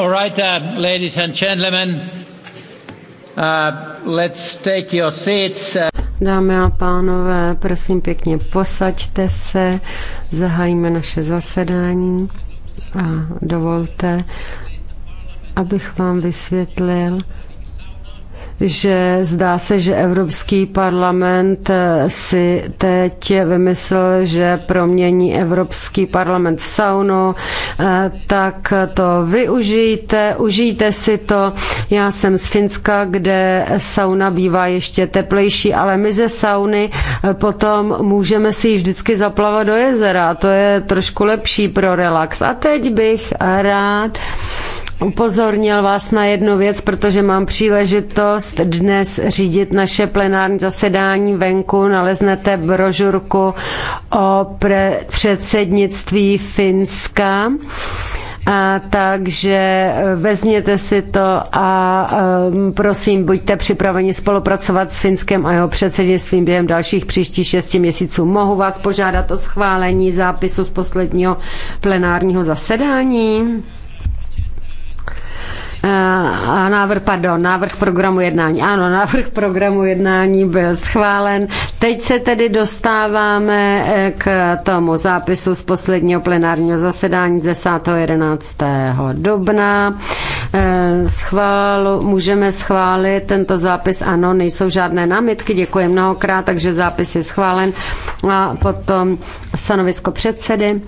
All right, uh, ladies and gentlemen, uh, let's take your seats. Uh. Dámy a pánové, prosím pěkně, posaďte se, zahájíme naše zasedání a dovolte, abych vám vysvětlil, že zdá se, že Evropský parlament eh, si teď vymyslel, že promění Evropský parlament v saunu, eh, tak to využijte, užijte si to. Já jsem z Finska, kde sauna bývá ještě teplejší, ale my ze sauny eh, potom můžeme si ji vždycky zaplavat do jezera. To je trošku lepší pro relax. A teď bych rád upozornil vás na jednu věc, protože mám příležitost dnes řídit naše plenární zasedání venku. Naleznete brožurku o pre- předsednictví Finska. A takže vezměte si to a um, prosím, buďte připraveni spolupracovat s Finskem a jeho předsednictvím během dalších příštích šesti měsíců. Mohu vás požádat o schválení zápisu z posledního plenárního zasedání? Eh, a návrh, pardon, návrh programu jednání. Ano, návrh programu jednání byl schválen. Teď se tedy dostáváme eh, k tomu zápisu z posledního plenárního zasedání 10. 11. dubna. Eh, schvál, můžeme schválit tento zápis. Ano, nejsou žádné námitky. Děkuji mnohokrát, takže zápis je schválen. A potom stanovisko předsedy.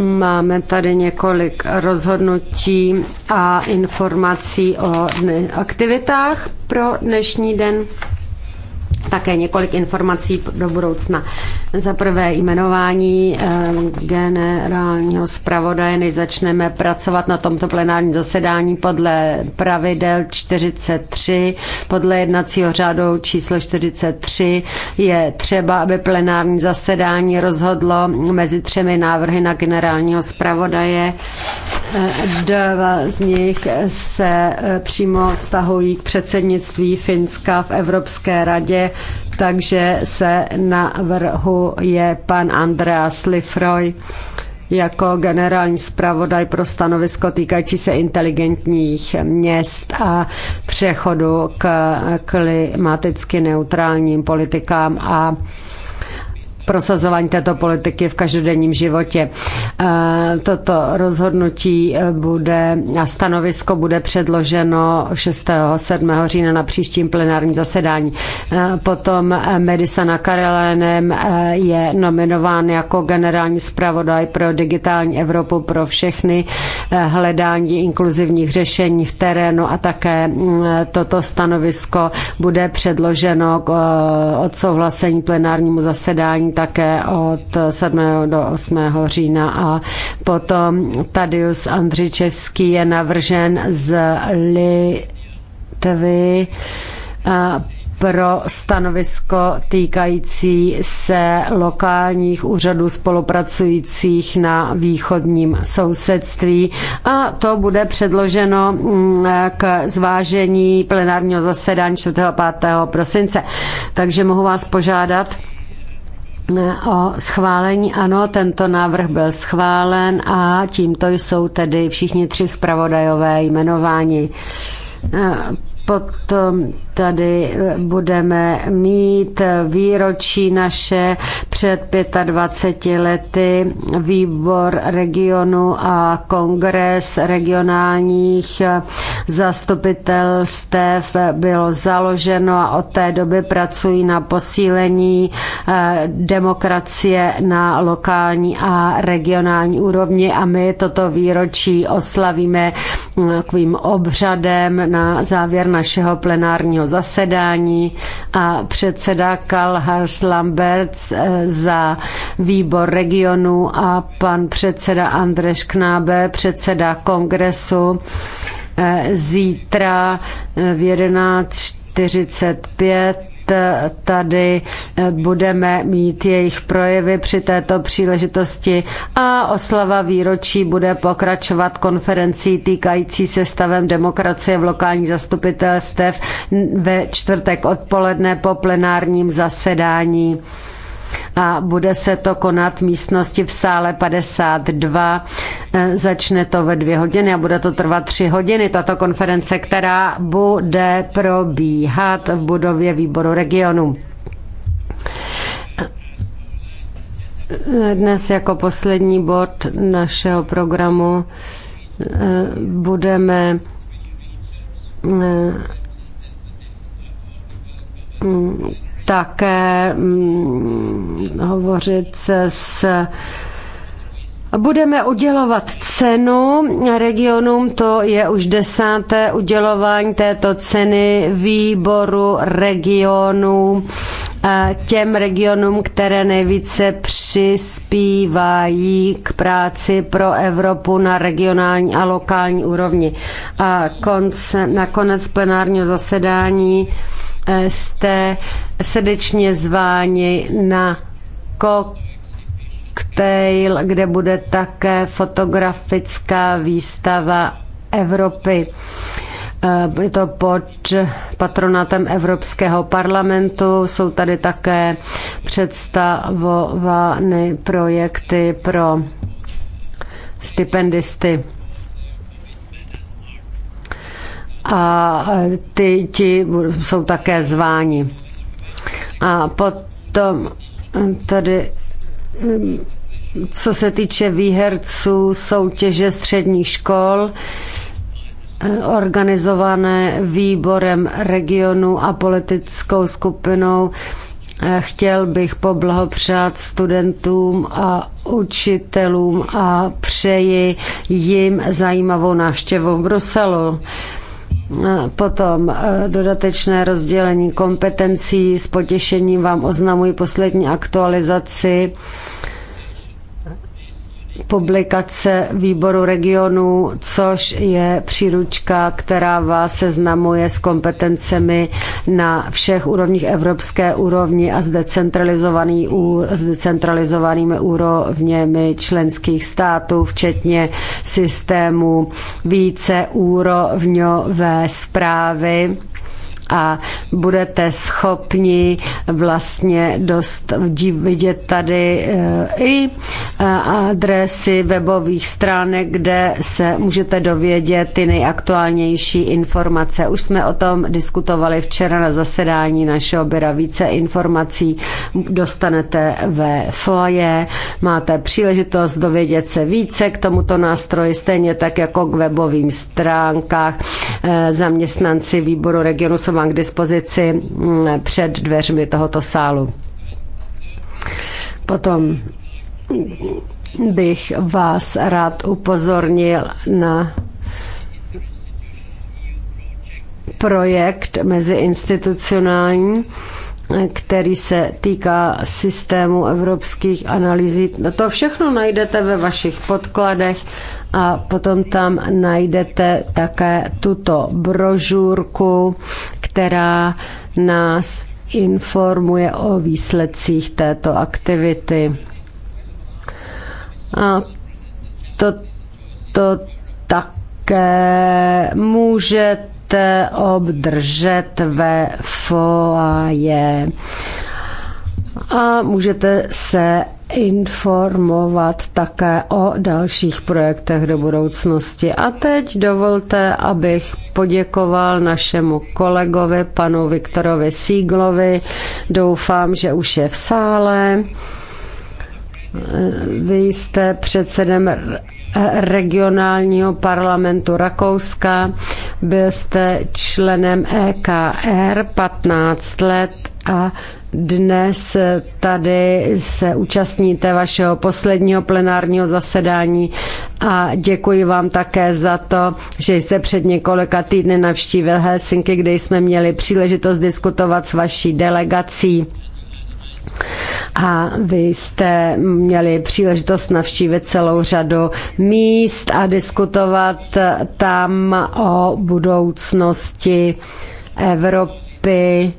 Máme tady několik rozhodnutí a informací o aktivitách pro dnešní den také několik informací do budoucna. Za prvé jmenování eh, generálního zpravodaje, než začneme pracovat na tomto plenárním zasedání podle pravidel 43, podle jednacího řádu číslo 43, je třeba, aby plenární zasedání rozhodlo mezi třemi návrhy na generálního zpravodaje Dva z nich se eh, přímo vztahují k předsednictví Finska v Evropské radě, takže se navrhuje pan Andreas Lifroy jako generální zpravodaj pro stanovisko týkající se inteligentních měst a přechodu k klimaticky neutrálním politikám a prosazování této politiky v každodenním životě. Eh, toto rozhodnutí eh, bude a stanovisko bude předloženo 6. 7. října na příštím plenárním zasedání. Eh, potom Medisana Karelénem je nominován jako generální zpravodaj pro digitální Evropu pro všechny hledání inkluzivních řešení v terénu a také mm, toto stanovisko bude předloženo k odsouhlasení plenárnímu zasedání také od 7. do 8. října a potom Tadius Andřičevský je navržen z Litvy pro stanovisko týkající se lokálních úřadů spolupracujících na východním sousedství a to bude předloženo mm, k zvážení plenárního zasedání 4. a 5. prosince. Takže mohu vás požádat, o schválení. Ano, tento návrh byl schválen a tímto jsou tedy všichni tři zpravodajové jmenováni. Eh, potom tady eh, budeme mít výročí naše před 25 lety výbor regionu a kongres regionálních eh, zastupitelstev bylo založeno a od té doby pracují na posílení eh, demokracie na lokální a regionální úrovni a my toto výročí oslavíme takovým obřadem na závěr našeho plenárního jedno zasedání a předseda Karl Hans Lamberts eh, za výbor regionu a pan předseda Andreš Knábe, předseda kongresu, eh, zítra eh, v 11.45 tady eh, budeme mít jejich projevy při této příležitosti a oslava výročí bude pokračovat konferencí týkající se stavem demokracie v lokálních zastupitelstev ve čtvrtek odpoledne po plenárním zasedání a bude se to konat v místnosti v sále 52. E, začne to ve dvě hodiny a bude to trvat tři hodiny. Tato konference, která bude probíhat v budově výboru regionu. E, dnes jako poslední bod našeho programu e, budeme také mm, hovořit s Budeme udělovat cenu regionům, to je už desáté udělování této ceny výboru regionů eh, těm regionům, které nejvíce přispívají k práci pro Evropu na regionální a lokální úrovni. A konce, na konec plenárního zasedání jste srdečně zváni na koktejl, kde bude také fotografická výstava Evropy. Eh, je to pod patronátem Evropského parlamentu. Jsou tady také představovány projekty pro stipendisty a ty ti jsou také zváni. A potom tady co se týče výherců soutěže středních škol, organizované výborem regionu a politickou skupinou, Chtěl bych poblahopřát studentům a učitelům a přeji jim zajímavou návštěvu v Bruselu. Potom eh, dodatečné rozdělení kompetencí. S potěšením vám oznamuji poslední aktualizaci publikace výboru regionů, což je příručka, která vás seznamuje s kompetencemi na všech úrovních evropské úrovni a s, decentralizovaný, s decentralizovanými úrovněmi členských států, včetně systému více úrovňové zprávy a budete schopni vlastně dost vidět tady eh, i eh, adresy webových stránek, kde se můžete dovědět ty nejaktuálnější informace. Už jsme o tom diskutovali včera na zasedání našeho byra. Více informací dostanete ve foje. Máte příležitost dovědět se více k tomuto nástroji, stejně tak jako k webovým stránkách. Eh, zaměstnanci výboru regionu jsou mám k dispozici mm, před dveřmi tohoto sálu. Potom bych vás rád upozornil na projekt meziinstitucionální, který se týká systému evropských analýzí. To všechno najdete ve vašich podkladech a potom tam najdete také tuto brožurku, která nás informuje o výsledcích této aktivity. A to, to také můžete obdržet ve foaje a můžete se informovat také o dalších projektech do budoucnosti. A teď dovolte, abych poděkoval našemu kolegovi, panu Viktorovi Síglovi. Doufám, že už je v sále. Vy jste předsedem regionálního parlamentu Rakouska, byl jste členem EKR 15 let a dnes tady se účastníte vašeho posledního plenárního zasedání a děkuji vám také za to, že jste před několika týdny navštívil Helsinky, kde jsme měli příležitost diskutovat s vaší delegací. A vy jste měli příležitost navštívit celou řadu míst a diskutovat tam o budoucnosti Evropy typy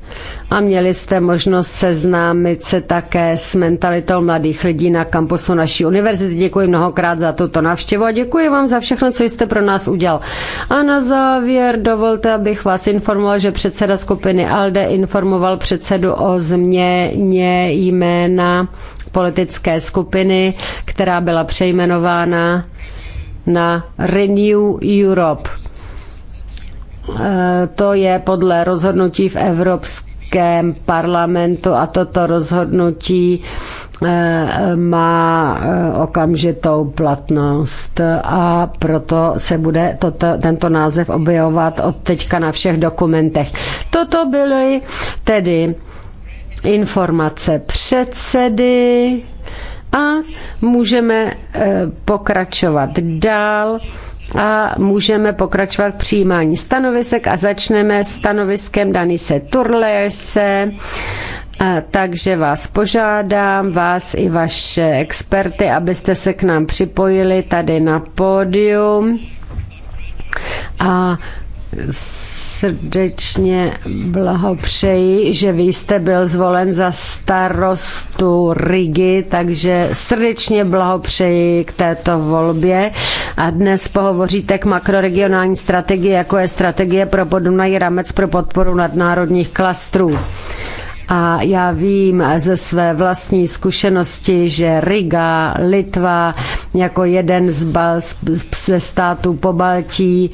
a měli jste možnost seznámit se také s mentalitou mladých lidí na kampusu naší univerzity. Děkuji mnohokrát za tuto návštěvu a děkuji vám za všechno, co jste pro nás udělal. A na závěr dovolte, abych vás informoval, že předseda skupiny ALDE informoval předsedu o změně jména politické skupiny, která byla přejmenována na Renew Europe Eh, to je podle rozhodnutí v Evropském parlamentu a toto rozhodnutí eh, má eh, okamžitou platnost a proto se bude toto, tento název objevovat od teďka na všech dokumentech. Toto byly tedy informace předsedy a můžeme pokračovat dál a můžeme pokračovat přijímání stanovisek a začneme stanoviskem Danise Turlese. Takže vás požádám, vás i vaše experty, abyste se k nám připojili tady na pódium a srdečně blahopřeji, že vy jste byl zvolen za starostu Rigi, takže srdečně blahopřeji k této volbě. A dnes pohovoříte k makroregionální strategii, jako je strategie pro Podunají Ramec pro podporu nadnárodních klastrů. A já vím ze své vlastní zkušenosti, že Riga, Litva jako jeden z, Bal, z, ze států po Baltí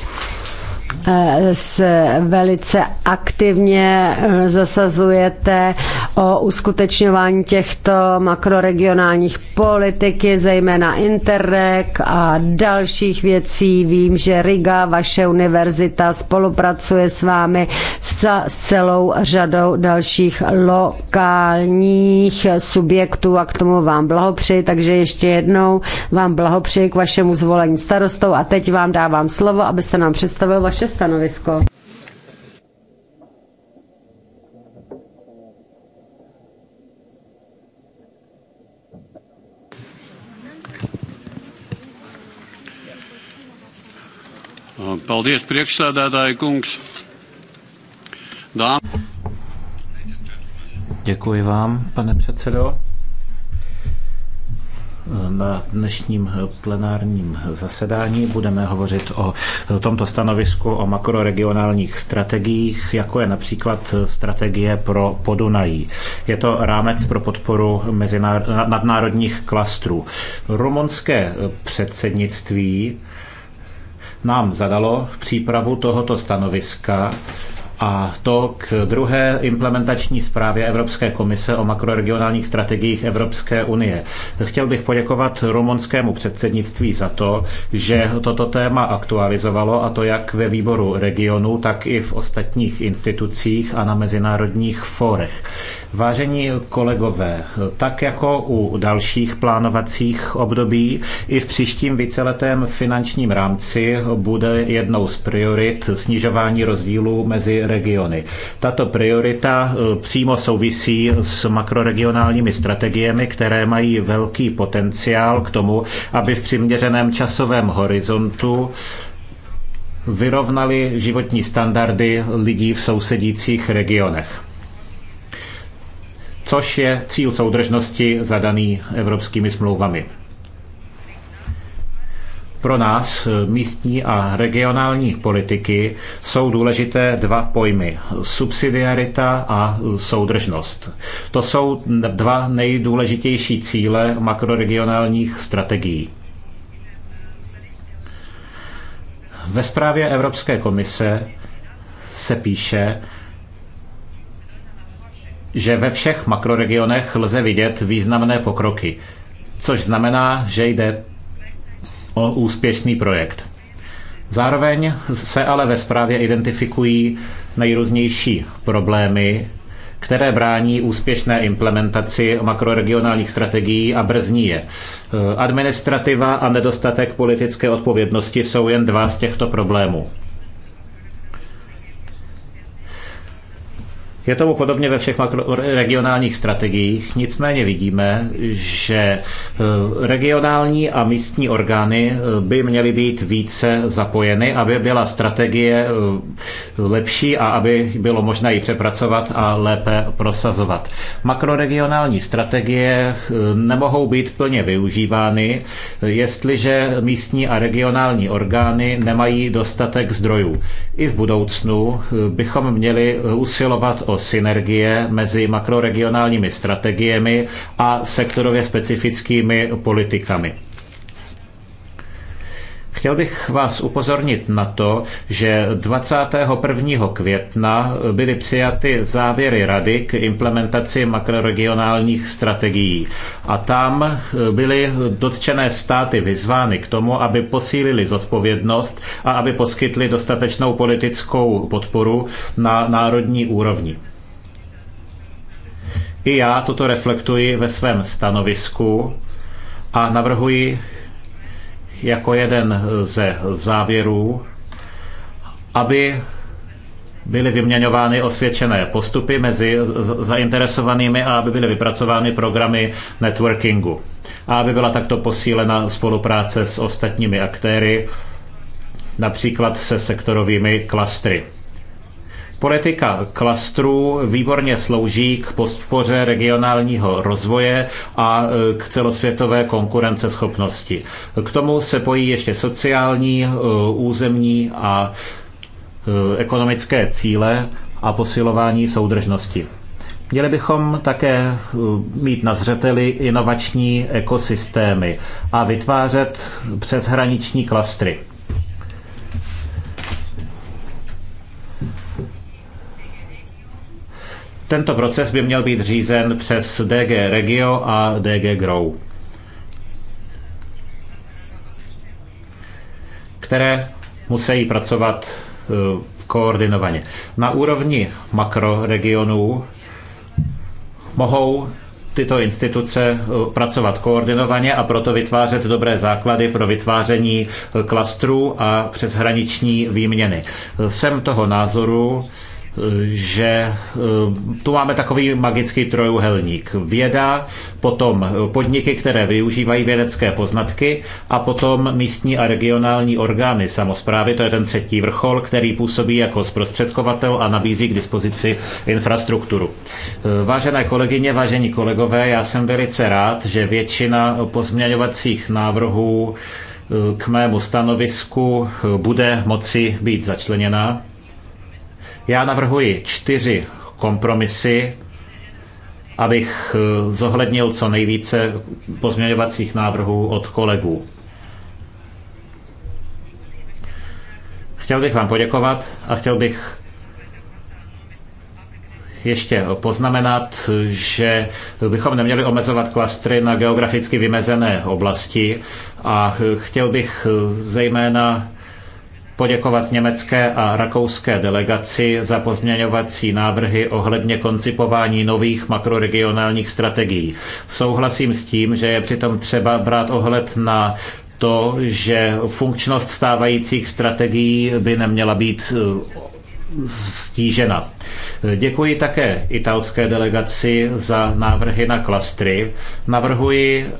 Eh, se velice aktivně eh, zasazujete o uskutečňování těchto makroregionálních politiky, zejména Interreg a dalších věcí. Vím, že Riga, vaše univerzita, spolupracuje s vámi s celou řadou dalších lokálních subjektů a k tomu vám blahopřeji, takže ještě jednou vám blahopřeji k vašemu zvolení starostou a teď vám dávám slovo, abyste nám představil vaše vaše stanovisko. Paldies, priekšsēdētāji kungs. Dám. Děkuji vám, pane předsedo. Na dnešním plenárním zasedání budeme hovořit o tomto stanovisku o makroregionálních strategiích, jako je například strategie pro Podunají. Je to rámec pro podporu nadnárodních klastrů. Rumunské předsednictví nám zadalo přípravu tohoto stanoviska a to k druhé implementační zprávě Evropské komise o makroregionálních strategiích Evropské unie. Chtěl bych poděkovat rumunskému předsednictví za to, že toto téma aktualizovalo a to jak ve výboru regionu, tak i v ostatních institucích a na mezinárodních fórech. Vážení kolegové, tak jako u dalších plánovacích období, i v příštím víceletém finančním rámci bude jednou z priorit snižování rozdílů mezi regiony. Tato priorita eh, přímo souvisí s makroregionálními strategiemi, které mají velký potenciál k tomu, aby v přiměřeném časovém horizontu vyrovnali životní standardy lidí v sousedících regionech což je cíl soudržnosti zadaný evropskými smlouvami. Pro nás, eh, místní a regionální politiky, jsou důležité dva pojmy. Subsidiarita a soudržnost. To jsou dva nejdůležitější cíle makroregionálních strategií. Ve zprávě Evropské komise se píše, že ve všech makroregionech lze vidět významné pokroky, což znamená, že jde o úspěšný projekt. Zároveň se ale ve zprávě identifikují nejrůznější problémy, které brání úspěšné implementaci makroregionálních strategií a brzní je. Administrativa a nedostatek politické odpovědnosti jsou jen dva z těchto problémů. Je tomu podobně ve všech regionálních strategiích, nicméně vidíme, že eh, regionální a místní orgány eh, by měly být více zapojeny, aby byla strategie eh, lepší a aby bylo možné ji přepracovat a lépe prosazovat. Makroregionální strategie nemohou být plně využívány, jestliže místní a regionální orgány nemají dostatek zdrojů. I v budoucnu bychom měli usilovat o synergie mezi makroregionálními strategiemi a sektorově specifickými politikami. Chtěl bych vás upozornit na to, že 21. května byly přijaty závěry Rady k implementaci makroregionálních strategií. A tam eh, byly dotčené státy vyzvány k tomu, aby posílili zodpovědnost a aby poskytli dostatečnou politickou podporu na národní úrovni. I já toto reflektuji ve svém stanovisku a navrhuji jako jeden ze závěrů, aby byly vyměňovány osvědčené postupy mezi zainteresovanými a aby byly vypracovány programy networkingu. A aby byla takto posílena spolupráce s ostatními aktéry, například se sektorovými klastry. Politika klastrů výborně slouží k podpoře regionálního rozvoje a e, k celosvětové konkurenceschopnosti. K tomu se pojí ještě sociální, e, územní a e, ekonomické cíle a posilování soudržnosti. Měli bychom také mít na zřeteli inovační ekosystémy a vytvářet přeshraniční klastry. Tento proces by měl být řízen přes DG Regio a DG Grow, které musí pracovat eh, koordinovaně. Na úrovni makroregionů mohou tyto instituce eh, pracovat koordinovaně a proto vytvářet dobré základy pro vytváření eh, klastrů a přeshraniční výměny. Jsem toho názoru, že eh, tu máme takový magický trojuhelník. Věda, potom podniky, které využívají vědecké poznatky a potom místní a regionální orgány samozprávy, to je ten třetí vrchol, který působí jako zprostředkovatel a nabízí k dispozici infrastrukturu. Eh, vážené kolegyně, vážení kolegové, já jsem velice rád, že většina pozměňovacích návrhů eh, k mému stanovisku bude moci být začleněna já navrhuji čtyři kompromisy, abych eh, zohlednil co nejvíce pozměňovacích návrhů od kolegů. Chtěl bych vám poděkovat a chtěl bych ještě poznamenat, že bychom neměli omezovat klastry na geograficky vymezené oblasti a chtěl bych eh, zejména poděkovat německé a rakouské delegaci za pozměňovací návrhy ohledně koncipování nových makroregionálních strategií. Souhlasím s tím, že je přitom třeba brát ohled na to, že funkčnost stávajících strategií by neměla být stížena. Eh, Děkuji také italské delegaci za návrhy na klastry. Navrhuji,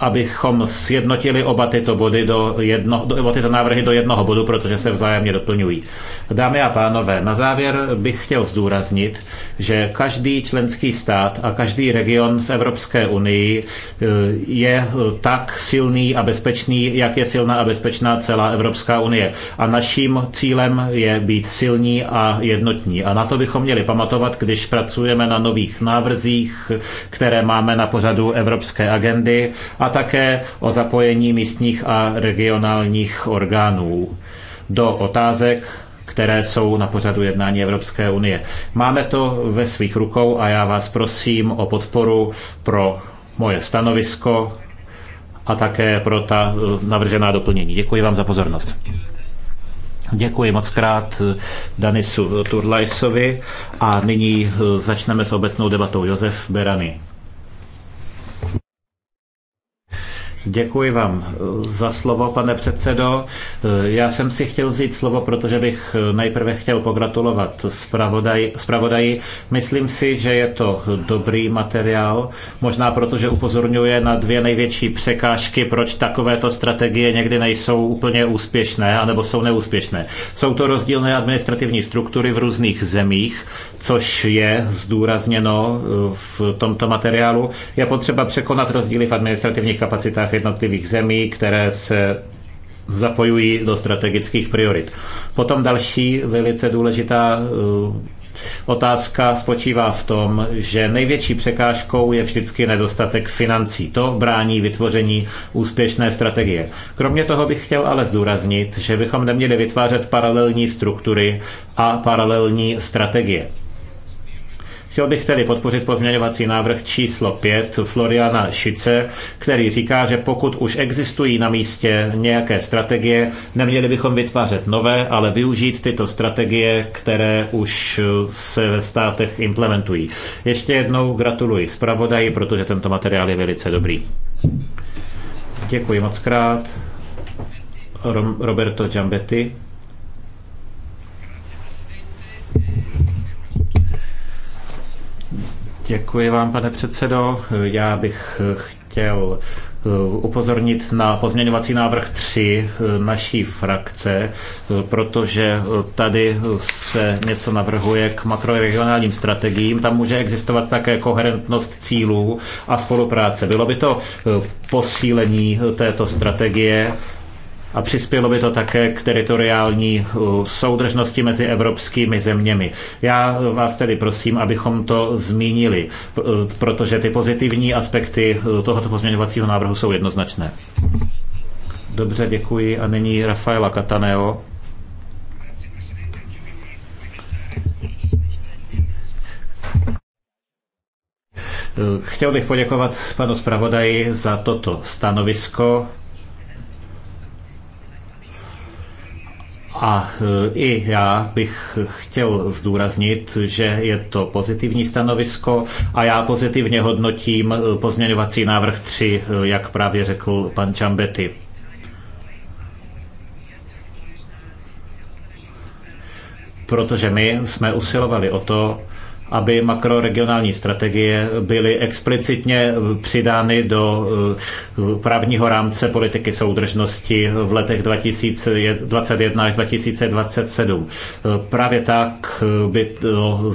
abychom sjednotili oba tyto, body do jedno, do, oba tyto návrhy do jednoho bodu, protože se vzájemně doplňují. Dámy a pánové, na závěr bych chtěl zdůraznit, že každý členský stát a každý region v Evropské unii e, je e, tak silný a bezpečný, jak je silná a bezpečná celá Evropská unie. A naším cílem je být silní a jednotní. A na to bychom měli pamatovat, když pracujeme na nových návrzích, které máme na pořadu Evropské agendy a také o zapojení místních a regionálních orgánů do otázek, které jsou na pořadu jednání Evropské unie. Máme to ve svých rukou a já vás prosím o podporu pro moje stanovisko a také pro ta eh, navržená doplnění. Děkuji vám za pozornost. Děkuji moc krát eh, Danisu Turlajsovi a nyní eh, začneme s obecnou debatou. Josef Berany. Děkuji vám eh, za slovo, pane předsedo. Eh, já jsem si chtěl vzít slovo, protože bych eh, nejprve chtěl pogratulovat zpravodaj, zpravodaji. Myslím si, že je to dobrý materiál, možná protože upozorňuje na dvě největší překážky, proč takovéto strategie někdy nejsou úplně úspěšné, anebo jsou neúspěšné. Jsou to rozdílné administrativní struktury v různých zemích, což je zdůrazněno v tomto materiálu. Je potřeba překonat rozdíly v administrativních kapacitách politikách jednotlivých zemí, které se zapojují do strategických priorit. Potom další velice důležitá eh, Otázka spočívá v tom, že největší překážkou je vždycky nedostatek financí. To brání vytvoření úspěšné strategie. Kromě toho bych chtěl ale zdůraznit, že bychom neměli vytvářet paralelní struktury a paralelní strategie. Chtěl bych tedy podpořit pozměňovací návrh číslo 5 Floriana Šice, který říká, že pokud už existují na místě nějaké strategie, neměli bychom vytvářet nové, ale využít tyto strategie, které už se ve státech implementují. Ještě jednou gratuluji zpravodaji, protože tento materiál je velice dobrý. Děkuji moc krát. Roberto Giambetti. Děkuji vám, pane předsedo. Já bych eh, chtěl eh, upozornit na pozměňovací návrh 3 eh, naší frakce, protože tady se něco navrhuje k makroregionálním strategiím. Tam může existovat také koherentnost cílů a spolupráce. Bylo by to posílení této strategie a přispělo by to také k teritoriální uh, soudržnosti mezi evropskými zeměmi. Já vás tedy prosím, abychom to zmínili, uh, protože ty pozitivní aspekty uh, tohoto pozměňovacího návrhu jsou jednoznačné. Dobře, děkuji. A nyní Rafaela Cataneo. Chtěl bych poděkovat panu zpravodaji za toto stanovisko A e, i já bych chtěl zdůraznit, že je to pozitivní stanovisko a já pozitivně hodnotím e, pozměňovací návrh 3, e, jak právě řekl pan Čambety. Protože my jsme usilovali o to, aby makroregionální strategie byly explicitně přidány do eh, právního rámce politiky soudržnosti v letech 2021 až 2027. Eh, právě tak eh, by to,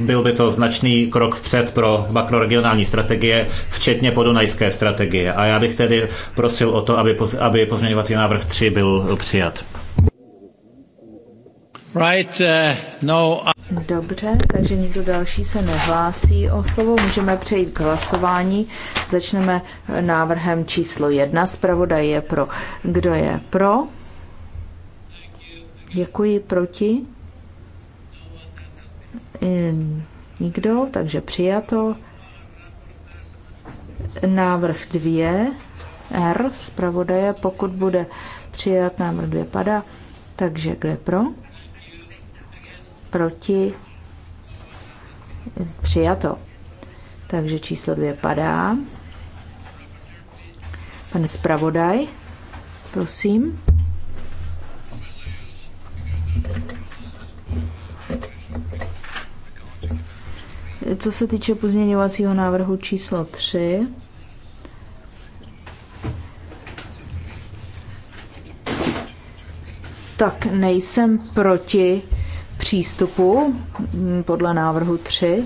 byl by to značný krok vpřed pro makroregionální strategie, včetně podunajské strategie. A já bych tedy prosil o to, aby, poz, aby pozměňovací návrh 3 byl přijat. Right, uh, no, Dobře, takže nikdo další se nehlásí o slovo. Můžeme přejít k hlasování. Začneme návrhem číslo jedna. Zpravodaj je pro. Kdo je pro? Děkuji. Proti? Nikdo, takže přijato. Návrh dvě. R zpravodaje, pokud bude přijat návrh dvě padá. Takže kde pro? proti, přijato. Takže číslo dvě padá. Pane zpravodaj, prosím. Co se týče pozměňovacího návrhu číslo 3, tak nejsem proti přístupu mm, podle návrhu 3.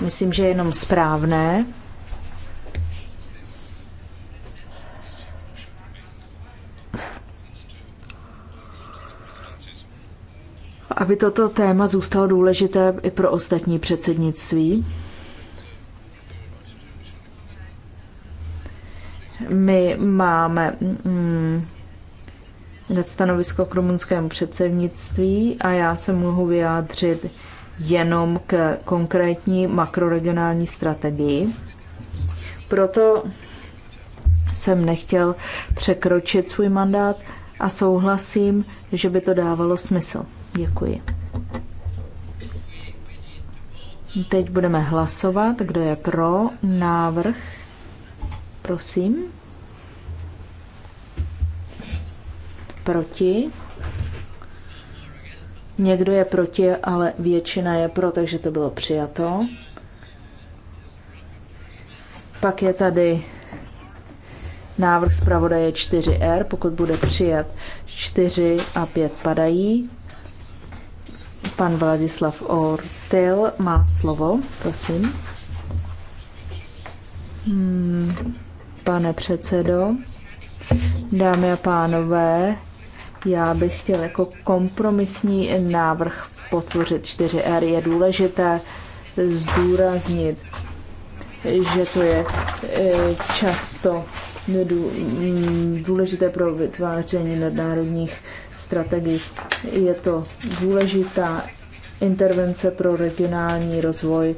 Myslím, že je jenom správné. Aby toto téma zůstalo důležité i pro ostatní předsednictví. My máme mm, dát stanovisko k rumunskému předsednictví a já se mohu vyjádřit jenom k konkrétní makroregionální strategii. Proto jsem nechtěl překročit svůj mandát a souhlasím, že by to dávalo smysl. Děkuji. Teď budeme hlasovat, kdo je pro návrh. Prosím. proti. Někdo je proti, ale většina je pro, takže to bylo přijato. Pak je tady návrh zpravodaje 4R, pokud bude přijat 4 a 5 padají. Pan Vladislav Ortil má slovo, prosím. Hmm, pane předsedo, dámy a pánové, já bych chtěl jako kompromisní návrh podpořit 4R. Je důležité zdůraznit, že to je e, často mm, důležité pro vytváření nadnárodních strategií. Je to důležitá intervence pro regionální rozvoj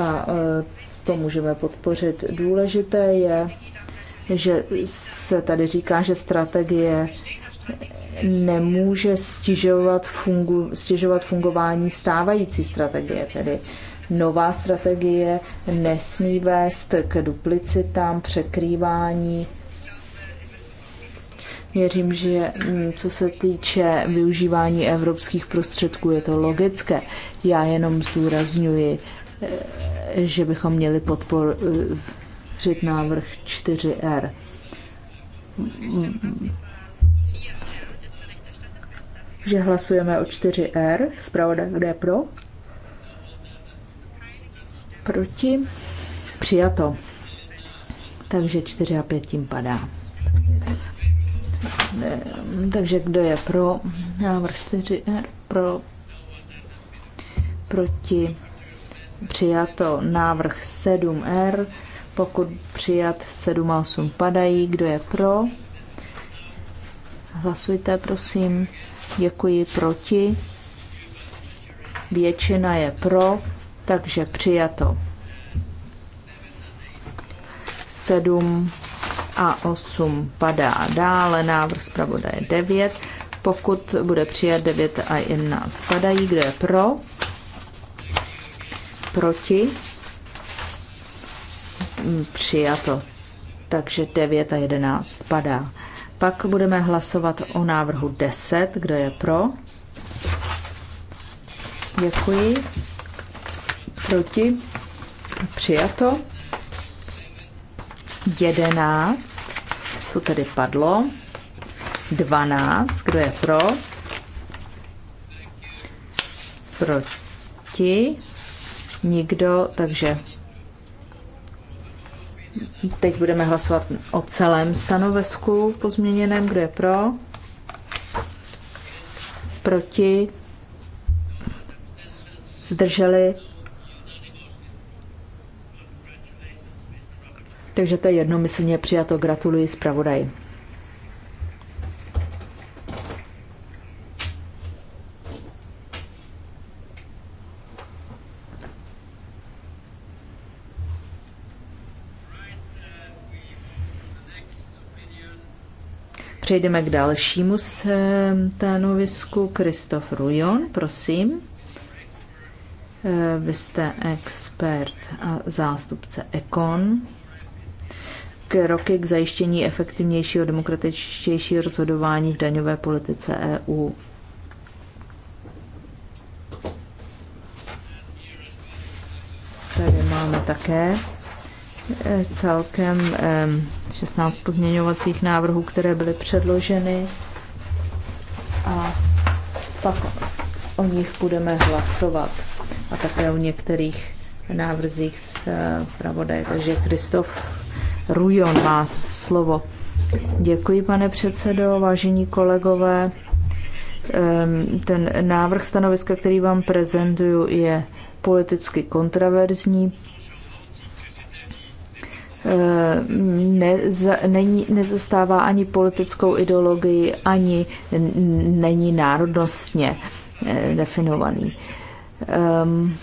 a e, to můžeme podpořit. Důležité je, že se tady říká, že strategie nemůže stěžovat, fungu, stěžovat fungování stávající strategie, tedy nová strategie nesmí vést k duplicitám, překrývání. Věřím, že mm, co se týče využívání evropských prostředků, je to logické. Já jenom zdůrazňuji, eh, že bychom měli podpořit eh, návrh 4R že hlasujeme o 4R. Zpravodaj, kde pro? Proti? Přijato. Takže 4 a 5 tím padá. Takže kdo je pro návrh 4R? Pro, proti? Přijato návrh 7R. Pokud přijat 7 a 8 padají, kdo je pro? Hlasujte, prosím. Děkuji proti. Většina je pro, takže přijato. 7 a 8 padá dále, návrh zpravodaje 9. Pokud bude přijat 9 a 11 padají, kdo je pro? Proti? Přijato. Takže 9 a 11 padá. Pak budeme hlasovat o návrhu 10. Kdo je pro? Děkuji. Proti? Přijato. 11. To tedy padlo. 12. Kdo je pro? Proti? Nikdo, takže Teď budeme hlasovat o celém stanovisku pozměněném. Kdo je pro? Proti? Zdrželi? Takže to je jednomyslně přijato. Gratuluji zpravodaji. Přejdeme k dalšímu stanovisku. Kristof Rujon, prosím. Eh, vy jste expert a zástupce Econ. K k zajištění efektivnějšího, demokratičtějšího rozhodování v daňové politice EU. Tady máme také eh, celkem 16 pozměňovacích návrhů, které byly předloženy a pak o nich budeme hlasovat a také o některých návrzích z eh, pravodaje. Takže Kristof Rujon má slovo. Děkuji, pane předsedo, vážení kolegové. Ehm, ten návrh stanoviska, který vám prezentuju, je politicky kontraverzní, Eh, ne není, nezastává ani politickou ideologii, ani není národnostně eh, definovaný. Ehm,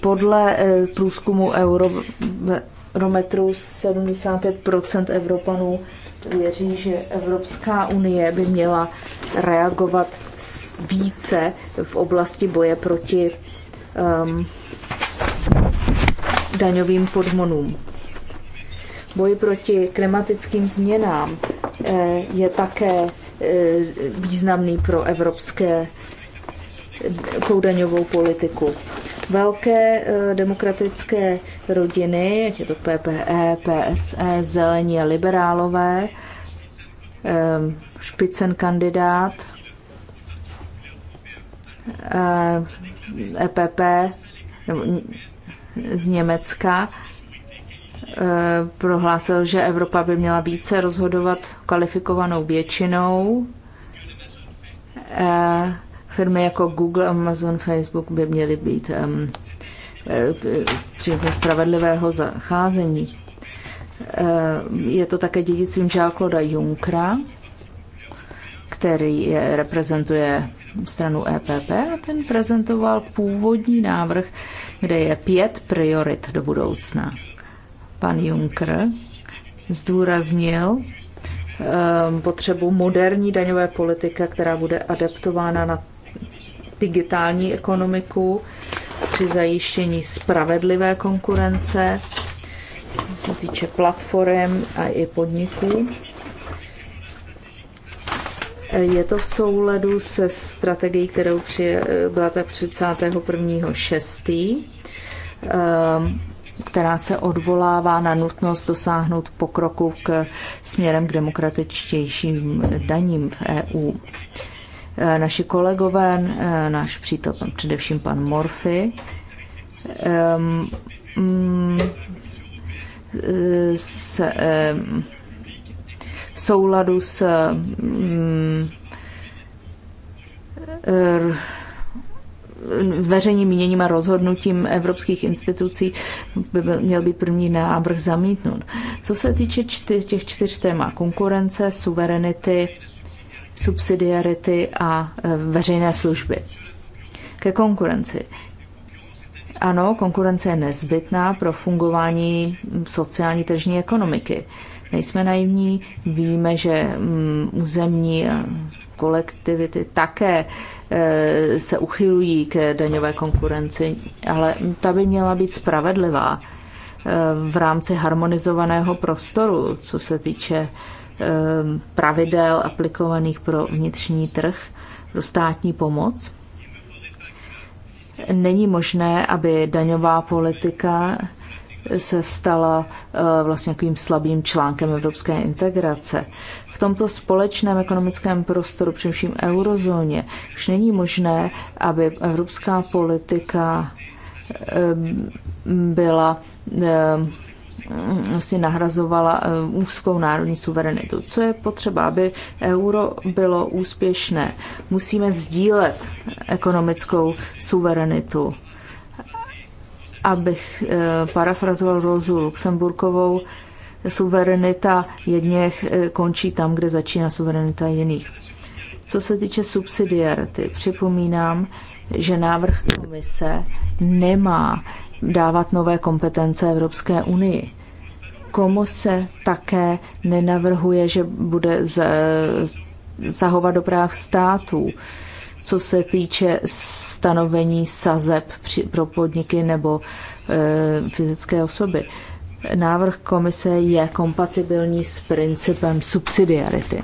podle eh, průzkumu Eurometru 75% Evropanů věří, že Evropská unie by měla reagovat více v oblasti boje proti um, daňovým podmonům. Boj proti klimatickým změnám eh, je také eh, významný pro evropské eh, daňovou politiku. Velké demokratické rodiny, je to PPE, PSE, zelení a liberálové, špicen kandidát, EPP, e z Německa eh, prohlásil, že Evropa by měla více rozhodovat kvalifikovanou většinou. Eh, firmy jako Google, Amazon, Facebook by měly být předmětem eh, spravedlivého zacházení. Je to také dědictvím Jean-Claude Junckera, který reprezentuje stranu EPP a ten prezentoval původní návrh, kde je pět priorit do budoucna. Pan Juncker zdůraznil ehm, potřebu moderní daňové politiky, která bude adaptována na digitální ekonomiku při zajištění spravedlivé konkurence, co se týče platform a i podniků je to v souladu se strategií, kterou byla tak 31.6., ehm, která se odvolává na nutnost dosáhnout pokroku k směrem k demokratičtějším daním v EU. Eh, naši kolegové, eh, náš přítel, především pan Morfy, ehm, mm, eh, se ehm, v souladu s mm, veřejným míněním a rozhodnutím evropských institucí by měl být první návrh zamítnut. Co se týče čtyř, těch čtyř témat konkurence, suverenity, subsidiarity a e, veřejné služby. Ke konkurenci. Ano, konkurence je nezbytná pro fungování sociální tržní ekonomiky. Nejsme naivní, víme, že mm, územní kolektivity také e, se uchylují k daňové konkurenci, ale ta by měla být spravedlivá e, v rámci harmonizovaného prostoru, co se týče e, pravidel aplikovaných pro vnitřní trh, pro státní pomoc. Není možné, aby daňová politika se stala eh, vlastně takovým slabým článkem evropské integrace. V tomto společném ekonomickém prostoru, především eurozóně, už není možné, aby evropská politika eh, byla eh, si nahrazovala úzkou národní suverenitu. Co je potřeba, aby euro bylo úspěšné? Musíme sdílet ekonomickou suverenitu abych eh, parafrazoval Rozu Luxemburkovou, suverenita jedněch eh, končí tam, kde začíná suverenita jiných. Co se týče subsidiarity, připomínám, že návrh komise nemá dávat nové kompetence Evropské unii. se také nenavrhuje, že bude zahovat do práv států co se týče stanovení sazeb pro podniky nebo e, fyzické osoby. Návrh komise je kompatibilní s principem subsidiarity.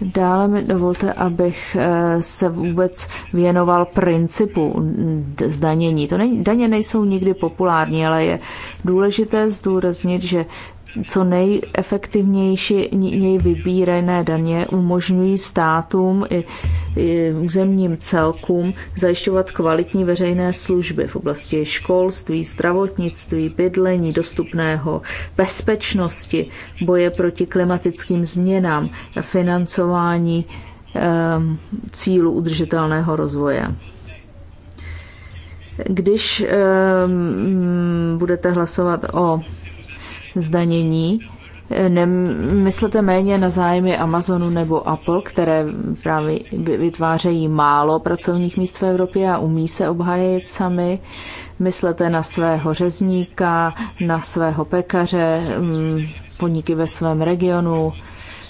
Dále mi dovolte, abych e, se vůbec věnoval principu zdanění. To není, daně nejsou nikdy populární, ale je důležité zdůraznit, že co nejefektivnější vybírané daně umožňují státům i, i územním celkům zajišťovat kvalitní veřejné služby v oblasti školství, zdravotnictví, bydlení, dostupného, bezpečnosti, boje proti klimatickým změnám, financování um, ehm, cílu udržitelného rozvoje. Když um, budete hlasovat o zdanění. Eh, Myslete méně na zájmy Amazonu nebo Apple, které právě vytvářejí málo pracovních míst v Evropě a umí se obhájit sami. Myslete na svého řezníka, na svého pekaře, mm, podniky ve svém regionu,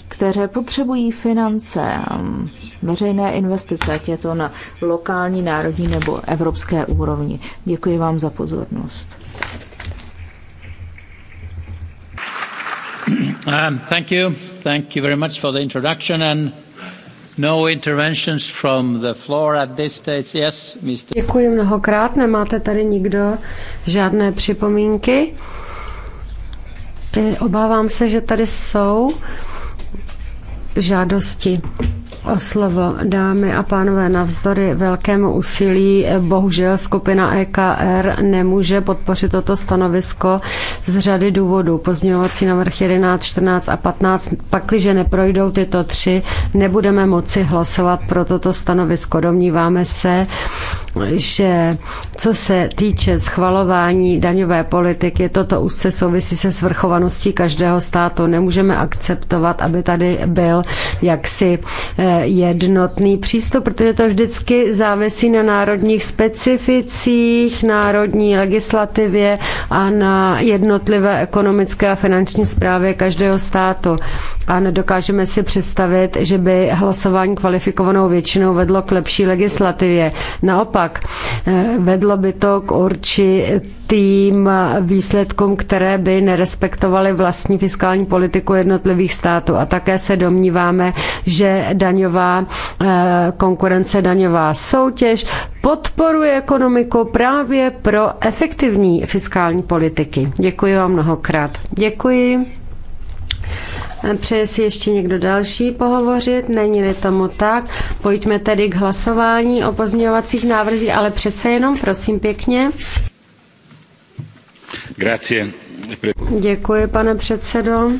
které potřebují finance, mm, veřejné investice, ať je to na lokální, národní nebo evropské úrovni. Děkuji vám za pozornost. Um, thank you. Thank you very much for the introduction and no interventions from the floor at this stage. Yes, Mr. Děkuji mnohokrát. Nemáte tady nikdo žádné připomínky? Eh, obávám se, že tady jsou žádosti o slovo. Dámy a pánové, navzdory velkému úsilí, bohužel skupina EKR nemůže podpořit toto stanovisko z řady důvodů. Pozměňovací návrh 11, 14 a 15, pakliže neprojdou tyto tři, nebudeme moci hlasovat pro toto stanovisko. Domníváme se, že co se týče schvalování daňové politiky, toto už se souvisí se svrchovaností každého státu. Nemůžeme akceptovat, aby tady byl jaksi eh, jednotný přístup, protože to vždycky závisí na národních specificích, národní legislativě a na jednotlivé ekonomické a finanční zprávě každého státu. A nedokážeme si představit, že by hlasování kvalifikovanou většinou vedlo k lepší legislativě. Naopak, naopak. Eh, vedlo by to k určitým výsledkům, které by nerespektovaly vlastní fiskální politiku jednotlivých států. A také se domníváme, že daňová eh, konkurence, daňová soutěž podporuje ekonomiku právě pro efektivní fiskální politiky. Děkuji vám mnohokrát. Děkuji. Přeje si ještě někdo další pohovořit? Není-li tomu tak, pojďme tedy k hlasování o pozměňovacích návrzích, ale přece jenom, prosím pěkně. Grazie. Děkuji, pane předsedo.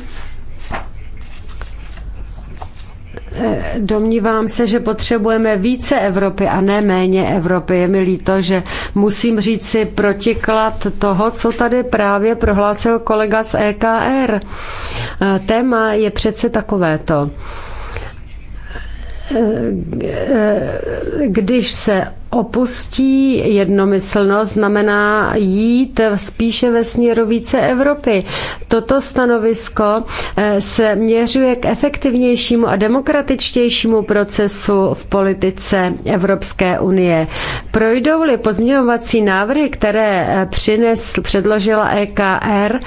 Eh, domnívám se, že potřebujeme více Evropy a ne méně Evropy. Je mi líto, že musím říct si protiklad toho, co tady právě prohlásil kolega z EKR. Eh, téma je přece takovéto eh, když se opustí jednomyslnost, znamená jít spíše ve směru více Evropy. Toto stanovisko eh, se měřuje k efektivnějšímu a demokratičtějšímu procesu v politice Evropské unie. Projdou-li pozměňovací návrhy, které eh, přinesl předložila EKR,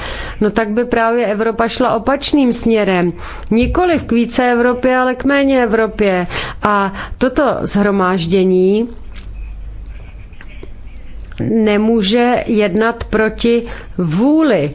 no tak by právě Evropa šla opačným směrem. Nikoliv k více Evropě, ale k méně Evropě. A toto zhromáždění nemůže jednat proti vůli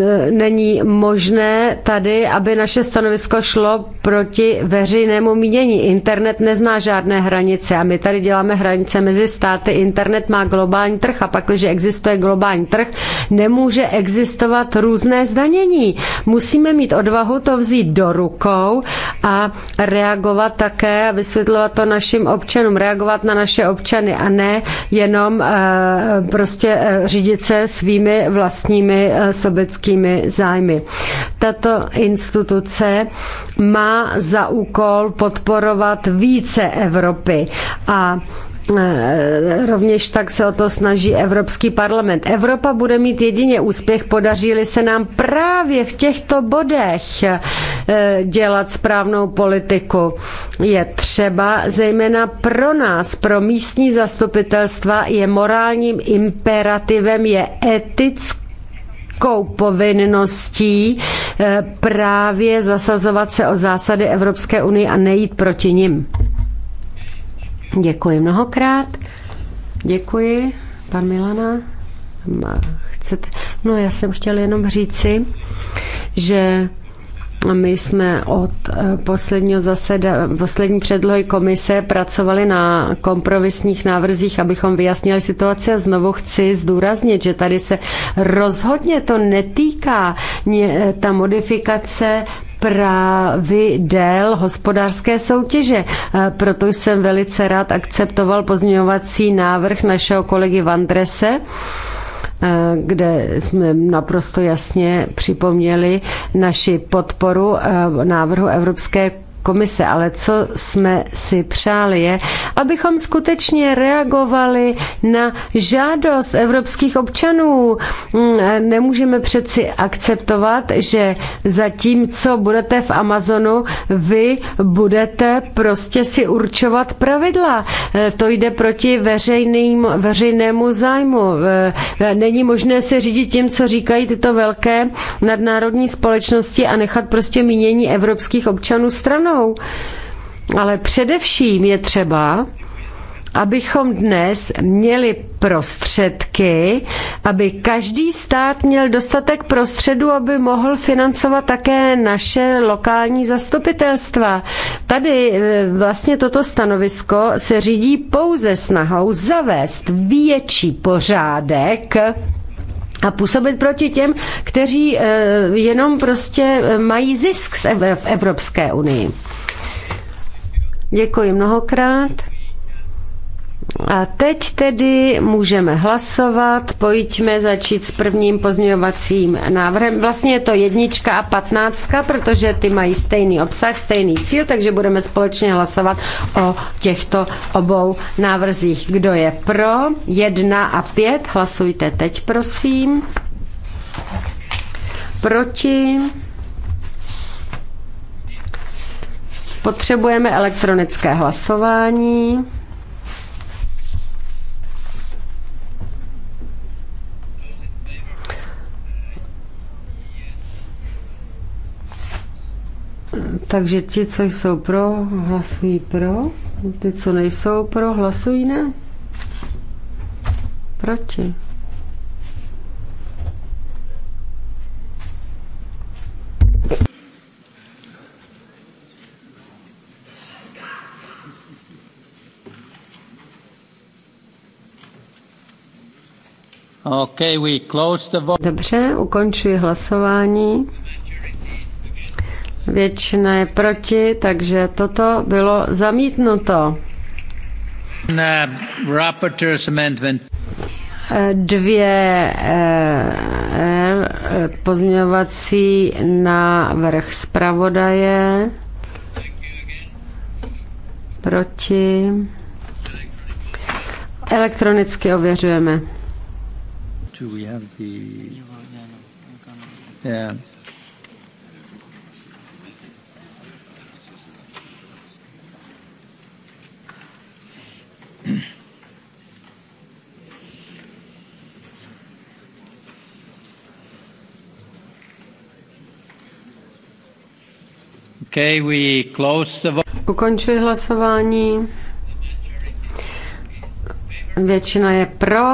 E, není možné tady, aby naše stanovisko šlo proti veřejnému mínění. Internet nezná žádné hranice a my tady děláme hranice mezi státy. Internet má globální trh a pak, když existuje globální trh, nemůže existovat různé zdanění. Musíme mít odvahu to vzít do rukou a reagovat také a vysvětlovat to našim občanům, reagovat na naše občany a ne jenom e, prostě e, řídit se svými vlastními sobeckými evropskými zájmy. Tato instituce má za úkol podporovat více Evropy a e, Rovněž tak se o to snaží Evropský parlament. Evropa bude mít jedině úspěch, podaří-li se nám právě v těchto bodech e, dělat správnou politiku. Je třeba, zejména pro nás, pro místní zastupitelstva, je morálním imperativem, je etickým evropskou povinností eh, právě zasazovat se o zásady Evropské unie a nejít proti nim. Děkuji mnohokrát. Děkuji, pan Milana. Chcete? No, já jsem chtěl jenom říci, že my jsme od eh, posledního zaseda, poslední předlohy komise pracovali na kompromisních návrzích, abychom vyjasnili situaci a znovu chci zdůraznit, že tady se rozhodně to netýká eh, ta modifikace pravidel hospodářské soutěže. Eh, proto jsem velice rád akceptoval pozměňovací návrh našeho kolegy Vandrese kde jsme naprosto jasně připomněli naši podporu návrhu Evropské komise, ale co jsme si přáli je, abychom skutečně reagovali na žádost evropských občanů. Mm, nemůžeme přeci akceptovat, že zatímco budete v Amazonu, vy budete prostě si určovat pravidla. Eh, to jde proti veřejným, veřejnému zájmu. Eh, není možné se řídit tím, co říkají tyto velké nadnárodní společnosti a nechat prostě mínění evropských občanů stranou stranou. Ale především je třeba, abychom dnes měli prostředky, aby každý stát měl dostatek prostředů, aby mohl financovat také naše lokální zastupitelstva. Tady e, vlastně toto stanovisko se řídí pouze snahou zavést větší pořádek a působit proti těm, kteří eh, jenom prostě eh, mají zisk v Evropské unii. Děkuji mnohokrát. A teď tedy můžeme hlasovat. Pojďme začít s prvním pozměňovacím návrhem. Vlastně je to jednička a patnáctka, protože ty mají stejný obsah, stejný cíl, takže budeme společně hlasovat o těchto obou návrzích. Kdo je pro? Jedna a pět. Hlasujte teď, prosím. Proti? Potřebujeme elektronické hlasování. Takže ti, co jsou pro, hlasují pro. Ty, co nejsou pro, hlasují ne. Proti. Okay, we close the vote. Dobře, ukončuji hlasování. Většina je proti, takže toto bylo zamítnuto. Uh, Dvě uh, uh, pozměňovací návrh zpravodaje proti. Elektronicky ověřujeme. Yeah. Okay, we close the... Ukončuji hlasování. Většina je pro,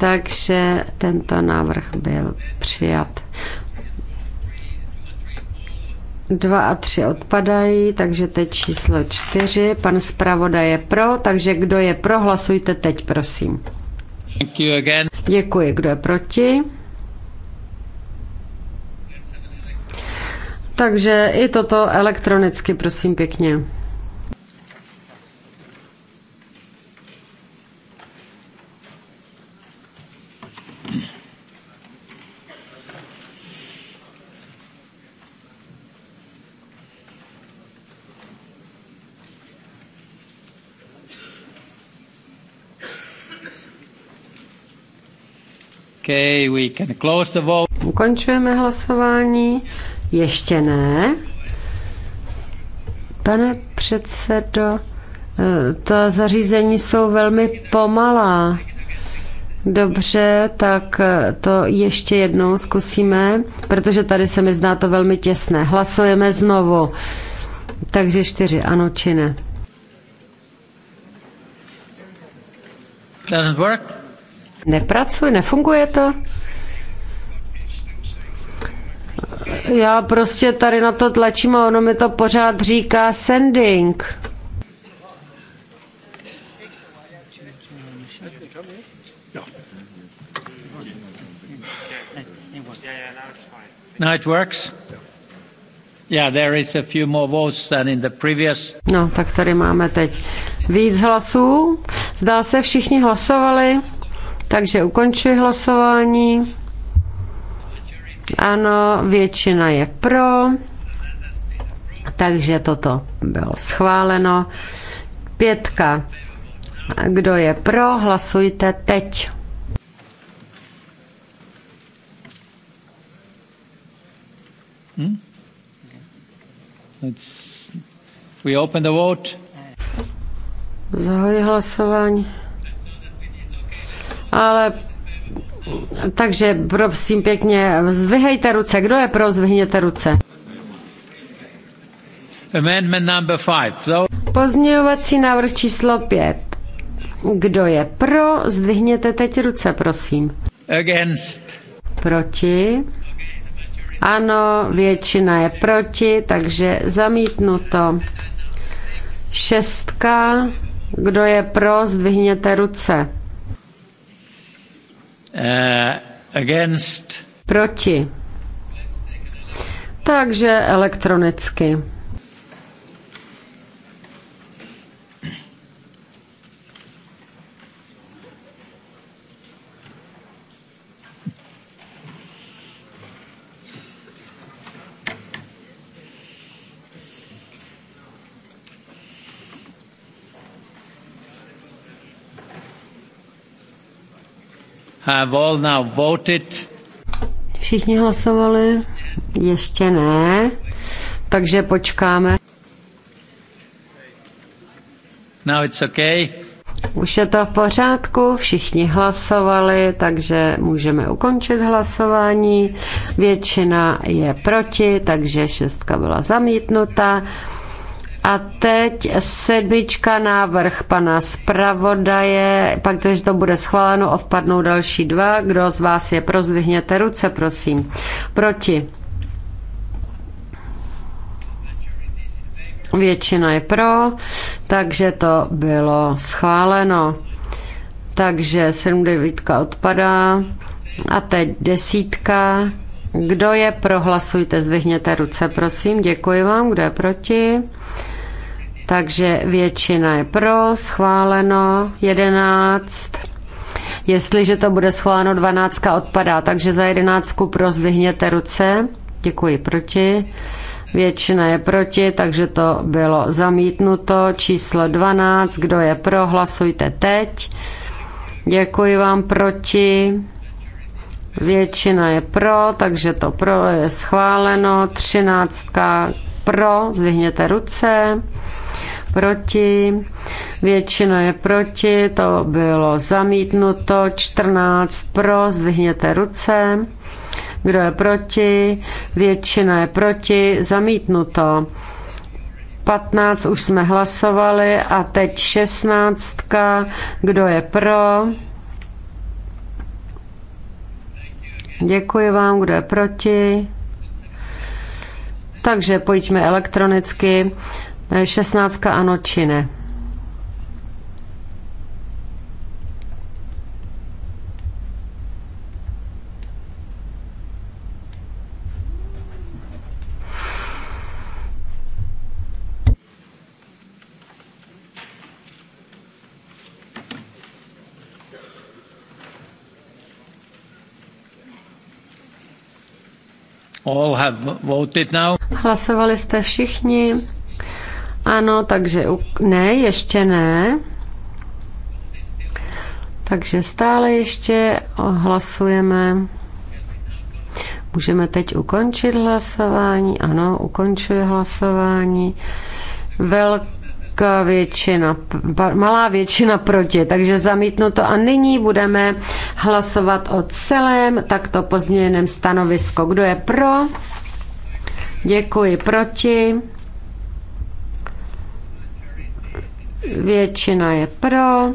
takže tento návrh byl přijat. 2 a 3 odpadají, takže teď číslo 4. Pan zpravodaj je pro, takže kdo je pro, hlasujte teď, prosím. Thank you again. Děkuji. Kdo je proti? Takže i toto elektronicky, prosím pěkně. Okay, we can close the vote. Ukončujeme hlasování. Ještě ne. Pane předsedo, eh, ta zařízení jsou velmi pomalá. Dobře, tak eh, to ještě jednou zkusíme, protože tady se mi zdá to velmi těsné. Hlasujeme znovu. Takže čtyři, ano či ne. Doesn't work. Nepracuje, nefunguje to? Já prostě tady na to tlačím a ono mi to pořád říká sending. No, it works. Yeah, there is a few more votes than in the previous. No, tak tady máme teď víc hlasů. Zdá se, všichni hlasovali. Takže ukončuji hlasování. Ano, většina je pro. Takže toto bylo schváleno. Pětka. Kdo je pro, hlasujte teď. Hmm? We open the vote. Zahoji hlasování. Ale takže prosím pěkně, zvyhejte ruce. Kdo je pro, zvyhněte ruce. Amendment number five. Pozměňovací návrh číslo pět. Kdo je pro, zdvihněte teď ruce, prosím. Against. Proti. Ano, většina je proti, takže zamítnuto. Šestka. Kdo je pro, zdvihněte ruce. Uh, against. Proti. Takže elektronicky. have all now voted. Všichni hlasovali? Ještě ne, takže počkáme. Now it's okay. Už je to v pořádku, všichni hlasovali, takže můžeme ukončit hlasování. Většina je proti, takže šestka byla zamítnuta. A teď sedmička návrh pana zpravodaje, pak když to bude schváleno, odpadnou další dva. Kdo z vás je pro, zvihněte ruce, prosím. Proti. Většina je pro, takže to bylo schváleno. Takže 79 odpadá. A teď desítka. Kdo je pro, hlasujte, zdvihněte ruce, prosím. Děkuji vám. Kdo je proti? Takže většina je pro, schváleno, 11. Jestliže to bude schváleno, 12 odpadá, takže za 11 pro zdvihněte ruce. Děkuji, proti. Většina je proti, takže to bylo zamítnuto. Číslo 12, kdo je pro, hlasujte teď. Děkuji vám proti. Většina je pro, takže to pro je schváleno. Třináctka pro, zdvihněte ruce proti, většina je proti, to bylo zamítnuto, 14 pro, zdvihněte ruce, kdo je proti, většina je proti, zamítnuto. 15 už jsme hlasovali a teď 16. Kdo je pro? Děkuji vám, kdo je proti. Takže pojďme elektronicky. 16 ano či ne. All have voted now. Hlasovali jste všichni. Ano, takže ne, ještě ne. Takže stále ještě hlasujeme. Můžeme teď ukončit hlasování. Ano, ukončuje hlasování. Velká většina, malá většina proti, takže zamítnu to. A nyní budeme hlasovat o celém takto pozměněném stanovisko. Kdo je pro? Děkuji proti. Většina je pro.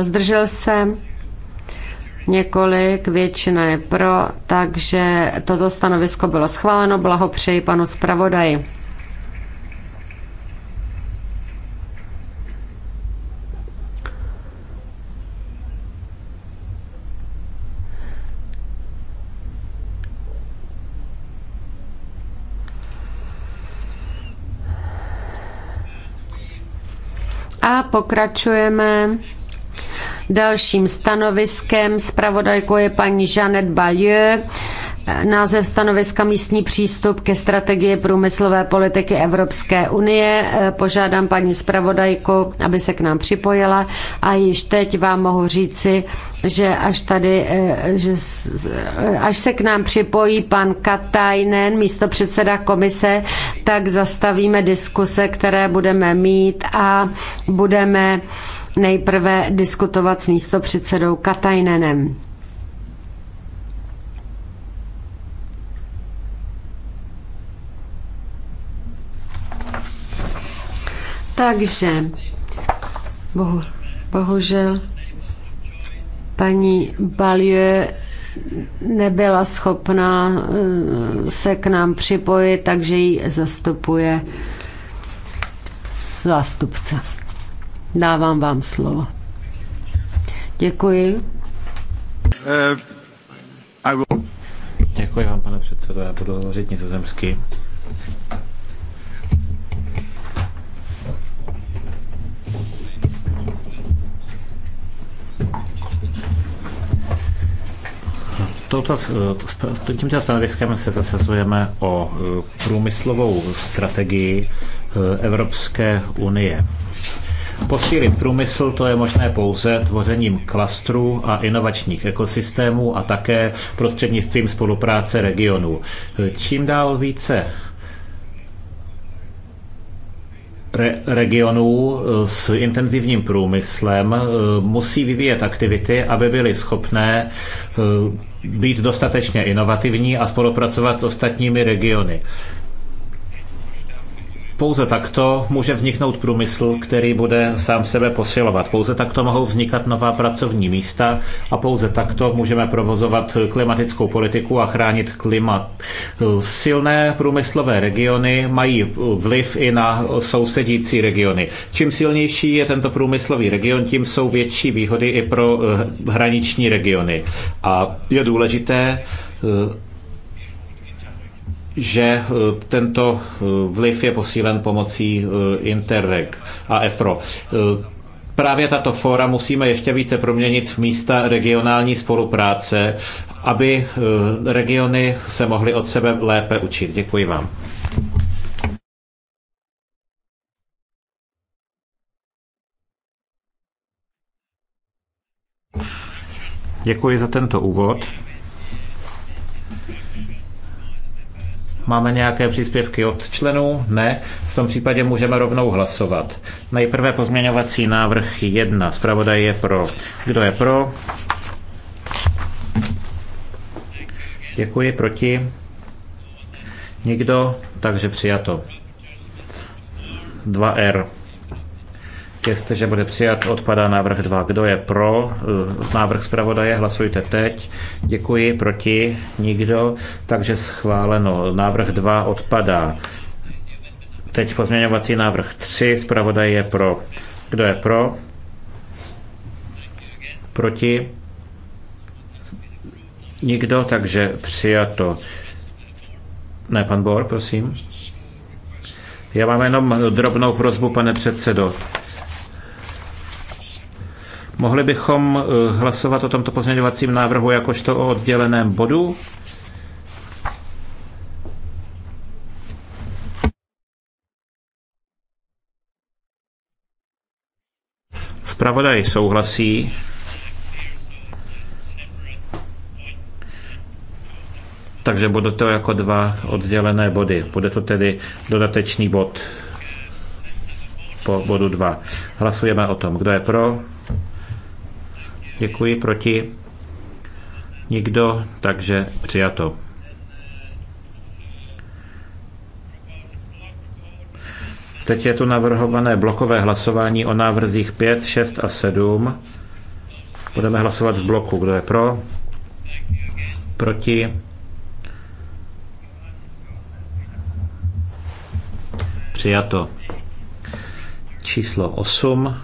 zdržel se. Několik, většina je pro, takže toto stanovisko bylo schváleno. Blahopřeji panu zpravodaji. A pokračujeme dalším stanoviskem. Spravodajkou je paní Jeanette Balieu. Název stanoviska místní přístup ke strategii průmyslové politiky Evropské unie. Požádám paní zpravodajku, aby se k nám připojila a již teď vám mohu říci, že až tady, eh, že, eh, až se k nám připojí pan Katajnen, místo předseda komise, tak zastavíme diskuse, které budeme mít a budeme nejprve diskutovat s místo předsedou Katajnenem. Takže, bohu, bohužel, Paní Balie nebyla schopná eh, se k nám připojit, takže ji zastupuje zástupce. Dávám vám slovo. Děkuji. Eh, Děkuji vám, pane předsedo, já budu hovořit nizozemsky. zemský. Eh, s tímto stanoviskem se zasazujeme o eh, průmyslovou strategii eh, Evropské unie. Posílit průmysl to je možné pouze tvořením klastrů a inovačních ekosystémů a také prostřednictvím spolupráce regionů. Čím dál více regionů s intenzivním průmyslem musí vyvíjet aktivity, aby byly schopné být dostatečně inovativní a spolupracovat s ostatními regiony. Pouze takto může vzniknout průmysl, který bude sám sebe posilovat. Pouze takto mohou vznikat nová pracovní místa a pouze takto můžeme provozovat klimatickou politiku a chránit klima. Silné průmyslové regiony mají vliv i na sousedící regiony. Čím silnější je tento průmyslový region, tím jsou větší výhody i pro eh, hraniční regiony. A je důležité eh, že e, tento e, vliv je posílen pomocí e, Interreg a EFRO. Právě tato fóra musíme ještě více proměnit v místa regionální spolupráce, aby regiony se mohly od sebe lépe učit. Děkuji vám. Děkuji za tento úvod. Máme nějaké příspěvky od členů? Ne. V tom případě můžeme rovnou hlasovat. Nejprve pozměňovací návrh 1. Zpravodaj je pro. Kdo je pro? Děkuji. Proti? Nikdo? Takže přijato. 2R. Jestliže bude přijat, odpadá návrh 2. Kdo je pro eh, návrh zpravodaje, hlasujte teď. Děkuji, proti, nikdo. Takže schváleno. Návrh 2 odpadá. Teď pozměňovací návrh 3. Zpravodaj je pro. Kdo je pro? Proti? Nikdo, takže přijato. Ne, pan Bor, prosím. Já mám jenom drobnou prozbu, pane předsedo. Mohli bychom eh, hlasovat o tomto pozměňovacím návrhu jakožto o odděleném bodu? Spravodaj souhlasí. Takže bude to jako dva oddělené body. Bude to tedy dodatečný bod po bodu 2. Hlasujeme o tom, kdo je pro, Děkuji proti. Nikdo, takže přijato. Teď je tu navrhované blokové hlasování o návrzích 5, 6 a 7. Budeme hlasovat v bloku. Kdo je pro? Proti? Přijato. Číslo 8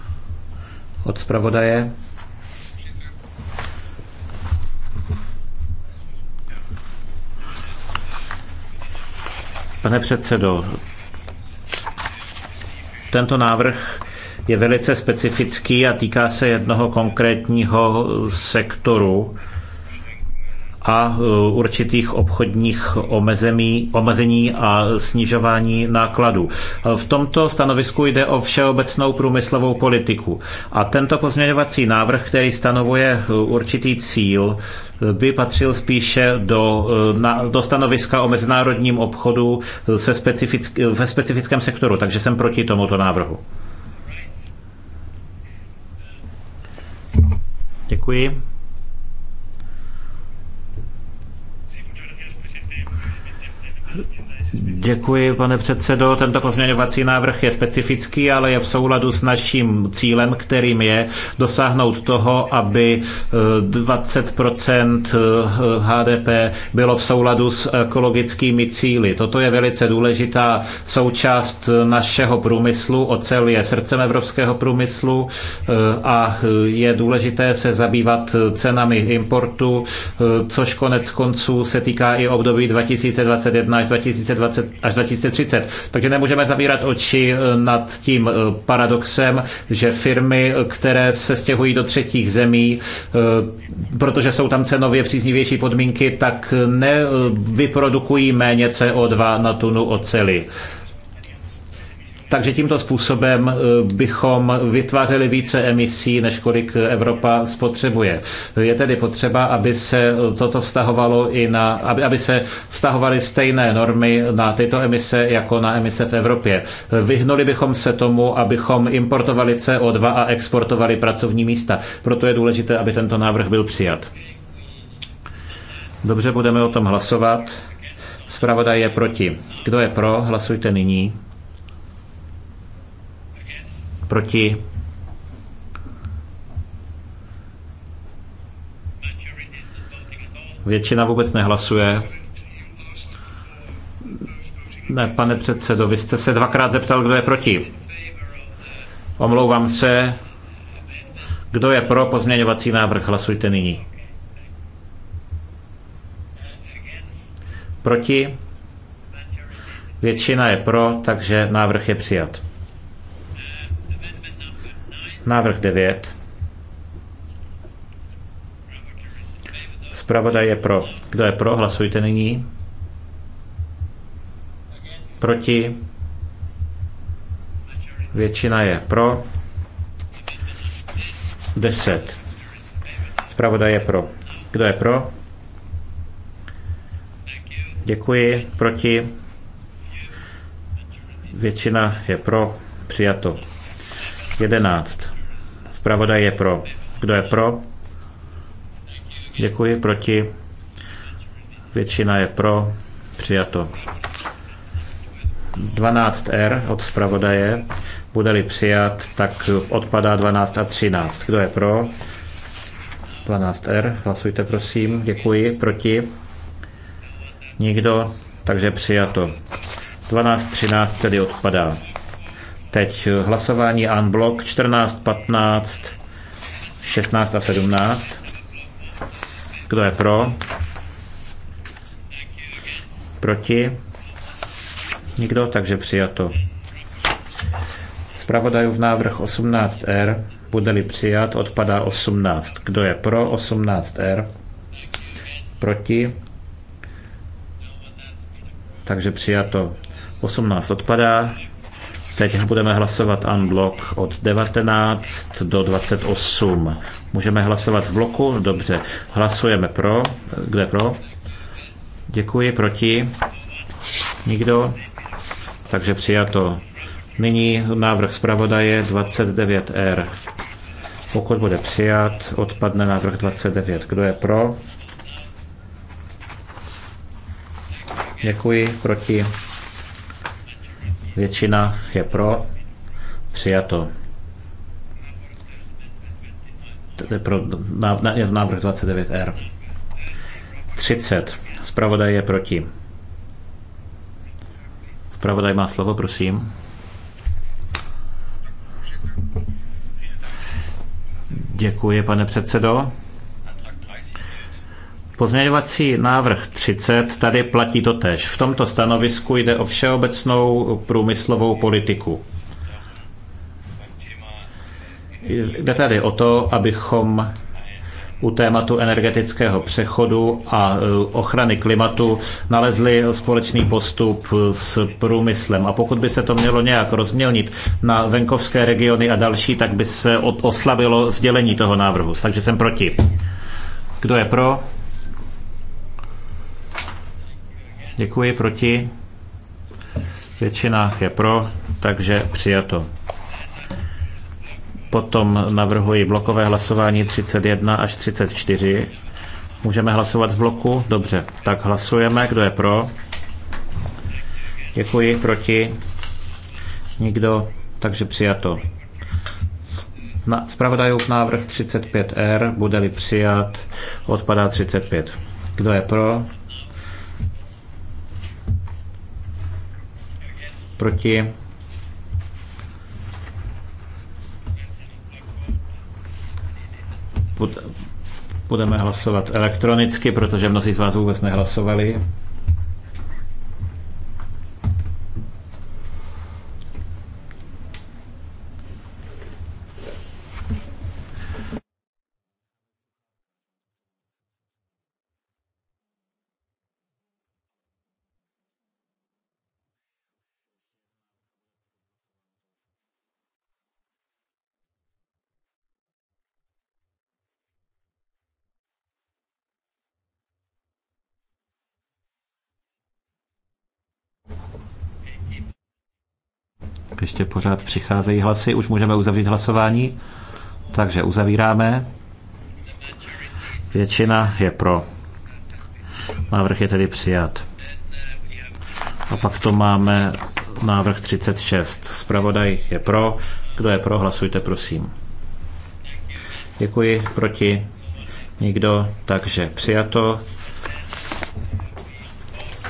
od zpravodaje. Pane předsedo, tento návrh je velice specifický a týká se jednoho konkrétního sektoru a uh, určitých obchodních omezení, omezení a snižování nákladů. V tomto stanovisku jde o všeobecnou průmyslovou politiku. A tento pozměňovací návrh, který stanovuje uh, určitý cíl, by patřil spíše do, eh, na, do stanoviska o mezinárodním obchodu se specifick, eh, ve specifickém sektoru, takže jsem proti tomuto návrhu. Děkuji. Děkuji, pane předsedo. Tento pozměňovací návrh je specifický, ale je v souladu s naším cílem, kterým je dosáhnout toho, aby 20 eh, eh, HDP bylo v souladu s ekologickými cíly. Toto je velice důležitá součást eh, našeho průmyslu. Ocel je srdcem evropského průmyslu a je důležité se zabývat cenami importu, což konec konců se týká i období 2021 až 2022 2020 až 2030. Takže nemůžeme zavírat oči eh, nad tím eh, paradoxem, že firmy, eh, které se stěhují do třetích zemí, protože jsou tam cenově příznivější podmínky, tak nevyprodukují méně CO2 na tunu oceli. Takže tímto způsobem eh, bychom vytvářeli více emisí, než kolik Evropa spotřebuje. Je tedy potřeba, aby se toto vztahovalo i na, aby, aby se vztahovaly stejné normy na tyto emise jako na emise v Evropě. Vyhnuli bychom se tomu, abychom importovali CO2 a exportovali pracovní místa. Proto je důležité, aby tento návrh byl přijat. Dobře, budeme o tom hlasovat. Zpravodaj je proti. Kdo je pro, hlasujte nyní. Proti? Většina vůbec nehlasuje. Ne, pane předsedo, vy jste se dvakrát zeptal, kdo je proti. Omlouvám se. Kdo je pro pozměňovací návrh, hlasujte nyní. Proti? Většina je pro, takže návrh je přijat. Návrh 9. Zpravodaj je pro. Kdo je pro, hlasujte nyní. Proti. Většina je pro. 10. Zpravodaj je pro. Kdo je pro? Děkuji. Proti? Většina je pro. Přijato. 11. Zpravodaj je pro. Kdo je pro? Děkuji. Proti? Většina je pro. Přijato. 12R od zpravodaje. Bude-li přijat, tak odpadá 12 a 13. Kdo je pro? 12R. Hlasujte, prosím. Děkuji. Proti? Nikdo. Takže přijato. 12, 13 tedy odpadá. Teď hlasování unblock 14, 15, 16 a 17. Kdo je pro? Proti? Nikdo, takže přijato. Zpravodajův návrh 18R, bude-li přijat, odpadá 18. Kdo je pro 18R? Proti? Takže přijato. 18 odpadá, Teď budeme hlasovat unblock od 19 do 28. Můžeme hlasovat v bloku? Dobře. Hlasujeme pro. Kde pro? Děkuji. Proti? Nikdo? Takže přijato. Nyní návrh zpravodaje 29R. Er. Pokud bude přijat, odpadne návrh 29. Kdo je pro? Děkuji. Proti? Většina je pro. Přijato. Je pro návrh 29R. 30. Zpravodaj je proti. Zpravodaj má slovo, prosím. Děkuji, pane předsedo. Pozměňovací návrh 30 tady platí to tež. V tomto stanovisku jde o všeobecnou průmyslovou politiku. Jde tady o to, abychom u tématu energetického přechodu a e, ochrany klimatu nalezli společný postup s průmyslem. A pokud by se to mělo nějak rozmělnit na venkovské regiony a další, tak by se oslabilo sdělení toho návrhu. Takže jsem proti. Kdo je pro? Děkuji proti. Většina je pro, takže přijato. Potom navrhuji blokové hlasování 31 až 34. Můžeme hlasovat z bloku? Dobře, tak hlasujeme. Kdo je pro? Děkuji, proti? Nikdo, takže přijato. Na, spravodajův návrh 35R, bude-li přijat, odpadá 35. Kdo je pro? Proti? Budeme hlasovat elektronicky, protože mnozí z vás vůbec nehlasovali. ještě prostě pořád přicházejí hlasy. Už můžeme uzavřít hlasování. Takže uzavíráme. Většina je pro. Návrh je tedy přijat. A pak to máme návrh 36. Spravodaj je pro. Kdo je pro, hlasujte prosím. Děkuji. Proti? Nikdo. Takže přijato.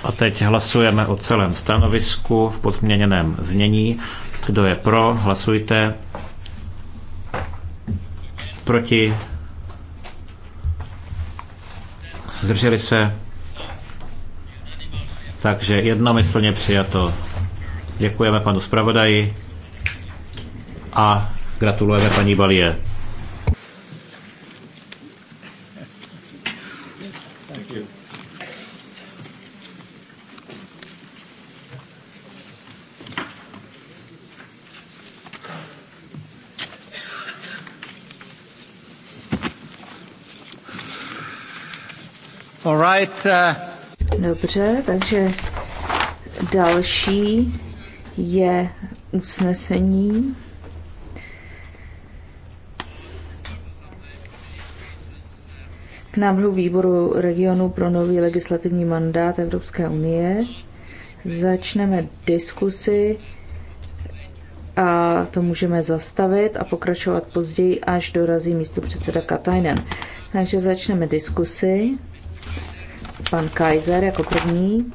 A teď hlasujeme o celém stanovisku v pozměněném znění. Kdo je pro, hlasujte. Proti. Zdrželi se. Takže jednomyslně přijato. Děkujeme panu zpravodaji a gratulujeme paní Balie. uh... Dobře, takže další je usnesení. K návrhu výboru regionu pro nový legislativní mandát Evropské unie začneme diskusi a to můžeme zastavit a pokračovat později, až dorazí místo předseda Katajnen. Takže začneme diskusi. Pan Kaiser jako první.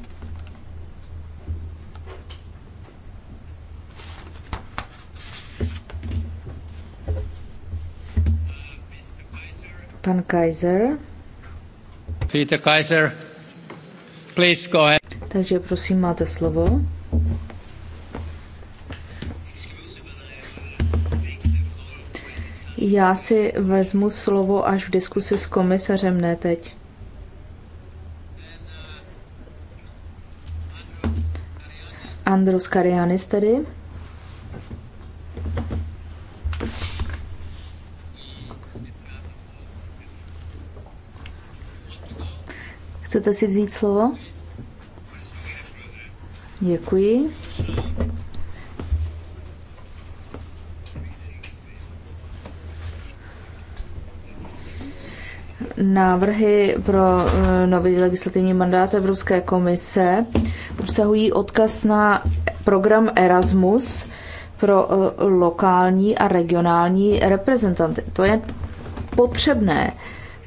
Pan Kaiser. Peter Kaiser, please go ahead. Takže prosím, máte slovo. Já si vezmu slovo až v diskusi s komisařem, ne teď. Andros Karianis tedy. Chcete si vzít slovo? Děkuji. Návrhy pro eh, nový legislativní mandát Evropské komise obsahují odkaz na program Erasmus pro eh, lokální a regionální reprezentanty. To je potřebné,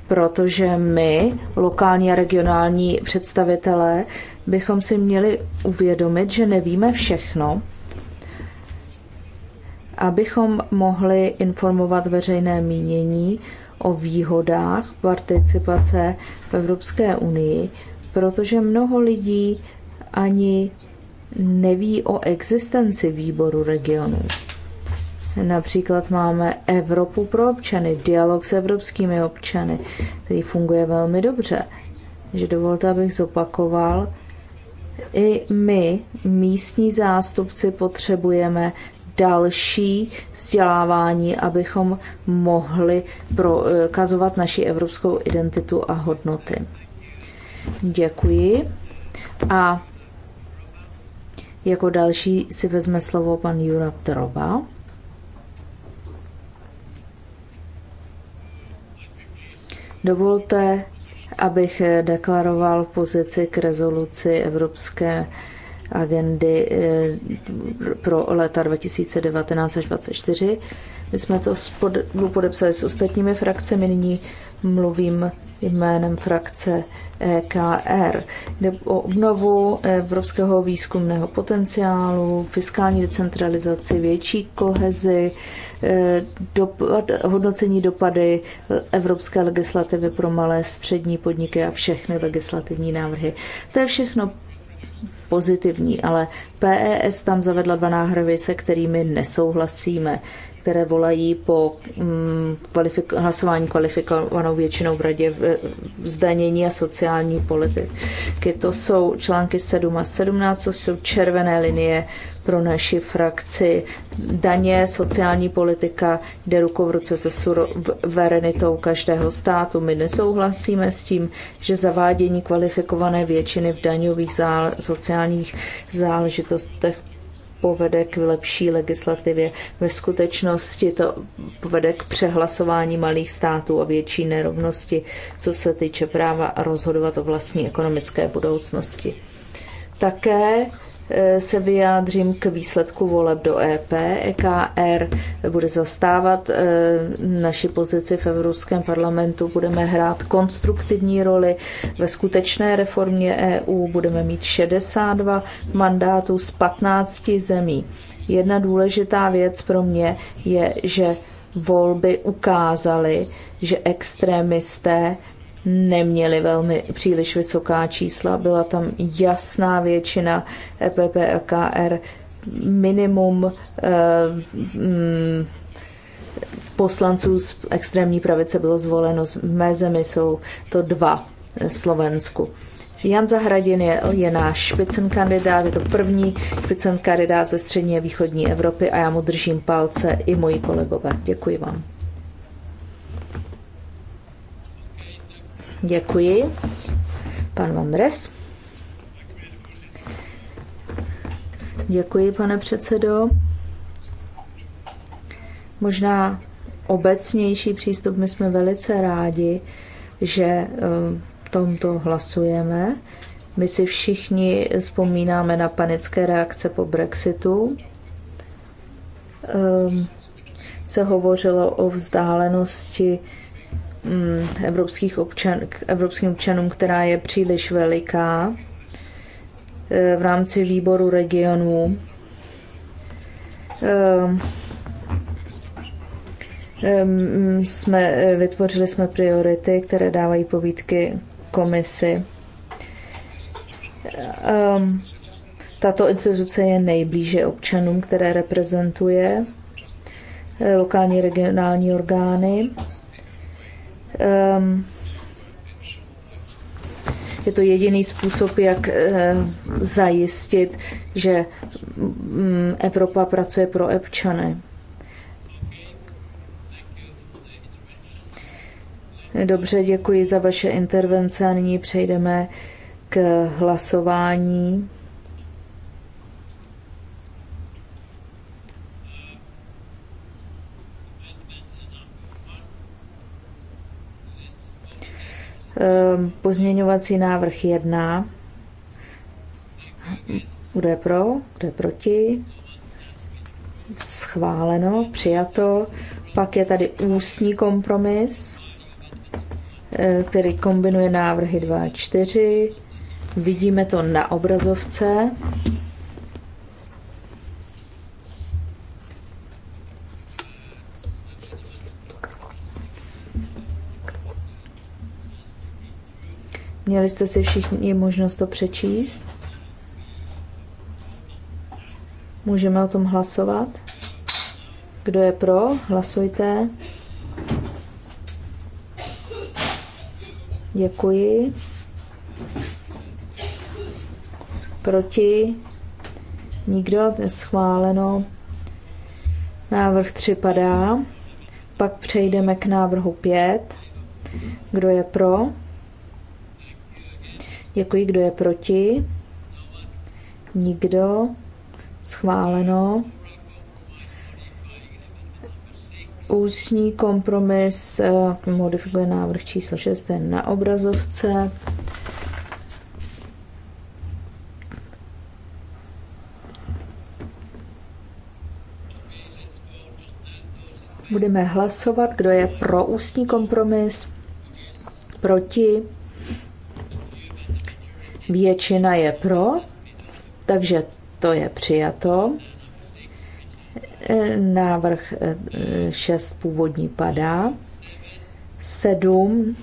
protože my, lokální a regionální představitelé, bychom si měli uvědomit, že nevíme všechno, abychom mohli informovat veřejné mínění o výhodách participace v Evropské unii, protože mnoho lidí ani neví o existenci výboru regionů. Například máme Evropu pro občany, dialog s evropskými občany, který funguje velmi dobře. Že dovolte, abych zopakoval, i my, místní zástupci, potřebujeme další vzdělávání, abychom mohli prokazovat naši evropskou identitu a hodnoty. Děkuji. A jako další si vezme slovo pan Jura Ptroba. Dovolte, abych deklaroval pozici k rezoluci Evropské agendy eh, pro léta 2019 až 2024. My jsme to podepsali s ostatními frakcemi, nyní mluvím jménem frakce EKR. Jde o obnovu evropského výzkumného potenciálu, fiskální decentralizaci, větší kohezi, eh, dopad, hodnocení dopady evropské legislativy pro malé střední podniky a všechny legislativní návrhy. To je všechno pozitivní, ale PES tam zavedla dva náhrady, se kterými nesouhlasíme, které volají po mm, kvalifik- hlasování kvalifikovanou většinou v radě v, zdanění a sociální politiky. To jsou články 7 a 17, což jsou červené linie pro naši frakci. Daně, sociální politika jde ruku v ruce se suverenitou každého státu. My nesouhlasíme s tím, že zavádění kvalifikované většiny v daňových zál sociálních záležitostech povede k lepší legislativě. Ve skutečnosti to povede k přehlasování malých států a větší nerovnosti, co se týče práva rozhodovat o vlastní ekonomické budoucnosti. Také Eh, se vyjádřím k výsledku voleb do EP. EKR bude zastávat eh, naši pozici v Evropském parlamentu, budeme hrát konstruktivní roli ve skutečné reformě EU, budeme mít 62 mandátů z 15 zemí. Jedna důležitá věc pro mě je, že volby ukázaly, že extremisté neměli velmi příliš vysoká čísla. Byla tam jasná většina EPP a KR, minimum eh, mm, poslanců z extrémní pravice bylo zvoleno. Z mé zemi jsou to dva Slovensku. Jan Zahradin je, je náš špicen kandidát, je to první špicen kandidát ze střední a východní Evropy a já mu držím palce i moji kolegové. Děkuji vám. Děkuji. Pan Vandres. Děkuji, pane předsedo. Možná obecnější přístup. My jsme velice rádi, že eh, tomto hlasujeme. My si všichni vzpomínáme na panické reakce po Brexitu. Ehm, se hovořilo o vzdálenosti Mm, evropských občan, k evropským občanům, která je příliš veliká eh, v rámci výboru regionů. Ehm, ehm, jsme, eh, vytvořili jsme priority, které dávají povídky komisi. Ehm, tato instituce je nejblíže občanům, které reprezentuje eh, lokální regionální orgány Um, je to jediný způsob, jak eh, zajistit, že mm, Evropa pracuje pro občany. Dobře, děkuji za vaše intervence a nyní přejdeme k hlasování. Ehm, pozměňovací návrh 1. Kdo je pro? Kdo je proti? Schváleno, přijato. Pak je tady ústní kompromis, eh, který kombinuje návrhy 2 a 4. Vidíme to na obrazovce. Měli jste si všichni možnost to přečíst? Můžeme o tom hlasovat? Kdo je pro, hlasujte. Děkuji. Proti? Nikdo? Schváleno. Návrh 3 padá. Pak přejdeme k návrhu 5. Kdo je pro? Děkuji, kdo je proti. Nikdo. Schváleno. Ústní kompromis eh, modifikuje návrh číslo 6 na obrazovce. Budeme hlasovat, kdo je pro ústní kompromis, proti. Většina je pro, takže to je přijato. Návrh 6 eh, původní padá. 7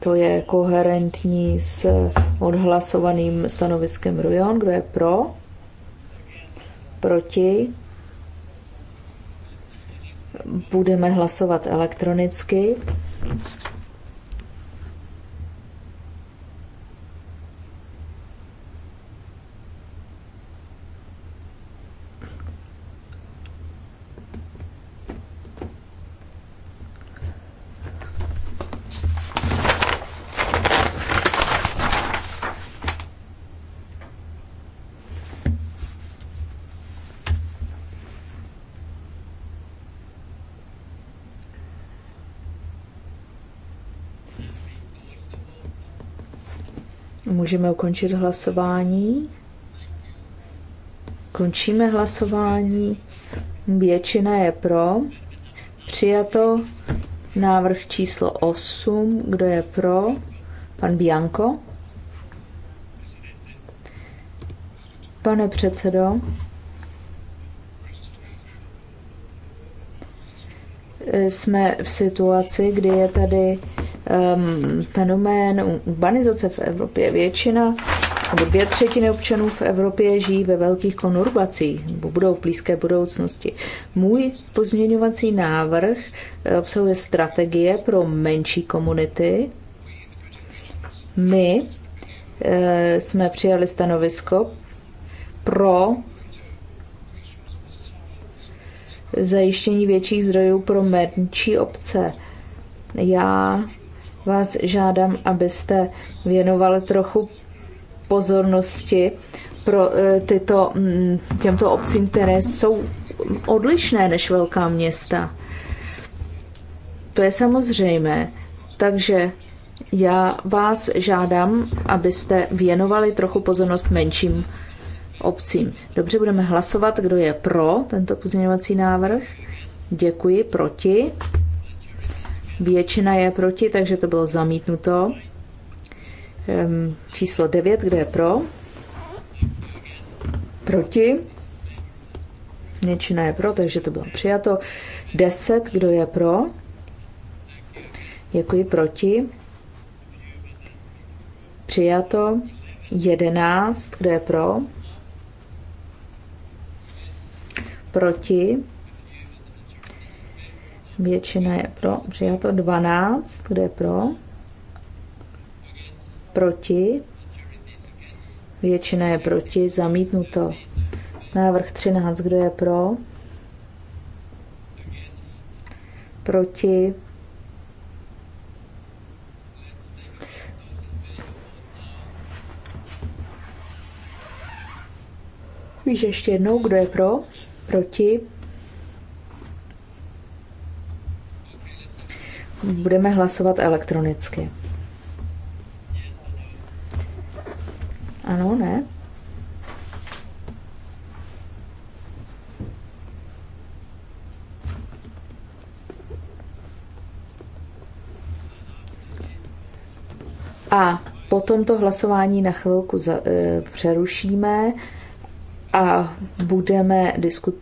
to je koherentní s odhlasovaným stanoviskem Rujon. Kdo je pro? Proti? Budeme hlasovat elektronicky. Můžeme ukončit hlasování. Končíme hlasování. Většina je pro. Přijato návrh číslo 8. Kdo je pro? Pan Bianko. Pane předsedo, jsme v situaci, kdy je tady um, fenomén urbanizace v Evropě. Většina nebo dvě třetiny občanů v Evropě žijí ve velkých konurbacích nebo budou v blízké budoucnosti. Můj pozměňovací návrh eh, obsahuje strategie pro menší komunity. My e, jsme přijali stanovisko pro zajištění větších zdrojů pro menší obce. Já vás žádám, abyste věnovali trochu pozornosti pro eh, tyto, mm, těmto obcím, které jsou odlišné než velká města. To je samozřejmé. Takže já vás žádám, abyste věnovali trochu pozornost menším obcím. Dobře, budeme hlasovat, kdo je pro tento pozměňovací návrh. Děkuji, proti. Většina je proti, takže to bylo zamítnuto. Ehm, číslo 9, kdo je pro? Proti. Většina je pro, takže to bylo přijato. 10, kdo je pro? Děkuji, proti. Přijato. 11, kdo je pro? proti, většina je pro, přijato 12, kde je pro, proti, většina je proti, zamítnuto. Návrh 13, kdo je pro, proti, Víš ještě jednou, kdo je pro? proti. Budeme hlasovat elektronicky. Ano, ne? A potom to hlasování na chvilku za, e, přerušíme a budeme diskut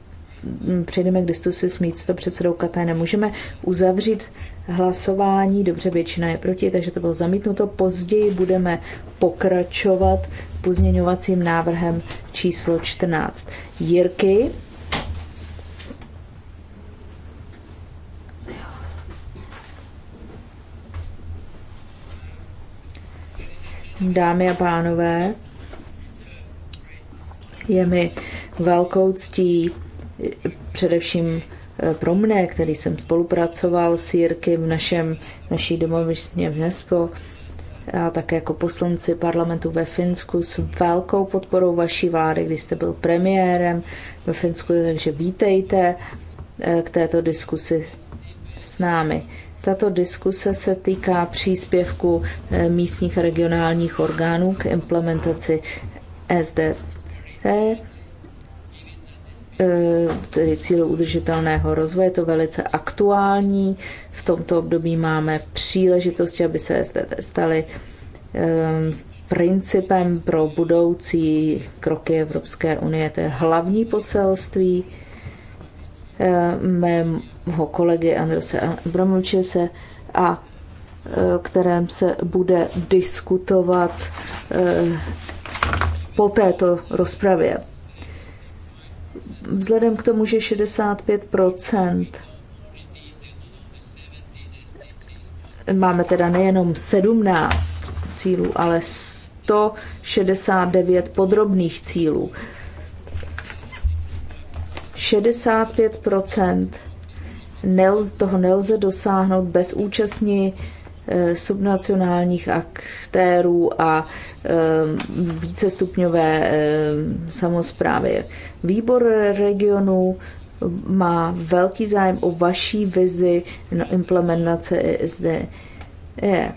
přejdeme k diskusi s místo předsedou Katé. Můžeme uzavřít hlasování, dobře, většina je proti, takže to bylo zamítnuto. Později budeme pokračovat pozměňovacím návrhem číslo 14. Jirky. Dámy a pánové, je mi velkou ctí především eh, pro mne, který jsem spolupracoval s Jirky v našem, naší domovišně v Nespo, a také jako poslanci parlamentu ve Finsku s velkou podporou vaší vlády, když jste byl premiérem ve Finsku, takže vítejte eh, k této diskusi s námi. Tato diskuse se týká příspěvku eh, místních a regionálních orgánů k implementaci SD, také e, tedy cílu udržitelného rozvoje, to velice aktuální. V tomto období máme příležitosti, aby se STT staly e, principem pro budoucí kroky Evropské unie. To je hlavní poselství e, mého kolegy Androse Abramovičese a kterém se bude diskutovat po této rozpravě. Vzhledem k tomu, že 65 máme teda nejenom 17 cílů, ale 169 podrobných cílů. 65 nelze toho nelze dosáhnout bez účastní eh, subnacionálních aktérů a Eh, vícestupňové eh, samozprávy. Výbor regionu má velký zájem o vaší vizi na implementace ESD. Je.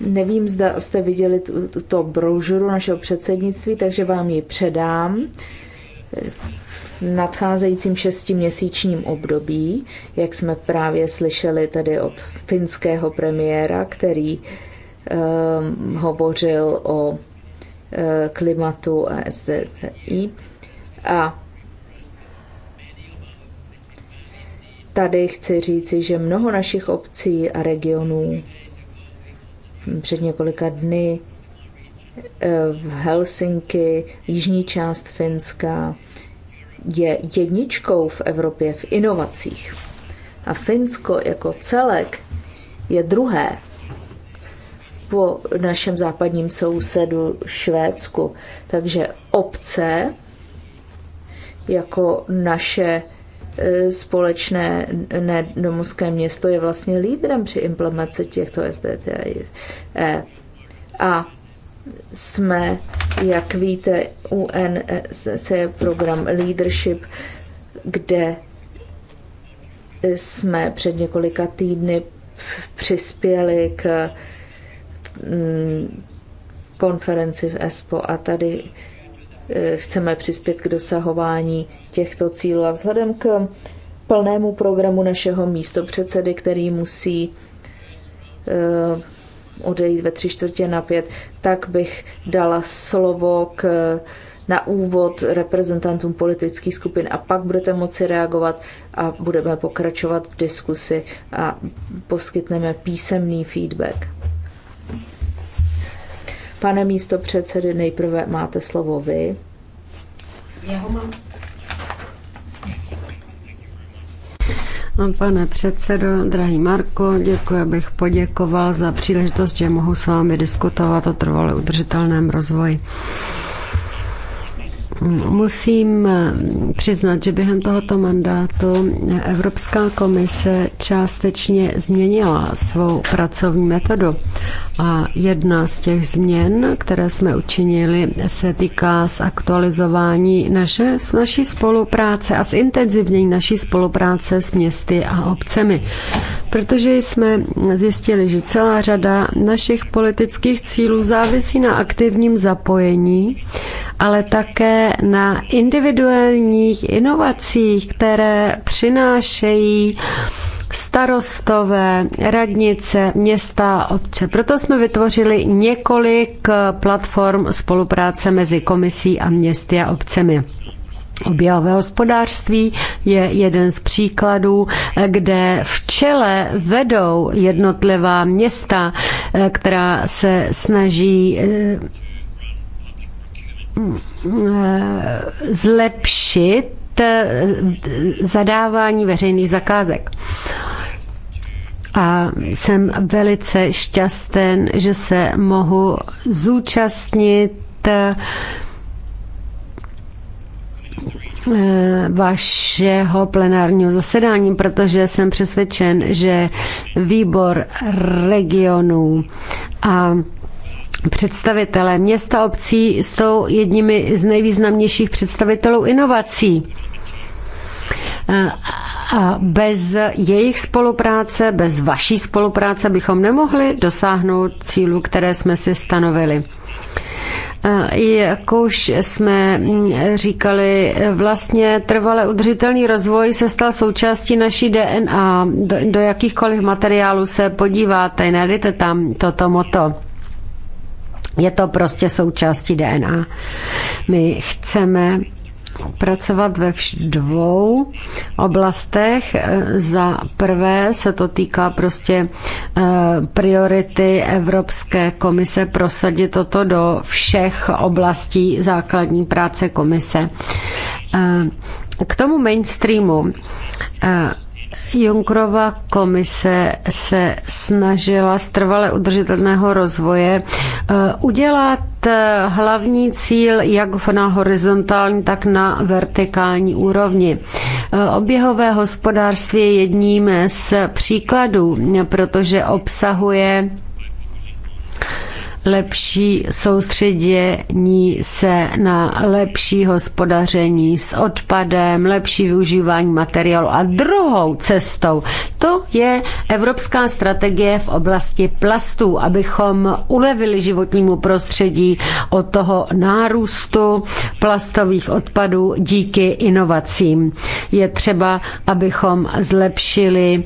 Nevím, zda jste viděli to brožuru našeho předsednictví, takže vám ji předám nadcházejícím šestiměsíčním období, jak jsme právě slyšeli tedy od finského premiéra, který um, hovořil o uh, klimatu a SDTI. A tady chci říci, že mnoho našich obcí a regionů hm, před několika dny eh, v Helsinki, jižní část Finska, je jedničkou v Evropě v inovacích. A Finsko jako celek je druhé po našem západním sousedu Švédsku. Takže obce jako naše e, společné nedomovské město je vlastně lídrem při implementaci těchto SDT. E. A jsme, jak víte, UNSC program Leadership, kde jsme před několika týdny přispěli k mm, konferenci v ESPO a tady eh, chceme přispět k dosahování těchto cílů. A vzhledem k plnému programu našeho místopředsedy, který musí eh, odejít ve tři čtvrtě na pět, tak bych dala slovo k, na úvod reprezentantům politických skupin a pak budete moci reagovat a budeme pokračovat v diskusi a poskytneme písemný feedback. Pane místo předsedy, nejprve máte slovo vy. Já ho mám. No, pane předsedo, drahý Marko, děkuji, abych poděkoval za příležitost, že mohu s vámi diskutovat o trvale udržitelném rozvoji. Musím eh, přiznat, že během tohoto mandátu Evropská komise částečně změnila svou pracovní metodu. A jedna z těch změn, které jsme učinili, se týká zaktualizování naše, naší spolupráce a zintenzivnění naší spolupráce s městy a obcemi. Protože jsme zjistili, že celá řada našich politických cílů závisí na aktivním zapojení, ale také na individuálních inovacích, které přinášejí starostové, radnice, města, obce. Proto jsme vytvořili několik platform spolupráce mezi komisí a městy a obcemi. Objavové hospodářství je jeden z příkladů, kde v čele vedou jednotlivá města, která se snaží zlepšit eh, zadávání veřejných zakázek. A jsem velice šťastný, že se mohu zúčastnit eh, vašeho plenárního zasedání, protože jsem přesvědčen, že výbor regionů a představitelé města obcí jsou jedními z nejvýznamnějších představitelů inovací. A bez jejich spolupráce, bez vaší spolupráce bychom nemohli dosáhnout cílu, které jsme si stanovili. Jak už jsme říkali, vlastně trvale udržitelný rozvoj se stal součástí naší DNA. Do, do jakýchkoliv materiálů se podíváte, najdete tam toto moto. Je to prostě součástí DNA. My chceme pracovat ve dvou oblastech. Za prvé se to týká prostě e, priority Evropské komise prosadit toto do všech oblastí základní práce komise. E, k tomu mainstreamu e, Junkrova komise se snažila z trvale udržitelného rozvoje eh, udělat eh, hlavní cíl jak na horizontální, tak na vertikální úrovni. Eh, oběhové hospodářství je jedním z příkladů, protože obsahuje lepší soustředění se na lepší hospodaření s odpadem, lepší využívání materiálu. A druhou cestou to je evropská strategie v oblasti plastů, abychom ulevili životnímu prostředí od toho nárůstu plastových odpadů díky inovacím. Je třeba, abychom zlepšili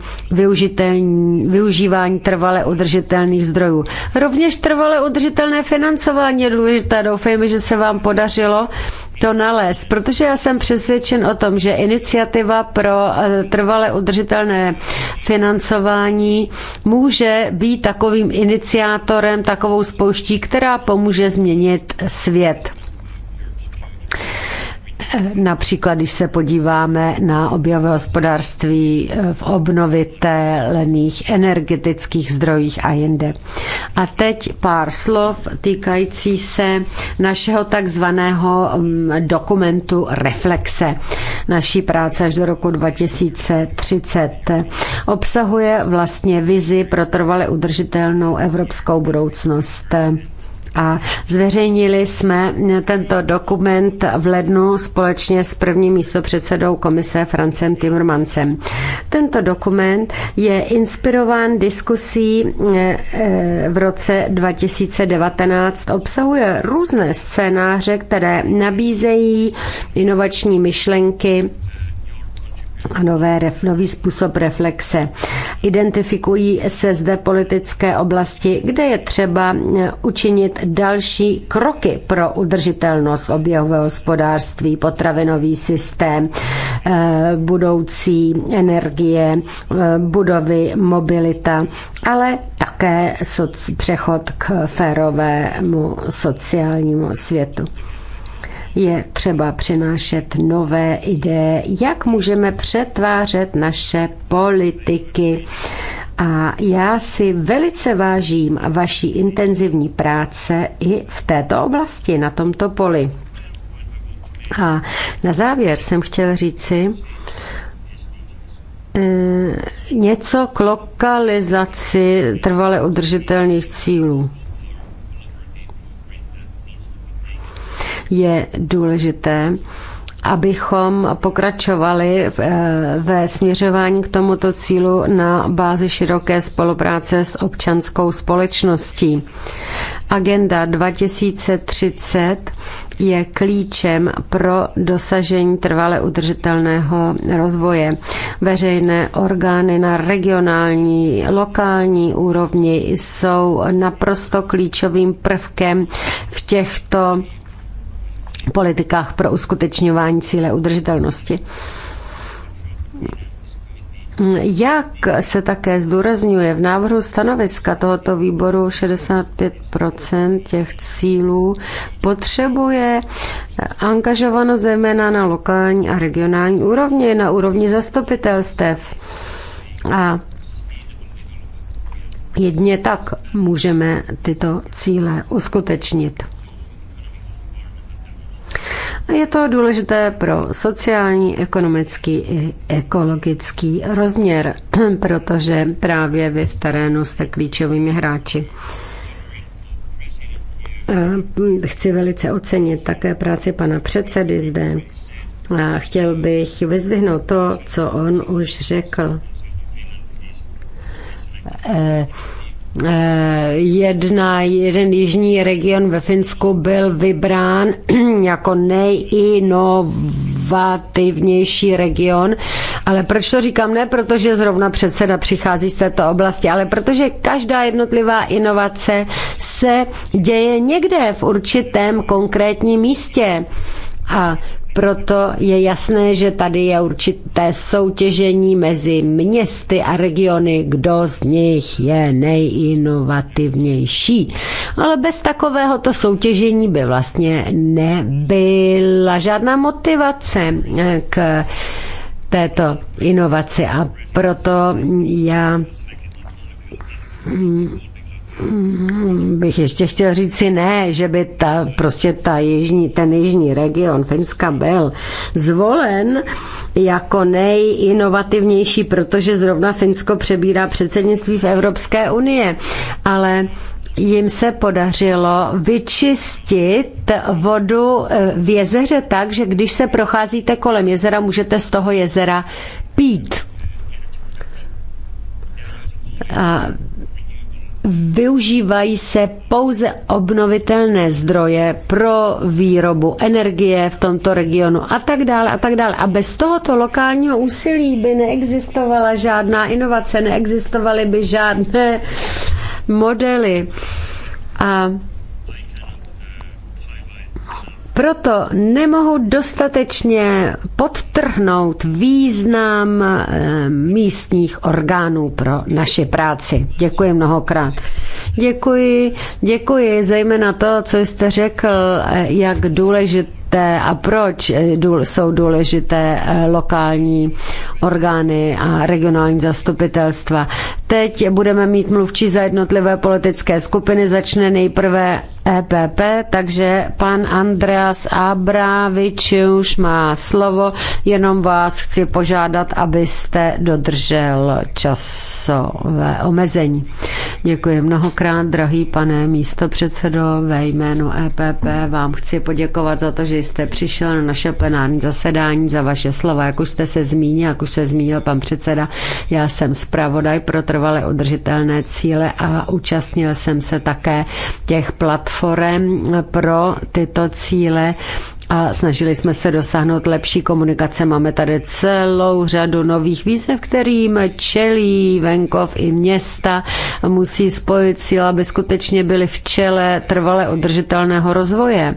využívání trvale udržitelných zdrojů. Rovněž trvale udržitelné financování je důležité. Doufejme, že se vám podařilo to nalézt, protože já jsem přesvědčen o tom, že iniciativa pro eh, trvalé udržitelné financování může být takovým iniciátorem, takovou spouští, která pomůže změnit svět. Například, když se podíváme na objevy hospodářství eh, v obnovitelných energetických zdrojích a jinde. A teď pár slov týkající se našeho takzvaného mm, dokumentu reflexe naší práce až do roku 2030. Obsahuje vlastně vizi pro trvale udržitelnou evropskou budoucnost. A zveřejnili jsme tento dokument v lednu společně s prvním místopředsedou komise Francem Timmermansem. Tento dokument je inspirován diskusí eh, eh, v roce 2019. Obsahuje různé scénáře, které nabízejí inovační myšlenky a nové, nový způsob reflexe. Identifikují se zde politické oblasti, kde je třeba e, učinit další kroky pro udržitelnost oběhového hospodářství, potravinový systém, e, budoucí energie, e, budovy, mobilita, ale také přechod k férovému sociálnímu světu je třeba přinášet nové ideje, jak můžeme přetvářet naše politiky. A já si velice vážím vaší intenzivní práce i v této oblasti, na tomto poli. A na závěr jsem chtěl říci, eh, něco k lokalizaci trvale udržitelných cílů. je důležité, abychom pokračovali eh, ve směřování k tomuto cílu na bázi široké spolupráce s občanskou společností. Agenda 2030 je klíčem pro dosažení trvale udržitelného rozvoje. Veřejné orgány na regionální, lokální úrovni jsou naprosto klíčovým prvkem v těchto politikách pro uskutečňování cíle udržitelnosti. Jak se také zdůrazňuje v návrhu stanoviska tohoto výboru, 65 těch cílů potřebuje angažovanost zejména na lokální a regionální úrovni, na úrovni zastupitelstev. A jedně tak můžeme tyto cíle uskutečnit. Je to důležité pro sociální, ekonomický i ekologický rozměr, protože právě vy v terénu jste klíčovými hráči. A hm, chci velice ocenit také práci pana předsedy zde. A chtěl bych vyzdvihnout to, co on už řekl. Eh, Eh, jedna, jeden jižní region ve Finsku byl vybrán jako nejinovativnější region. Ale proč to říkám? Ne protože zrovna předseda přichází z této oblasti, ale protože každá jednotlivá inovace se děje někde v určitém konkrétním místě. A proto je jasné, že tady je určité soutěžení mezi městy a regiony, kdo z nich je nejinovativnější. Ale bez takovéhoto soutěžení by vlastně nebyla žádná motivace eh, k této inovaci. A proto já hm, Mm, bych ještě chtěl říct si ne, že by ta, prostě ta jižní, ten jižní region Finska byl zvolen jako nejinovativnější, protože zrovna Finsko přebírá předsednictví v Evropské unie. Ale jim se podařilo vyčistit vodu eh, v jezeře tak, že když se procházíte kolem jezera, můžete z toho jezera pít. A využívají se pouze obnovitelné zdroje pro výrobu energie v tomto regionu a tak dále a tak dále. A bez tohoto lokálního úsilí by neexistovala žádná inovace, neexistovaly by žádné modely. A proto nemohu dostatečně podtrhnout význam eh, místních orgánů pro naši práci. Děkuji mnohokrát. Děkuji, děkuji zejména to, co jste řekl, eh, jak důležité a proč eh, jsou důležité lokální orgány a regionální zastupitelstva. Teď budeme mít mluvčí za jednotlivé politické skupiny. Začne nejprve EPP, takže pan Andreas Abravič už má slovo, jenom vás chci požádat, abyste dodržel časové omezení. Děkuji mnohokrát, drahý pane místo ve jménu EPP vám chci poděkovat za to, že jste přišel na naše plenární zasedání, za vaše slova, jak už jste se zmínil, jak už se zmínil pan předseda, já jsem zpravodaj pro trvale udržitelné cíle a účastnil jsem se také těch platform forem pro tyto cíle a snažili jsme se dosáhnout lepší komunikace. Máme tady celou řadu nových výzev, kterým čelí venkov i města. Musí spojit síla, aby skutečně byly v čele trvale udržitelného rozvoje.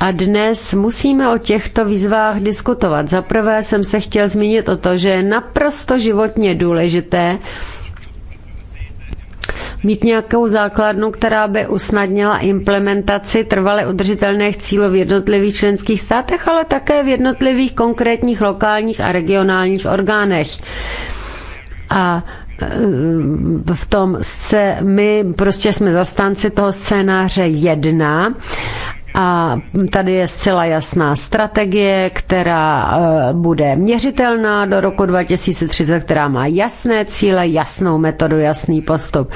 A dnes musíme o těchto výzvách diskutovat. Za prvé jsem se chtěl zmínit o to, že je naprosto životně důležité, mít nějakou základnu, která by usnadnila implementaci trvale udržitelných cílů v jednotlivých členských státech, ale také v jednotlivých konkrétních lokálních a regionálních orgánech. A e, v tom se my prostě jsme zastánci toho scénáře jedna. A tady je zcela jasná strategie, která eh, bude měřitelná do roku 2030, která má jasné cíle, jasnou metodu, jasný postup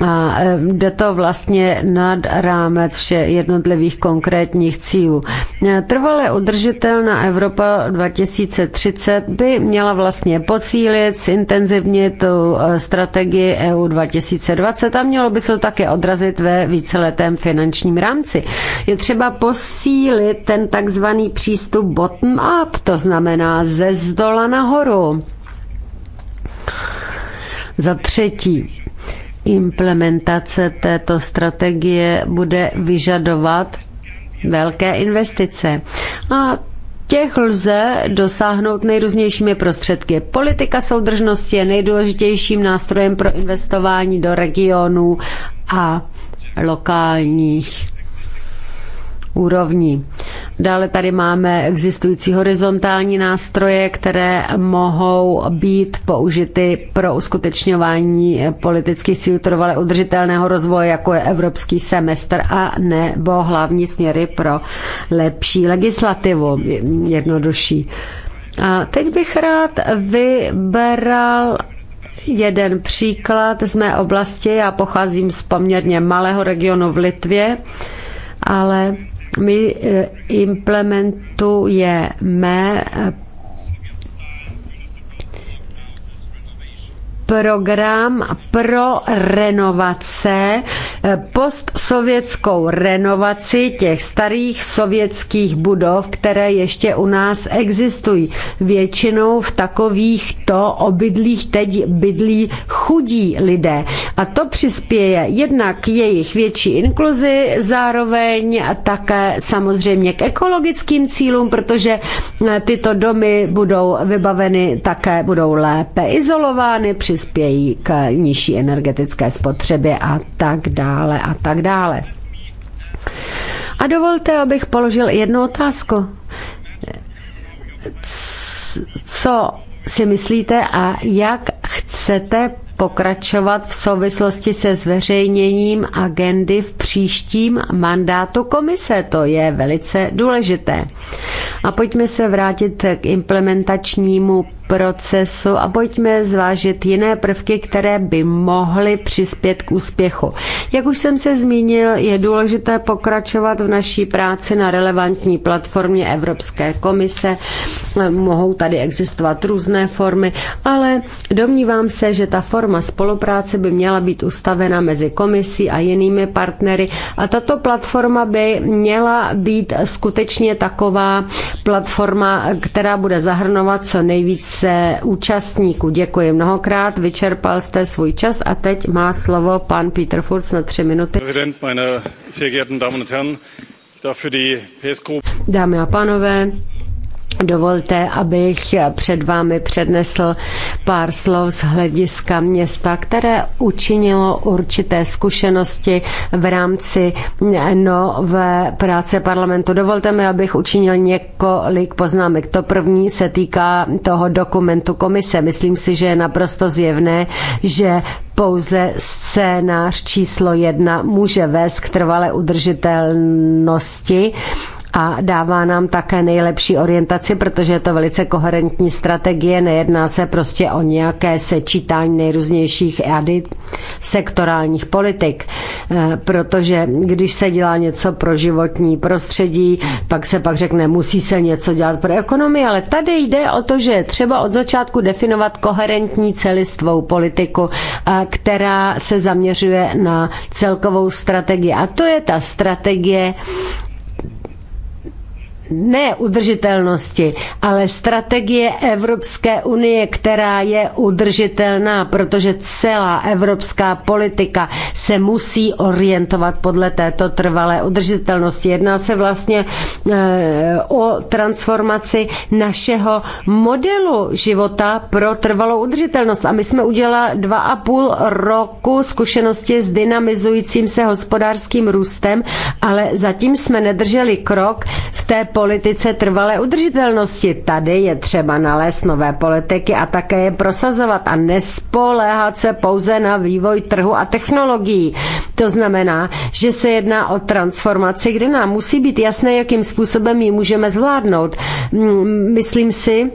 a e, jde to vlastně nad rámec vše jednotlivých konkrétních cílů. E, Trvalé udržitelná Evropa 2030 by měla vlastně pocílit, zintenzivnit tu e, strategii EU 2020 a mělo by se to také odrazit ve víceletém finančním rámci. Je třeba posílit ten takzvaný přístup bottom-up, to znamená ze zdola nahoru. Za třetí, Implementace této strategie bude vyžadovat velké investice. A těch lze dosáhnout nejrůznějšími prostředky. Politika soudržnosti je nejdůležitějším nástrojem pro investování do regionů a lokálních úrovní. Dále tady máme existující horizontální nástroje, které mohou být použity pro uskutečňování politických síl trvale udržitelného rozvoje, jako je evropský semestr a nebo hlavní směry pro lepší legislativu, jednodušší. A teď bych rád vyberal jeden příklad z mé oblasti. Já pocházím z poměrně malého regionu v Litvě, ale my eh, implementujeme program pro renovace, eh, postsovětskou renovaci těch starých sovětských budov, které ještě u nás existují. Většinou v takovýchto obydlích teď bydlí chudí lidé. A to přispěje jednak jejich větší inkluzi, zároveň a také samozřejmě k ekologickým cílům, protože eh, tyto domy budou vybaveny také, budou lépe izolovány, při přispějí k nižší energetické spotřebě a tak dále a tak dále. A dovolte, abych položil jednu otázku. Co si myslíte a jak chcete pokračovat v souvislosti se zveřejněním agendy v příštím mandátu komise. To je velice důležité. A pojďme se vrátit k implementačnímu procesu a pojďme zvážit jiné prvky, které by mohly přispět k úspěchu. Jak už jsem se zmínil, je důležité pokračovat v naší práci na relevantní platformě Evropské komise. Mohou tady existovat různé formy, ale domnívám se, že ta forma spolupráce by měla být ustavena mezi komisí a jinými partnery a tato platforma by měla být skutečně taková platforma, která bude zahrnovat co nejvíce se účastníků. Děkuji mnohokrát, vyčerpal jste svůj čas a teď má slovo pan Peter Furz na tři minuty. Dámy a pánové, Dovolte, abych před vámi přednesl pár slov z hlediska města, které učinilo určité zkušenosti v rámci nové práce parlamentu. Dovolte mi, abych učinil několik poznámek. To první se týká toho dokumentu komise. Myslím si, že je naprosto zjevné, že pouze scénář číslo jedna může vést k trvale udržitelnosti a dává nám také nejlepší orientaci, protože je to velice koherentní strategie, nejedná se prostě o nějaké sečítání nejrůznějších adit sektorálních politik, eh, protože když se dělá něco pro životní prostředí, pak se pak řekne, musí se něco dělat pro ekonomii, ale tady jde o to, že třeba od začátku definovat koherentní celistvou politiku, eh, která se zaměřuje na celkovou strategii. A to je ta strategie, ne udržitelnosti, ale strategie Evropské unie, která je udržitelná, protože celá evropská politika se musí orientovat podle této trvalé udržitelnosti. Jedná se vlastně eh, o transformaci našeho modelu života pro trvalou udržitelnost. A my jsme udělali dva a půl roku zkušenosti s dynamizujícím se hospodářským růstem, ale zatím jsme nedrželi krok v té politice politice trvalé udržitelnosti. Tady je třeba nalézt nové politiky a také je prosazovat a nespoléhat se pouze na vývoj trhu a technologií. To znamená, že se jedná o transformaci, kde nám musí být jasné, jakým způsobem ji můžeme zvládnout. Mm, myslím si,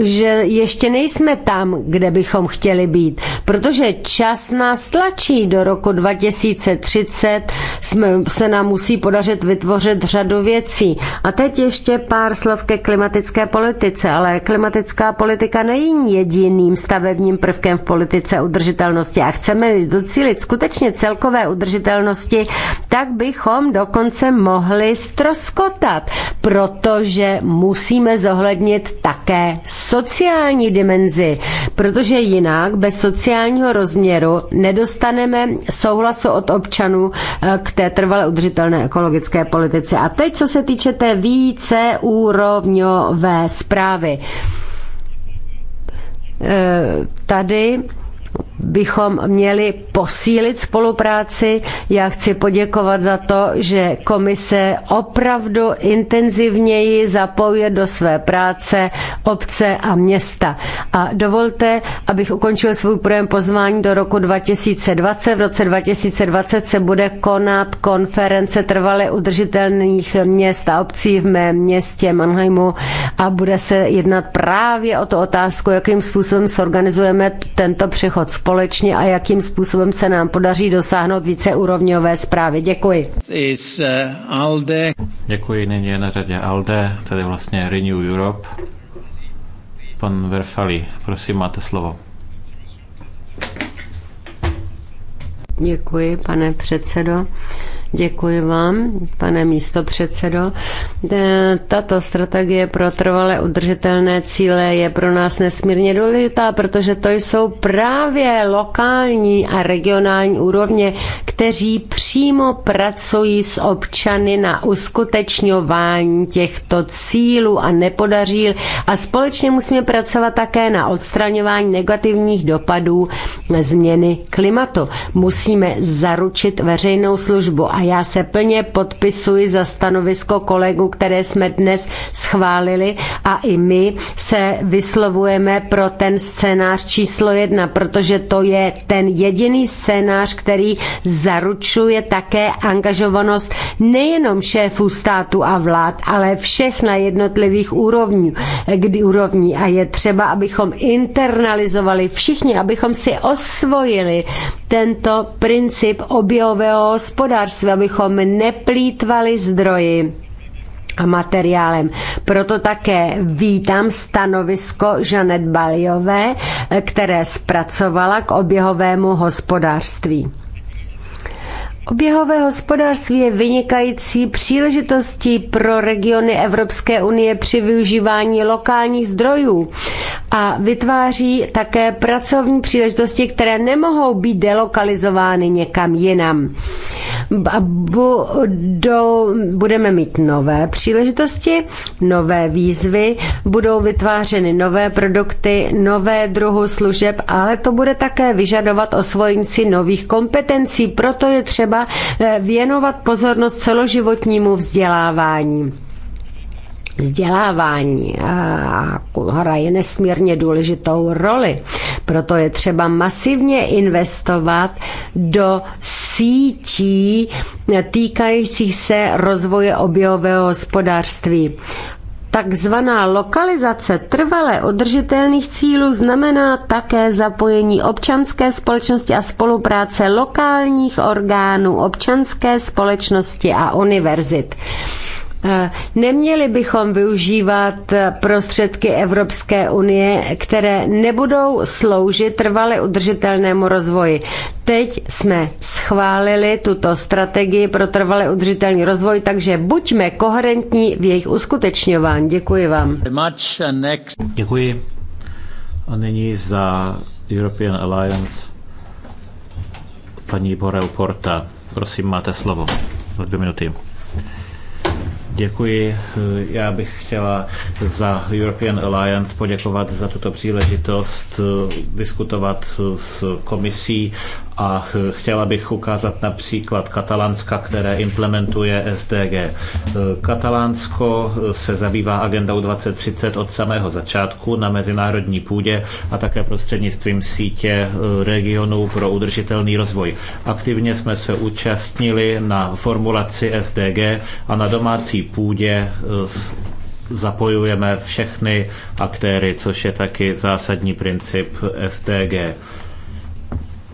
že ještě nejsme tam, kde bychom chtěli být, protože čas nás tlačí. Do roku 2030 jsme, se nám musí podařit vytvořit řadu věcí. A teď ještě pár slov ke klimatické politice, ale klimatická politika není jediným stavebním prvkem v politice udržitelnosti a chceme docílit skutečně celkové udržitelnosti, tak bychom dokonce mohli stroskotat, protože musíme zohlednit také sociální dimenzi, protože jinak bez sociálního rozměru nedostaneme souhlasu od občanů eh, k té trvale udržitelné ekologické politice. A teď, co se týče té úrovňové zprávy. Eh, tady bychom měli posílit spolupráci. Já chci poděkovat za to, že komise opravdu intenzivněji zapojuje do své práce obce a města. A dovolte, abych ukončil svůj projem pozvání do roku 2020. V roce 2020 se bude konat konference trvale udržitelných měst a obcí v mém městě Mannheimu a bude se jednat právě o to otázku, jakým způsobem sorganizujeme tento přechod společně a jakým způsobem se nám podaří dosáhnout více úrovňové zprávy. Děkuji. Eh, Alde. Děkuji, nyní je na řadě Alde, tedy vlastně Renew Europe. Pan Verfali, prosím, máte slovo. Děkuji, pane předsedo. Děkuji vám, pane místo předsedo. Eh, tato strategie pro trvalé udržitelné cíle je pro nás nesmírně důležitá, protože to jsou právě lokální a regionální úrovně, kteří přímo pracují s občany na uskutečňování těchto cílů a nepodaří. A společně musíme pracovat také na odstraňování negativních dopadů změny klimatu. Musíme zaručit veřejnou službu a a já se plně podpisuji za stanovisko kolegů, které jsme dnes schválili a i my se vyslovujeme pro ten scénář číslo jedna, protože to je ten jediný scénář, který zaručuje také angažovanost nejenom šéfů státu a vlád, ale všech na jednotlivých úrovní, kdy úrovní a je třeba, abychom internalizovali všichni, abychom si osvojili tento princip objevového hospodářství, abychom neplýtvali zdroji a materiálem. Proto také vítám stanovisko Žanet Baljové, které zpracovala k oběhovému hospodářství. Oběhové hospodářství je vynikající příležitostí pro regiony Evropské unie při využívání lokálních zdrojů a vytváří také pracovní příležitosti, které nemohou být delokalizovány někam jinam. Budou, budeme mít nové příležitosti, nové výzvy, budou vytvářeny nové produkty, nové druhu služeb, ale to bude také vyžadovat osvojení si nových kompetencí, proto je třeba třeba eh, věnovat pozornost celoživotnímu vzdělávání vzdělávání eh, hraje nesmírně důležitou roli. Proto je třeba masivně investovat do sítí eh, týkajících se rozvoje objevového hospodářství. Takzvaná lokalizace trvale udržitelných cílů znamená také zapojení občanské společnosti a spolupráce lokálních orgánů občanské společnosti a univerzit. Eh, neměli bychom využívat eh, prostředky Evropské unie, které nebudou sloužit trvale udržitelnému rozvoji. Teď jsme schválili tuto strategii pro trvale udržitelný rozvoj, takže buďme koherentní v jejich uskutečňování. Děkuji vám. Uh, Děkuji. A nyní za European Alliance paní Borel Porta. Prosím, máte slovo. Dvě minuty. Děkuji. Já bych chtěla za European Alliance poděkovat za tuto příležitost eh, diskutovat eh, s komisí a eh, chtěla bych ukázat například Katalánska, které implementuje SDG. Katalánsko se zabývá agendou 2030 od samého začátku na mezinárodní půdě a také prostřednictvím sítě regionů pro udržitelný rozvoj. Aktivně jsme se účastnili na formulaci SDG a na domácí půdě eh, zapojujeme všechny aktéry, což je taky zásadní princip STG.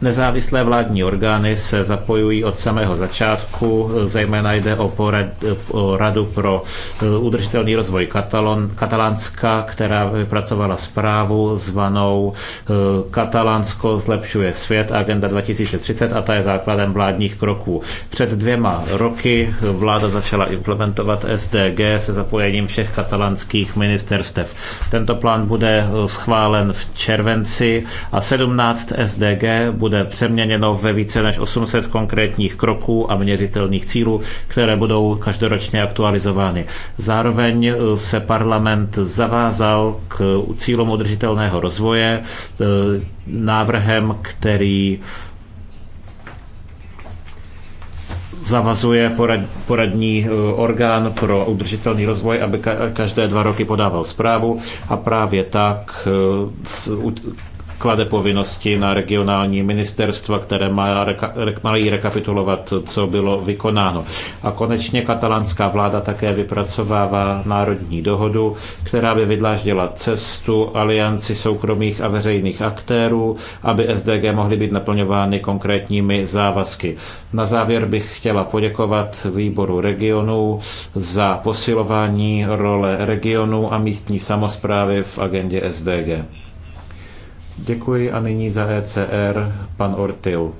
Nezávislé vládní orgány se zapojují od samého začátku, zejména jde o, porad, o Radu pro eh, udržitelný rozvoj Katalon, Katalánska, která vypracovala zprávu zvanou eh, Katalánsko zlepšuje svět Agenda 2030 a ta je základem vládních kroků. Před dvěma roky vláda začala implementovat SDG se zapojením všech katalánských ministerstev. Tento plán bude eh, schválen v červenci a 17 SDG bude bude přeměněno ve více než 800 konkrétních kroků a měřitelných cílů, které budou každoročně aktualizovány. Zároveň e, se parlament zavázal k cílům udržitelného rozvoje e, návrhem, který zavazuje porad, poradní e, orgán pro udržitelný rozvoj, aby každé dva roky podával zprávu a právě tak klade povinnosti na regionální ministerstva, které mají rekapitulovat, co bylo vykonáno. A konečně katalánská vláda také vypracovává národní dohodu, která by vydláždila cestu alianci soukromých a veřejných aktérů, aby SDG mohly být naplňovány konkrétními závazky. Na závěr bych chtěla poděkovat výboru regionů za posilování role regionů a místní samozprávy v agendě SDG. Děkuji a nyní za ECR pan Ortil.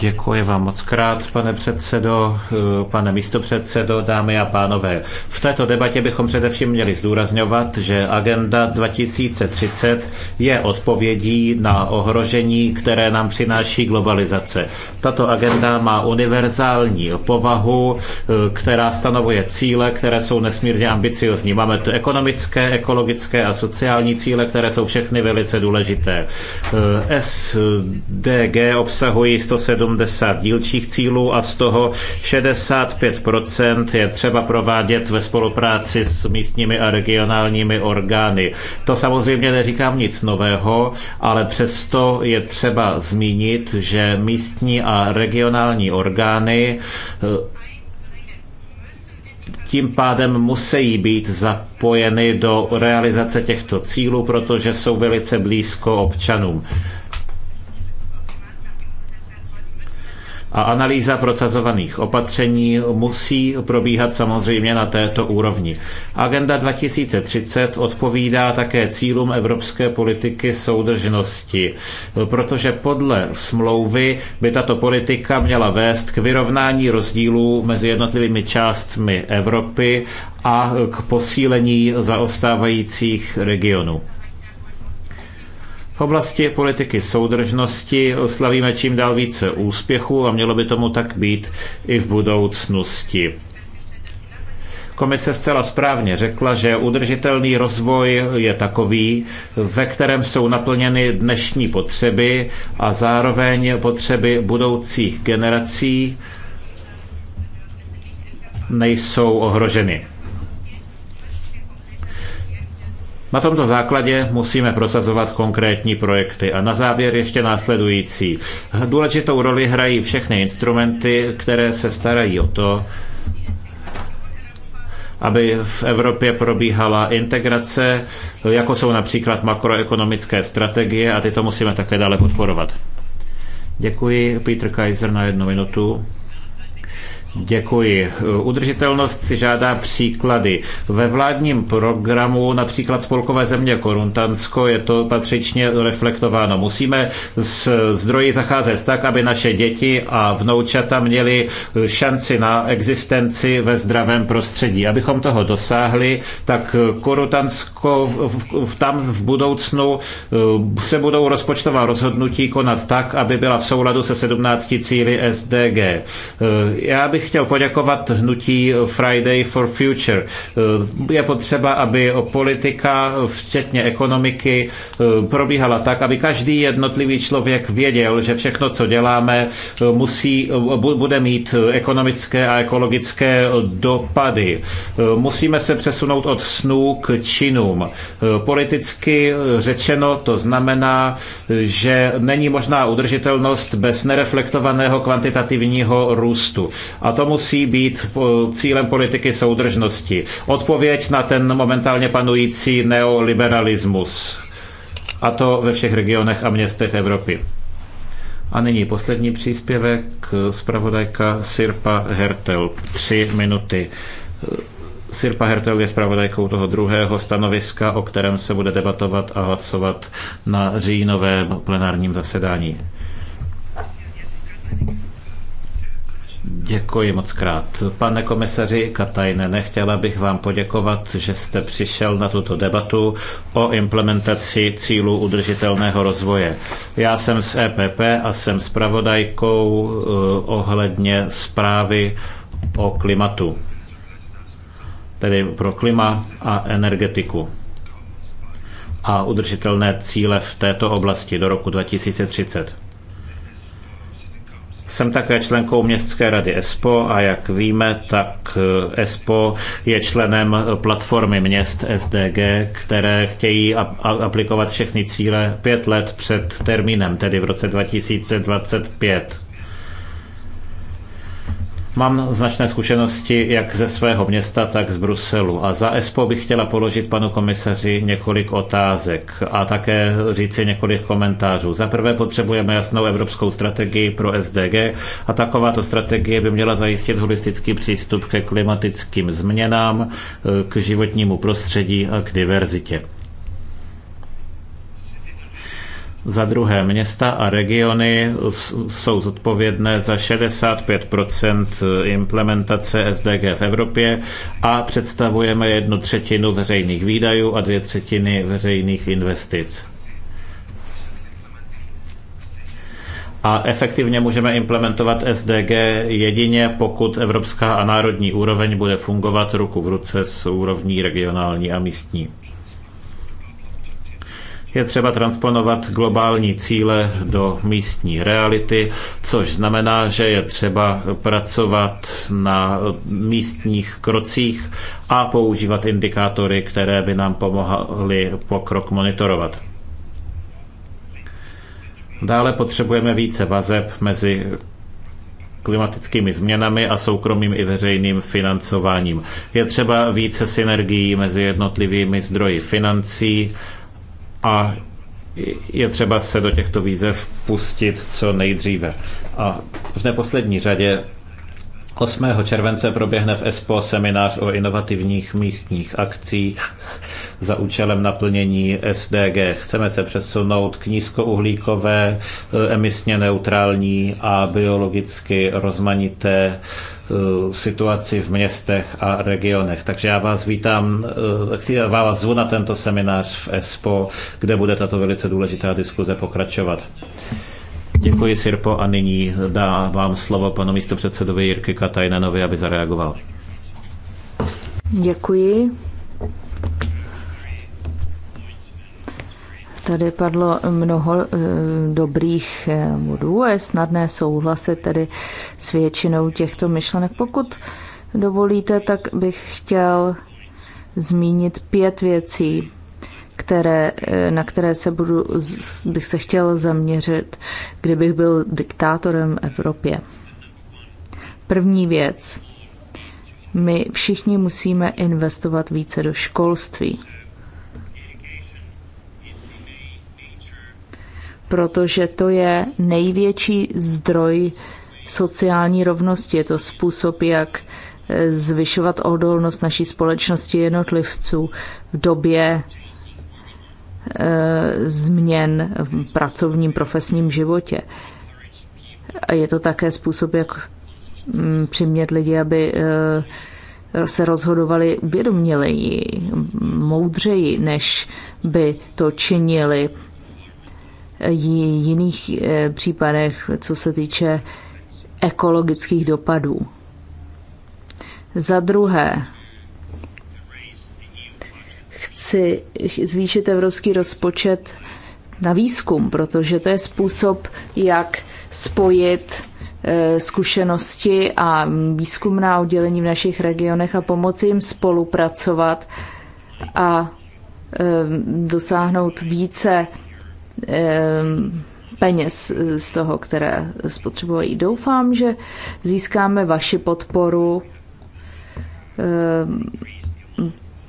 Děkuji vám moc krát, pane předsedo, eh, pane místopředsedo, dámy a pánové. V této debatě bychom především měli zdůrazňovat, že Agenda 2030 je odpovědí na ohrožení, které nám přináší globalizace. Tato agenda má univerzální povahu, eh, která stanovuje cíle, které jsou nesmírně ambiciozní. Máme tu ekonomické, ekologické a sociální cíle, které jsou všechny velice důležité. Eh, SDG obsahují 107 70 dílčích cílů a z toho 65% je třeba provádět ve spolupráci s místními a regionálními orgány. To samozřejmě neříkám nic nového, ale přesto je třeba zmínit, že místní a regionální orgány eh, tím pádem musí být zapojeny do realizace těchto cílů, protože jsou velice blízko občanům. A analýza prosazovaných opatření musí probíhat samozřejmě na této úrovni. Agenda 2030 odpovídá také cílům evropské politiky soudržnosti, protože podle smlouvy by tato politika měla vést k vyrovnání rozdílů mezi jednotlivými částmi Evropy a k posílení zaostávajících regionů. V oblasti politiky soudržnosti oslavíme čím dál více úspěchů a mělo by tomu tak být i v budoucnosti. Komise zcela správně řekla, že udržitelný rozvoj je takový, ve kterém jsou naplněny dnešní potřeby a zároveň potřeby budoucích generací nejsou ohroženy. Na tomto základě musíme prosazovat konkrétní projekty. A na závěr ještě následující. Důležitou roli hrají všechny instrumenty, které se starají o to, aby v Evropě probíhala integrace, jako jsou například makroekonomické strategie a ty to musíme také dále podporovat. Děkuji, Peter Kaiser, na jednu minutu. Děkuji. Udržitelnost si žádá příklady. Ve vládním programu například spolkové země Koruntansko je to patřičně reflektováno. Musíme s zdroji zacházet tak, aby naše děti a vnoučata měli šanci na existenci ve zdravém prostředí. Abychom toho dosáhli, tak Korutansko v, v, tam v budoucnu eh, se budou rozpočtová rozhodnutí konat tak, aby byla v souladu se 17 cíly SDG. Já bych chtěl poděkovat hnutí Friday for Future. Eh, je potřeba, aby politika, včetně ekonomiky, eh, probíhala tak, aby každý jednotlivý člověk věděl, že všechno, co děláme, eh, musí, bude mít ekonomické a ekologické dopady. Musíme se přesunout od snů k činům. Politicky řečeno to znamená, že není možná udržitelnost bez nereflektovaného kvantitativního růstu. A to musí být eh, cílem politiky soudržnosti. Odpověď na ten momentálně panující neoliberalismus. A to ve všech regionech a městech Evropy. A nyní poslední příspěvek eh, zpravodajka Sirpa Hertel. Tři minuty. Eh, Sirpa Hertel je zpravodajkou toho druhého stanoviska, o kterém se bude debatovat a hlasovat na říjnovém plenárním zasedání. Děkuji moc krát. Pane komisaři Katajne, nechtěla bych vám poděkovat, že jste přišel na tuto debatu o implementaci cílů udržitelného rozvoje. Já jsem z EPP a jsem zpravodajkou eh, ohledně zprávy o klimatu, tedy pro klima a energetiku a udržitelné cíle v této oblasti do roku 2030. Jsem také členkou městské rady ESPO a jak víme, tak eh, ESPO je členem platformy měst SDG, které chtějí aplikovat všechny cíle pět let před termínem, tedy v roce 2025. Mám značné zkušenosti jak ze svého města, tak z Bruselu. A za ESPO bych chtěla položit panu komisaři několik otázek a také říci několik komentářů. Za prvé potřebujeme jasnou evropskou strategii pro SDG a takováto strategie by měla zajistit holistický přístup ke klimatickým změnám, k životnímu prostředí a k diverzitě. Za druhé, města a regiony jsou zodpovědné za 65 implementace SDG v Evropě a představujeme jednu třetinu veřejných výdajů a dvě třetiny veřejných investic. A efektivně můžeme implementovat SDG jedině, pokud evropská a národní úroveň bude fungovat ruku v ruce s úrovní regionální a místní. Je třeba transponovat globální cíle do místní reality, což znamená, že je třeba pracovat na místních krocích a používat indikátory, které by nám pomohly pokrok monitorovat. Dále potřebujeme více vazeb mezi klimatickými změnami a soukromým i veřejným financováním. Je třeba více synergií mezi jednotlivými zdroji financí a je třeba se do těchto výzev pustit co nejdříve. A v neposlední řadě 8. července proběhne v ESPO seminář o inovativních místních akcích za účelem naplnění SDG. Chceme se přesunout k nízkouhlíkové, eh, emisně neutrální a biologicky rozmanité Eh, situaci v městech a regionech. Takže já vás vítám, eh, já vás zvu na tento seminář v ESPO, kde bude tato velice důležitá diskuze pokračovat. Děkuji, Sirpo, a nyní dávám slovo panu místopředsedovi Jirky Katajnenovi, aby zareagoval. Děkuji. Tady padlo mnoho eh, dobrých modů eh, a je snadné souhlasit tedy s většinou těchto myšlenek. Pokud dovolíte, tak bych chtěl zmínit pět věcí, které, eh, na které se budu, bych se chtěl zaměřit, kdybych byl diktátorem v Evropě. První věc. My všichni musíme investovat více do školství. protože to je největší zdroj sociální rovnosti. Je to způsob, jak eh, zvyšovat odolnost naší společnosti jednotlivců v době eh, změn v pracovním profesním životě. A je to také způsob, jak mm, přimět lidi, aby eh, se rozhodovali uvědoměleji, moudřeji, než by to činili jiných eh, případech, co se týče ekologických dopadů. Za druhé, chci zvýšit evropský rozpočet na výzkum, protože to je způsob, jak spojit eh, zkušenosti a výzkumná oddělení v našich regionech a pomoci jim spolupracovat a eh, dosáhnout více peněz z toho, které spotřebují. Doufám, že získáme vaši podporu,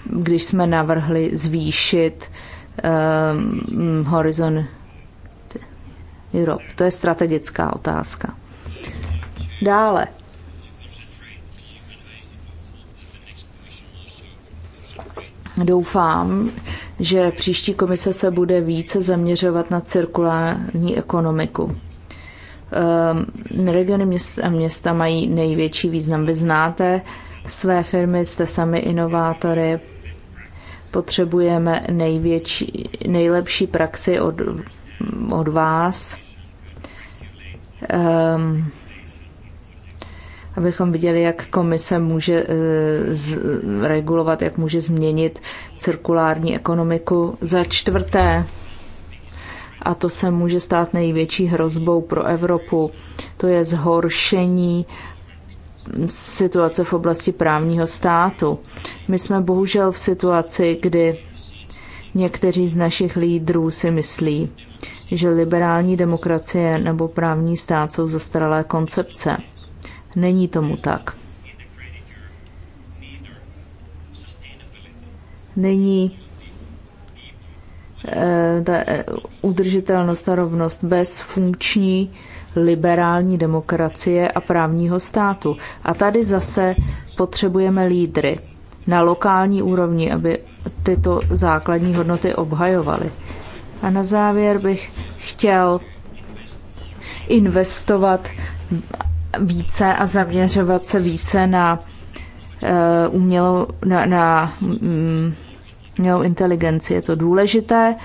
když jsme navrhli zvýšit horizon Europe. To je strategická otázka. Dále. Doufám, že příští komise se bude více zaměřovat na cirkulární ekonomiku. Ehm, regiony města a města mají největší význam. Vy znáte své firmy, jste sami inovátory, potřebujeme největší, nejlepší praxi od, od vás. Um, abychom viděli, jak komise může eh, regulovat, jak může změnit cirkulární ekonomiku. Za čtvrté, a to se může stát největší hrozbou pro Evropu, to je zhoršení situace v oblasti právního státu. My jsme bohužel v situaci, kdy někteří z našich lídrů si myslí, že liberální demokracie nebo právní stát jsou zastaralé koncepce Není tomu tak. Není eh, ta eh, udržitelnost a rovnost bez funkční liberální demokracie a právního státu. A tady zase potřebujeme lídry na lokální úrovni, aby tyto základní hodnoty obhajovaly. A na závěr bych chtěl investovat více a zaměřovat se více na uh, umělou, na, na um, umělou inteligenci. Je to důležité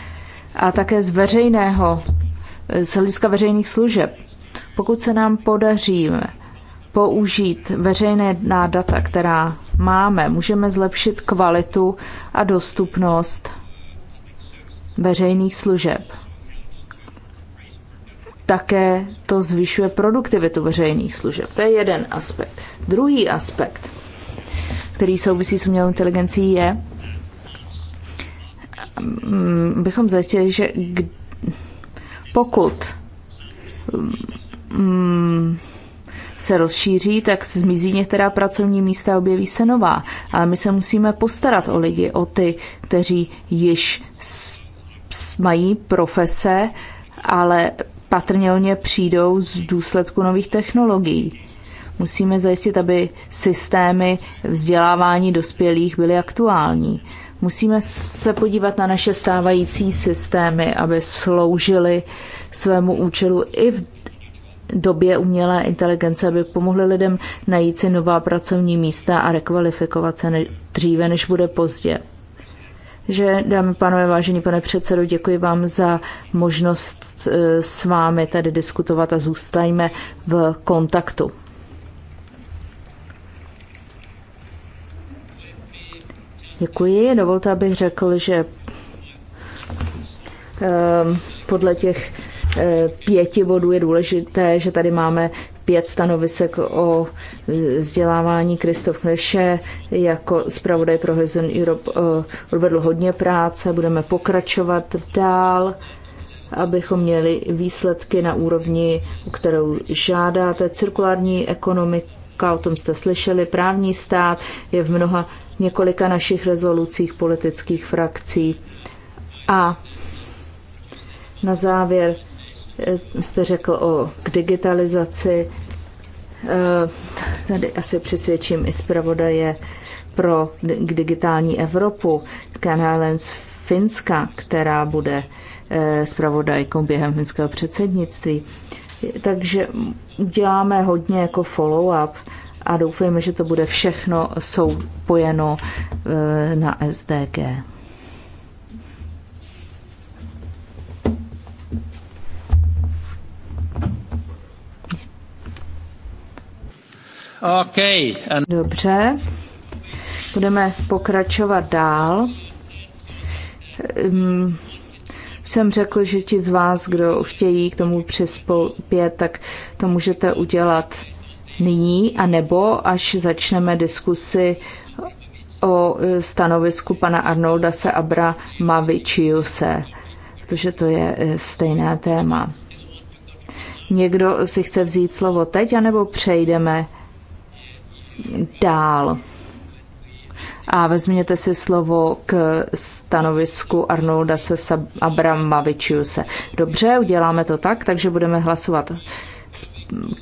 a také z veřejného, eh, z hlediska veřejných služeb. Pokud se nám podaří použít veřejné data, která máme, můžeme zlepšit kvalitu a dostupnost veřejných služeb také to zvyšuje produktivitu veřejných služeb. To je jeden aspekt. Druhý aspekt, který souvisí s umělou inteligencí, je, mm, bychom zajistili, že pokud mm, se rozšíří, tak zmizí některá pracovní místa a objeví se nová. Ale my se musíme postarat o lidi, o ty, kteří již mají profese, ale patrně o ně přijdou z důsledku nových technologií. Musíme zajistit, aby systémy vzdělávání dospělých byly aktuální. Musíme se podívat na naše stávající systémy, aby sloužily svému účelu i v době umělé inteligence, aby pomohly lidem najít si nová pracovní místa a rekvalifikovat se dříve, než bude pozdě že, dámy a pánové, vážený pane předsedo, děkuji vám za možnost e, s vámi tady diskutovat a zůstajme v kontaktu. Děkuji. Dovolte, abych řekl, že e, podle těch e, pěti bodů je důležité, že tady máme pět stanovisek o e, vzdělávání Kristof Kneše jako zpravodaj pro Horizon Europe e, odvedl hodně práce, budeme pokračovat dál abychom měli výsledky na úrovni, kterou žádáte. Cirkulární ekonomika, o tom jste slyšeli, právní stát je v mnoha několika našich rezolucích politických frakcí. A na závěr jste řekl o k digitalizaci. Eh, tady asi přesvědčím i zpravodaje pro k digitální Evropu, kanálens Finska, která bude eh, zpravodajkou během finského předsednictví. Takže děláme hodně jako follow-up a doufejme, že to bude všechno soupojeno eh, na SDG. Okay. And... Dobře, budeme pokračovat dál. Um, jsem řekl, že ti z vás, kdo chtějí k tomu přispět, tak to můžete udělat nyní, anebo až začneme diskusi o e, stanovisku pana Arnolda se Abra Mavičiuse, protože to je e, stejné téma. Někdo si chce vzít slovo teď, anebo přejdeme dál. A vezměte si slovo k stanovisku Arnolda se Vičiuse. Dobře, uděláme to tak, takže budeme hlasovat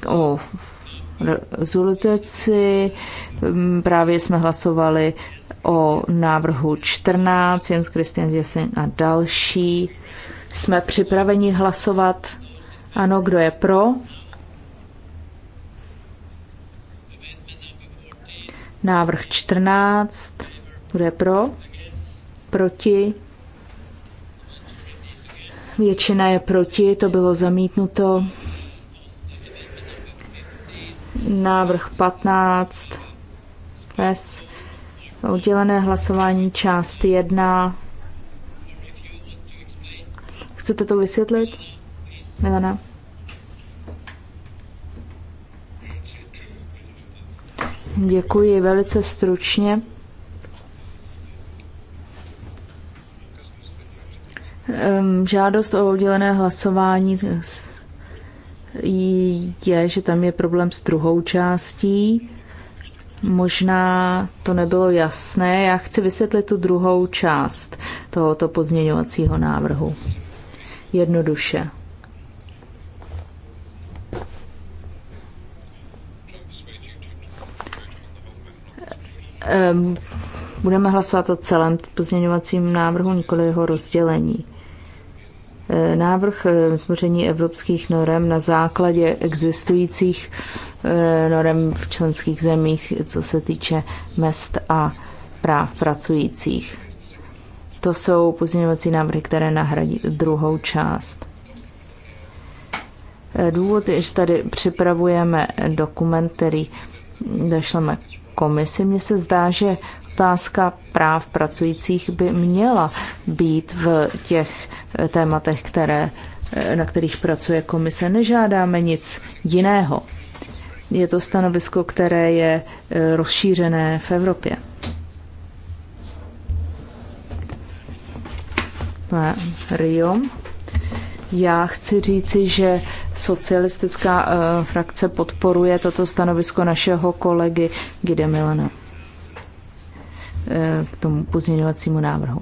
o rezultaci. Právě jsme hlasovali o návrhu 14, Jens Christian Jesin a další. Jsme připraveni hlasovat. Ano, kdo je pro? Návrh 14. Kdo je pro? Proti? Většina je proti, to bylo zamítnuto. Návrh 15. Bez oddělené hlasování část 1. Chcete to vysvětlit, Milana? Děkuji velice stručně. Žádost o udělené hlasování je, že tam je problém s druhou částí. Možná to nebylo jasné. Já chci vysvětlit tu druhou část tohoto pozměňovacího návrhu. Jednoduše. Ehm, budeme hlasovat o celém pozměňovacím návrhu, nikoli jeho rozdělení. Ehm, návrh vytvoření ehm, evropských norem na základě existujících norem v členských zemích, co se týče mest a práv pracujících. To jsou pozměňovací návrhy, které nahradí druhou část. Důvod je, že tady připravujeme dokument, který došleme komisi. Mně se zdá, že otázka práv pracujících by měla být v těch eh, tématech, které, eh, na kterých pracuje komise. Nežádáme nic jiného. Je to stanovisko, které je eh, rozšířené v Evropě. Rio. Já chci říci, že socialistická uh, frakce podporuje toto stanovisko našeho kolegy Gide Milana eh, k tomu pozměňovacímu návrhu.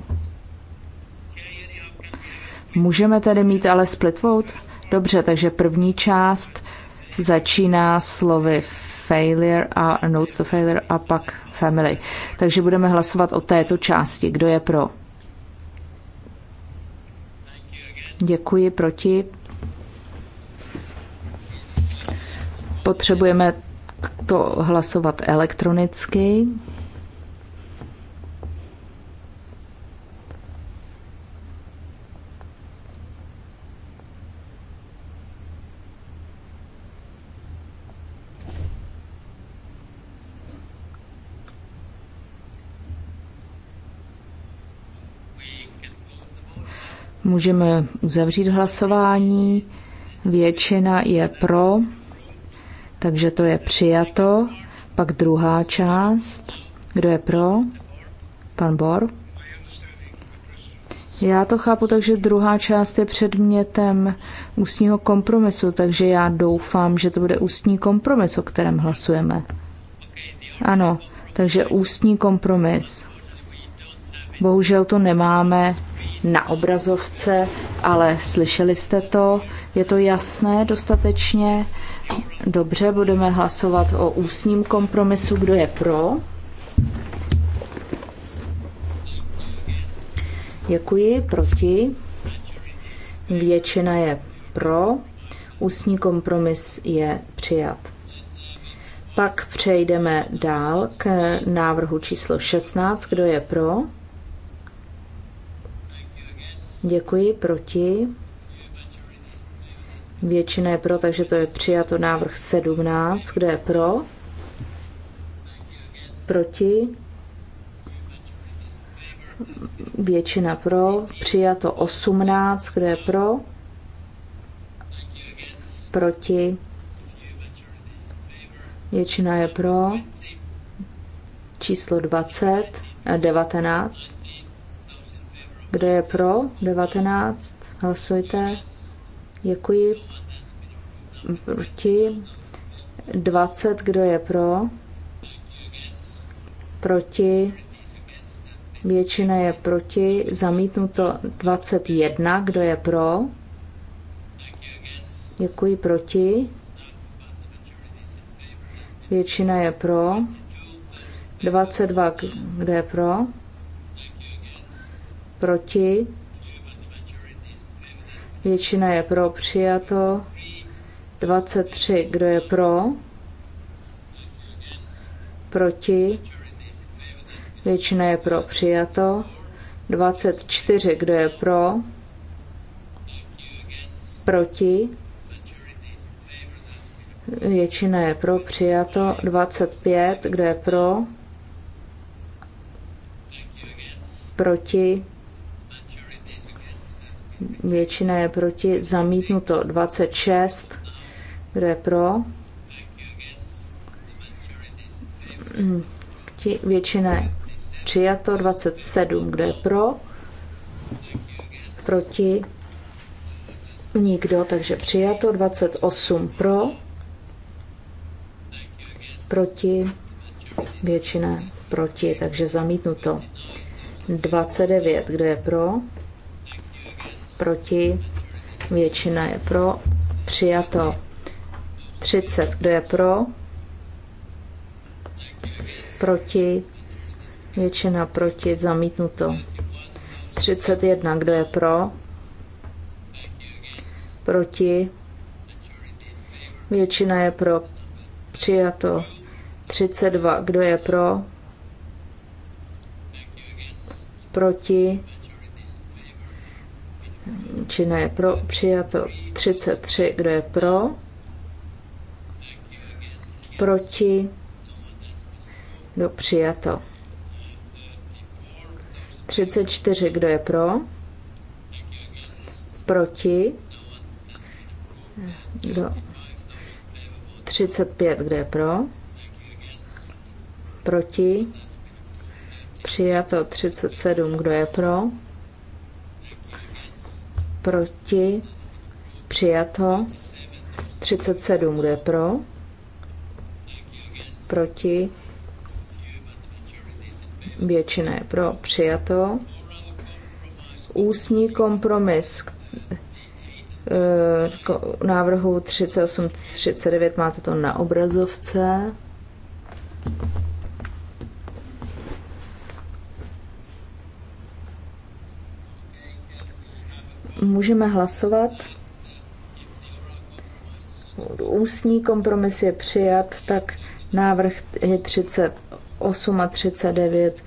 Můžeme tedy mít ale split vote? Dobře, takže první část začíná slovy failure a notes to failure a pak family. Takže budeme hlasovat o této části. Kdo je pro? Děkuji proti. Potřebujeme to hlasovat elektronicky. Můžeme uzavřít hlasování. Většina je pro, takže to je přijato. Pak druhá část. Kdo je pro? Pan Bor. Já to chápu, takže druhá část je předmětem ústního kompromisu, takže já doufám, že to bude ústní kompromis, o kterém hlasujeme. Ano, takže ústní kompromis. Bohužel to nemáme na obrazovce, ale slyšeli jste to, je to jasné dostatečně. Dobře, budeme hlasovat o ústním kompromisu, kdo je pro. Děkuji, proti. Většina je pro. Ústní kompromis je přijat. Pak přejdeme dál k návrhu číslo 16. Kdo je pro? Děkuji, proti. Většina je pro, takže to je přijato návrh 17. Kdo je pro? Proti? Většina pro. Přijato 18. Kdo je pro? Proti? Většina je pro. Číslo 20, 19 kdo je pro? 19. Hlasujte. Děkuji. Proti? 20. Kdo je pro? Proti? Většina je proti. Zamítnuto 21. Kdo je pro? Děkuji. Proti? Většina je pro. 22. Kdo je pro? proti, většina je pro, přijato, 23, kdo je pro, proti, většina je pro, přijato, 24, kdo je pro, proti, většina je pro, přijato, 25, kdo je pro, proti, Většina je proti. Zamítnuto 26. Kdo je pro? Mm, většina je přijato 27. Kdo je pro? Proti? Nikdo, takže přijato 28 pro, proti, většina proti, takže zamítnuto. 29, kdo je pro? proti, většina je pro, přijato 30, kdo je pro, proti, většina proti, zamítnuto 31, kdo je pro, proti, většina je pro, přijato 32, kdo je pro, proti, či ne pro, přijato 33, kdo je pro, proti, kdo no, přijato. 34, kdo je pro, proti, kdo no. 35, kdo je pro, proti, přijato 37, kdo je pro, proti, přijato. 37, kdo je pro, proti, většina je pro, přijato. Ústní kompromis k eh, návrhu 38-39 máte to na obrazovce. Můžeme hlasovat. Ústní kompromis je přijat, tak návrh je 38 a 39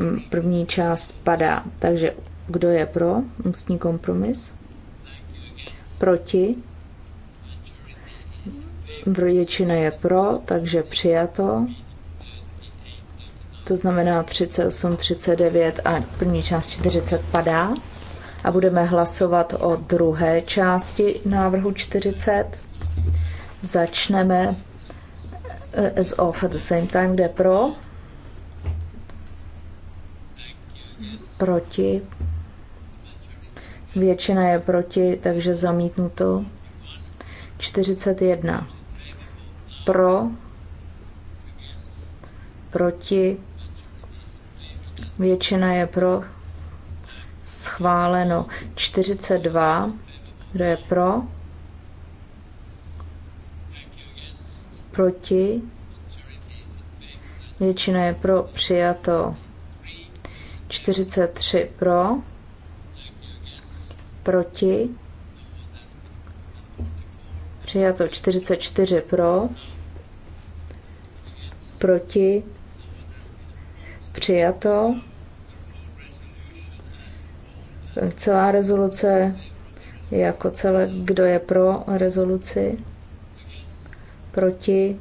mm, první část padá. Takže kdo je pro ústní kompromis? Proti? Většina je pro, takže přijato. To znamená 38, 39 a první část 40 padá a budeme hlasovat o druhé části návrhu 40. Začneme as eh, off at the same time, kde pro, proti, většina je proti, takže zamítnuto. 41 pro, proti, většina je pro, schváleno 42, kdo je pro, proti, většina je pro, přijato 43 pro, proti, přijato 44 pro, proti, přijato celá rezoluce jako celé, kdo je pro rezoluci, proti,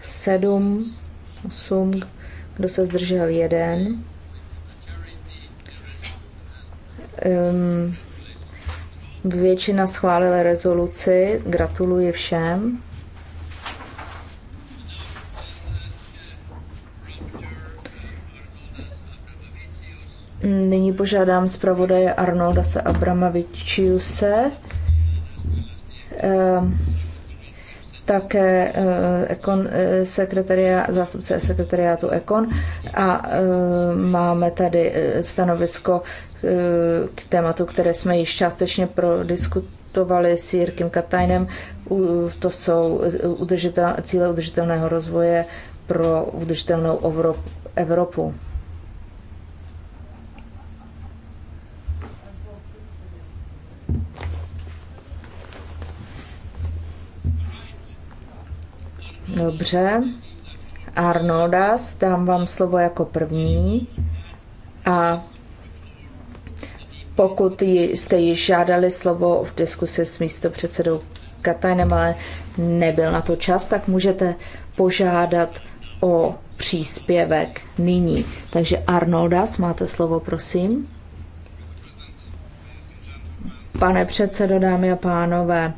sedm, osm, kdo se zdržel jeden. Um, Většina schválila rezoluci. Gratuluji všem. Nyní požádám zpravodaje Arnolda se Abramavičiuse. Ehm, také ekon, eh, eh, sekretaria, zástupce sekretariátu Ekon a eh, máme tady stanovisko k tématu, které jsme již částečně prodiskutovali s Jirkem Katajnem. To jsou udržitel, cíle udržitelného rozvoje pro udržitelnou Evropu. Dobře. Arnolda, dám vám slovo jako první. A pokud jste již žádali slovo v diskusi s místopředsedou Katajnem, ale nebyl na to čas, tak můžete požádat o příspěvek nyní. Takže Arnoldas, máte slovo, prosím. Pane předsedo, dámy a pánové,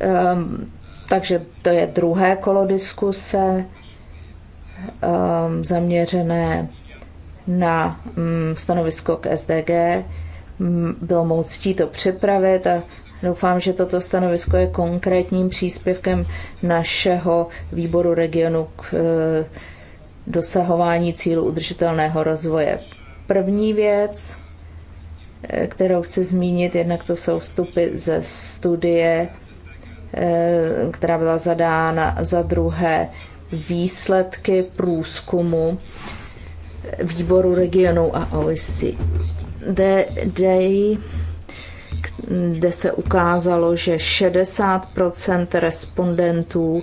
ehm, takže to je druhé kolo diskuse um, zaměřené na um, stanovisko k SDG. Mm, bylo mou ctí to připravit a doufám, že toto stanovisko je konkrétním příspěvkem našeho výboru regionu k uh, dosahování cílu udržitelného rozvoje. První věc, e, kterou chci zmínit, jednak to jsou vstupy ze studie Eh, která byla zadána, za druhé výsledky průzkumu výboru regionů a OISI. kde se ukázalo, že 60 respondentů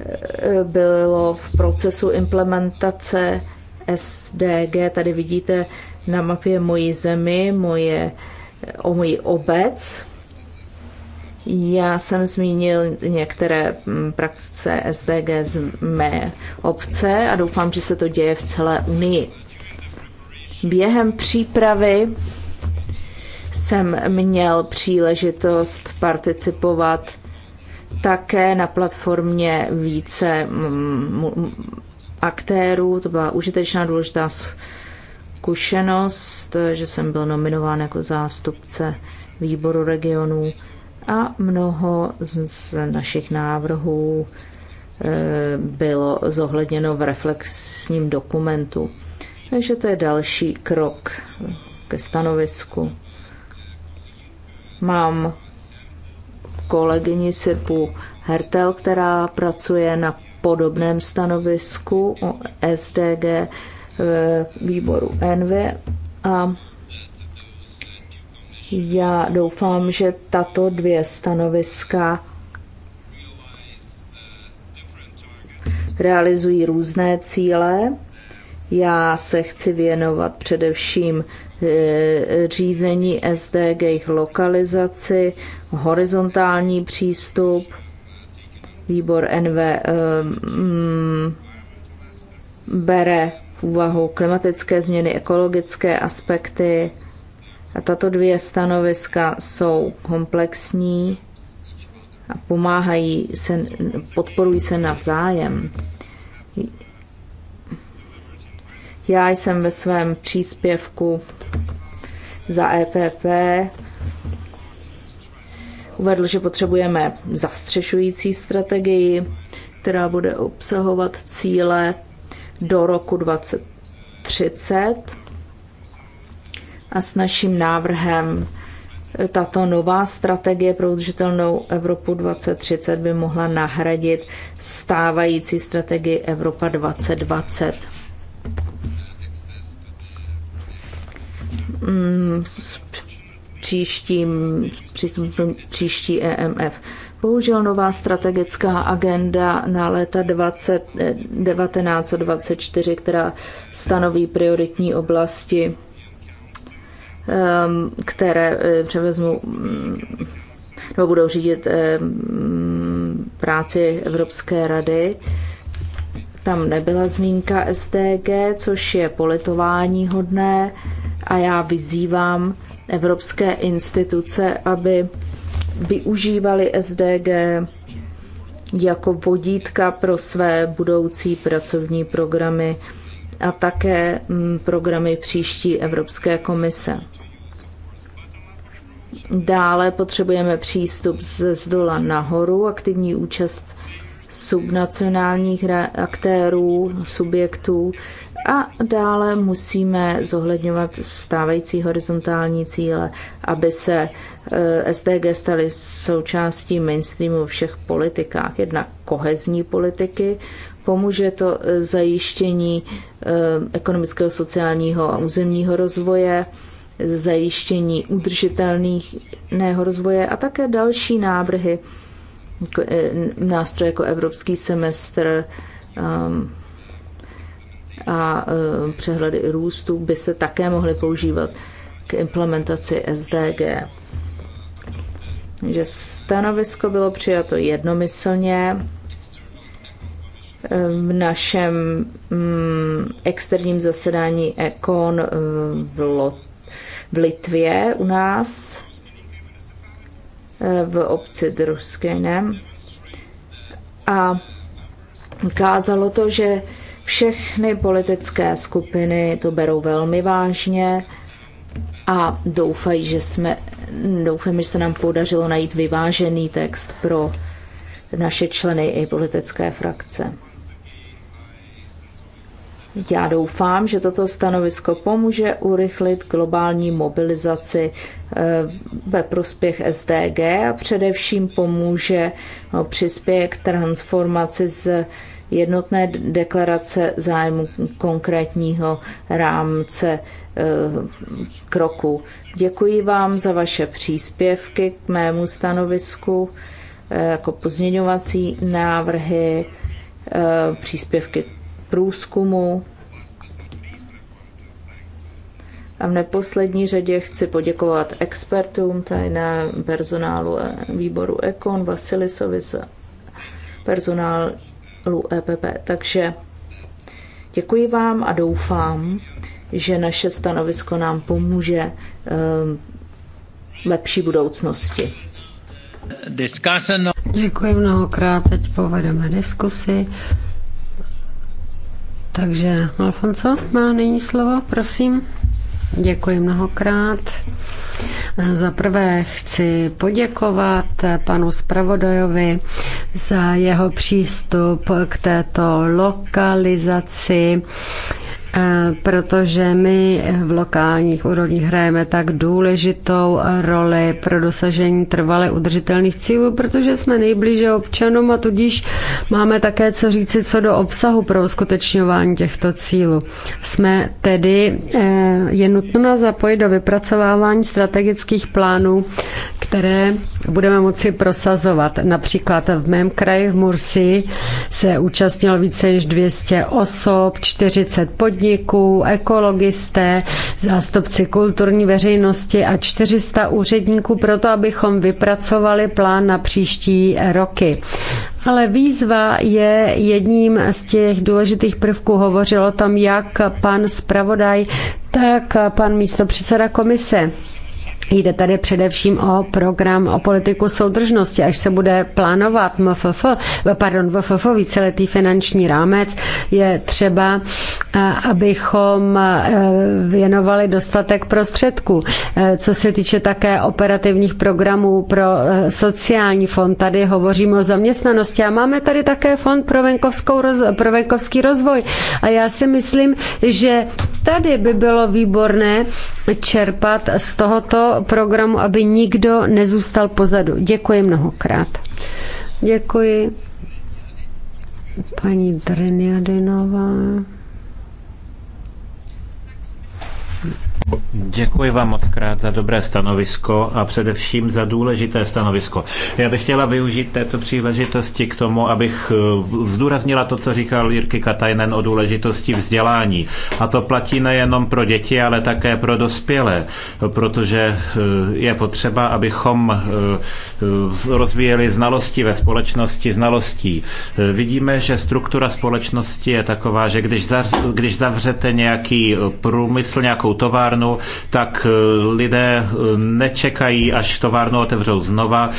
eh, bylo v procesu implementace SDG. Tady vidíte na mapě moji zemi, moje, o moji obec, já jsem zmínil některé mm, praktice SDG z mé obce a doufám, že se to děje v celé Unii. Během přípravy jsem měl příležitost participovat také na platformě více mm, mm, aktérů. To byla užitečná důležitá zkušenost, že jsem byl nominován jako zástupce výboru regionů a mnoho z našich návrhů eh, bylo zohledněno v reflexním dokumentu. Takže to je další krok ke stanovisku. Mám kolegyni Sirpu Hertel, která pracuje na podobném stanovisku o SDG eh, výboru NV a já doufám, že tato dvě stanoviska realizují různé cíle. Já se chci věnovat především e, řízení SDG, jejich lokalizaci, horizontální přístup, výbor NV um, e, mm, bere v úvahu klimatické změny, ekologické aspekty, a tato dvě stanoviska jsou komplexní a pomáhají se, podporují se navzájem. Já jsem ve svém příspěvku za EPP uvedl, že potřebujeme zastřešující strategii, která bude obsahovat cíle do roku 2030 a s naším návrhem tato nová strategie pro udržitelnou Evropu 2030 by mohla nahradit stávající strategii Evropa 2020. Mm, příštím, příští EMF. Bohužel nová strategická agenda na léta 2019 eh, a 2024, která stanoví prioritní oblasti Ehm, které eh, převezmou mm, nebo budou řídit ehm, práci Evropské rady. Tam nebyla zmínka SDG, což je politování hodné a já vyzývám evropské instituce, aby využívali SDG jako vodítka pro své budoucí pracovní programy a také mm, programy příští Evropské komise. Dále potřebujeme přístup ze zdola nahoru, aktivní účast subnacionálních aktérů, subjektů a dále musíme zohledňovat stávající horizontální cíle, aby se eh, SDG staly součástí mainstreamu všech politikách, jednak kohezní politiky, Pomůže to e, zajištění e, ekonomického, sociálního a územního rozvoje, zajištění udržitelného rozvoje a také další návrhy, jako, e, nástroje jako evropský semestr um, a přehledy růstu by se také mohly používat k implementaci SDG. Že stanovisko bylo přijato jednomyslně v našem mm, externím zasedání Econ eh, v, v Litvě u nás eh, v obci Druskinem. A ukázalo to, že všechny politické skupiny to berou velmi vážně a doufají, že jsme, doufám, že se nám podařilo najít vyvážený text pro naše členy i politické frakce. Já doufám, že toto stanovisko pomůže urychlit globální mobilizaci eh, ve prospěch SDG a především pomůže no, přispěje k transformaci z jednotné deklarace zájmu konkrétního rámce eh, kroku. Děkuji vám za vaše příspěvky k mému stanovisku eh, jako pozměňovací návrhy, příspěvky průzkumu. A v neposlední řadě chci poděkovat expertům, tajné personálu eh, výboru Ekon, Vasilisovi za personálu EPP. Takže děkuji vám a doufám, že naše stanovisko nám pomůže eh, lepší budoucnosti. Děkuji mnohokrát, teď povedeme diskusi. Takže Alfonso má nyní slovo, prosím. Děkuji mnohokrát. Za prvé chci poděkovat panu Spravodajovi za jeho přístup k této lokalizaci Eh, protože my v lokálních úrovních hrajeme tak důležitou roli pro dosažení trvale udržitelných cílů, protože jsme nejblíže občanům a tudíž máme také co říci co do obsahu pro uskutečňování těchto cílů. Jsme tedy, eh, je nutno zapojit do vypracovávání strategických plánů, které budeme moci prosazovat. Například v mém kraji v Mursi se účastnilo více než 200 osob, 40 podniků, ekologisté, zástupci kulturní veřejnosti a 400 úředníků pro to, abychom vypracovali plán na příští roky. Ale výzva je jedním z těch důležitých prvků. Hovořilo tam jak pan zpravodaj, tak pan místopředseda komise. Jde tady především o program, o politiku soudržnosti. Až se bude plánovat MFF, pardon, VFF, víceletý finanční rámec, je třeba, eh, abychom eh, věnovali dostatek prostředků. Eh, co se týče také operativních programů pro sociální fond, tady hovoříme o zaměstnanosti a máme tady také fond pro, venkovskou, pro venkovský rozvoj. A já si myslím, že tady by bylo výborné čerpat z tohoto programu, aby nikdo nezůstal pozadu. Děkuji mnohokrát. Děkuji. Paní Dreniadinová. Děkuji vám moc krát za dobré stanovisko a především za důležité stanovisko. Já bych chtěla využít této příležitosti k tomu, abych eh, zdůraznila to, co říkal Jirky Katajnen o důležitosti vzdělání. A to platí nejenom pro děti, ale také pro dospělé, protože eh, je potřeba, abychom eh, rozvíjeli znalosti ve společnosti znalostí. Vidíme, že struktura společnosti je taková, že když, když zavřete nějaký průmysl, nějakou továrnu, sezónu, tak eh, lidé eh, nečekají, až továrnu otevřou znova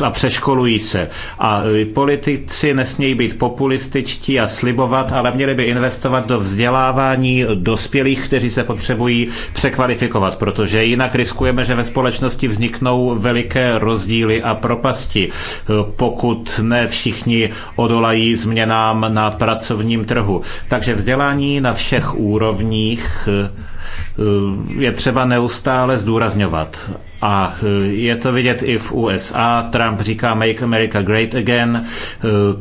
eh, a přeškolují se. A politici nesmějí být populističtí a slibovat, ale měli by investovat do vzdělávání dospělých, kteří se potřebují překvalifikovat, protože jinak riskujeme, že ve společnosti vzniknou veliké rozdíly a propasti, pokud ne všichni odolají změnám na pracovním trhu. Takže vzdělání na všech úrovních Eh, je třeba neustále zdůrazňovat. A eh, je to vidět i v USA. Trump říká Make America Great Again. Eh,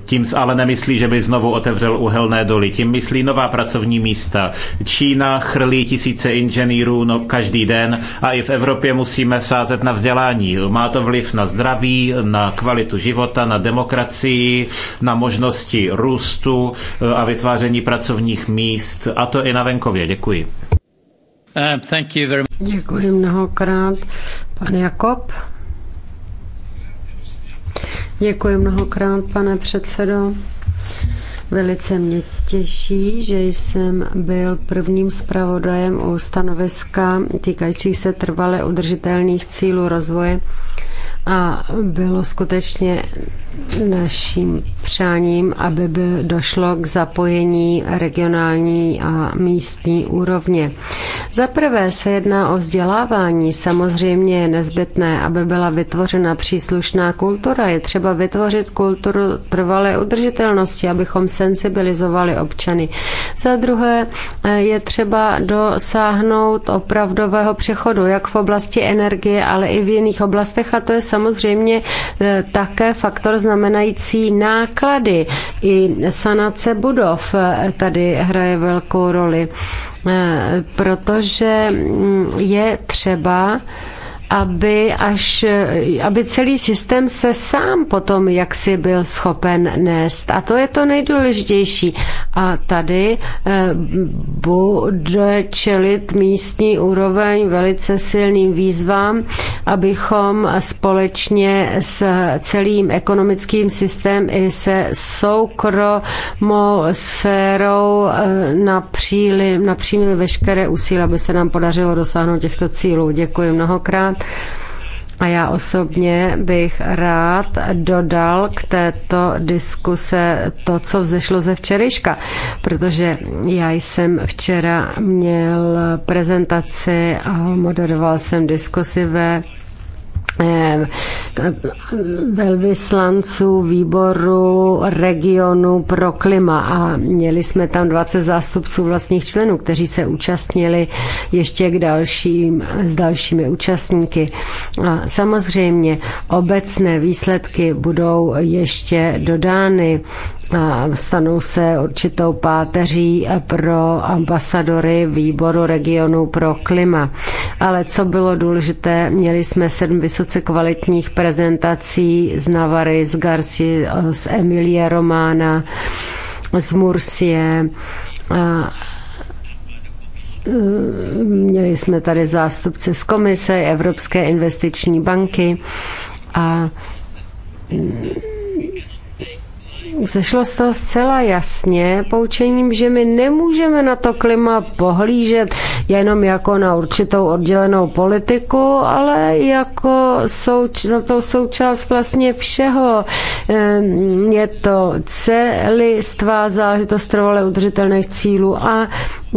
tím ale nemyslí, že by znovu otevřel uhelné doly. Tím myslí nová pracovní místa. Čína chrlí tisíce inženýrů no, každý den a i v Evropě musíme sázet na vzdělání. Má to vliv na zdraví, na kvalitu života, na demokracii, na možnosti růstu a vytváření pracovních míst. A to i na venkově. Děkuji. Uh, Děkuji mnohokrát. Pan Jakob. Děkuji mnohokrát, pane předsedo. Velice mě těší, že jsem byl prvním zpravodajem u stanoviska týkajících se trvale udržitelných cílů rozvoje a bylo skutečně naším přáním, aby by došlo k zapojení regionální a místní úrovně. Za prvé se jedná o vzdělávání. Samozřejmě je nezbytné, aby byla vytvořena příslušná kultura. Je třeba vytvořit kulturu trvalé udržitelnosti, abychom sensibilizovali občany. Za druhé eh, je třeba dosáhnout opravdového přechodu, jak v oblasti energie, ale i v jiných oblastech a to je samozřejmě e, také faktor znamenající náklady. I sanace budov e, tady hraje velkou roli, e, protože mm, je třeba aby, až, aby celý systém se sám potom jaksi byl schopen nést. A to je to nejdůležitější. A tady eh, bude čelit místní úroveň velice silným výzvám, abychom společně s celým ekonomickým systém i se soukromou sférou eh, napříli, napřímili veškeré úsilí, aby se nám podařilo dosáhnout těchto cílů. Děkuji mnohokrát. A já osobně bych rád dodal k této diskuse to, co vzešlo ze včerejška, protože já jsem včera měl prezentaci a moderoval jsem diskusi ve Vlastně, eh, velvyslanců výboru regionu pro klima a měli jsme tam 20 zástupců vlastních členů, kteří se účastnili ještě k dalším, s dalšími účastníky. A samozřejmě obecné výsledky budou ještě dodány stanou se určitou páteří pro ambasadory výboru regionu pro klima. Ale co bylo důležité, měli jsme sedm vysoce kvalitních prezentací z Navary, z Garci, z Emilie Romána, z Mursie. A e, měli jsme tady zástupce z komise Evropské investiční banky a Zešlo z toho zcela jasně poučením, že my nemůžeme na to klima pohlížet jenom jako na určitou oddělenou politiku, ale jako souč- na to součást vlastně všeho. Ehm, je to celistvá záležitost trvale udržitelných cílů a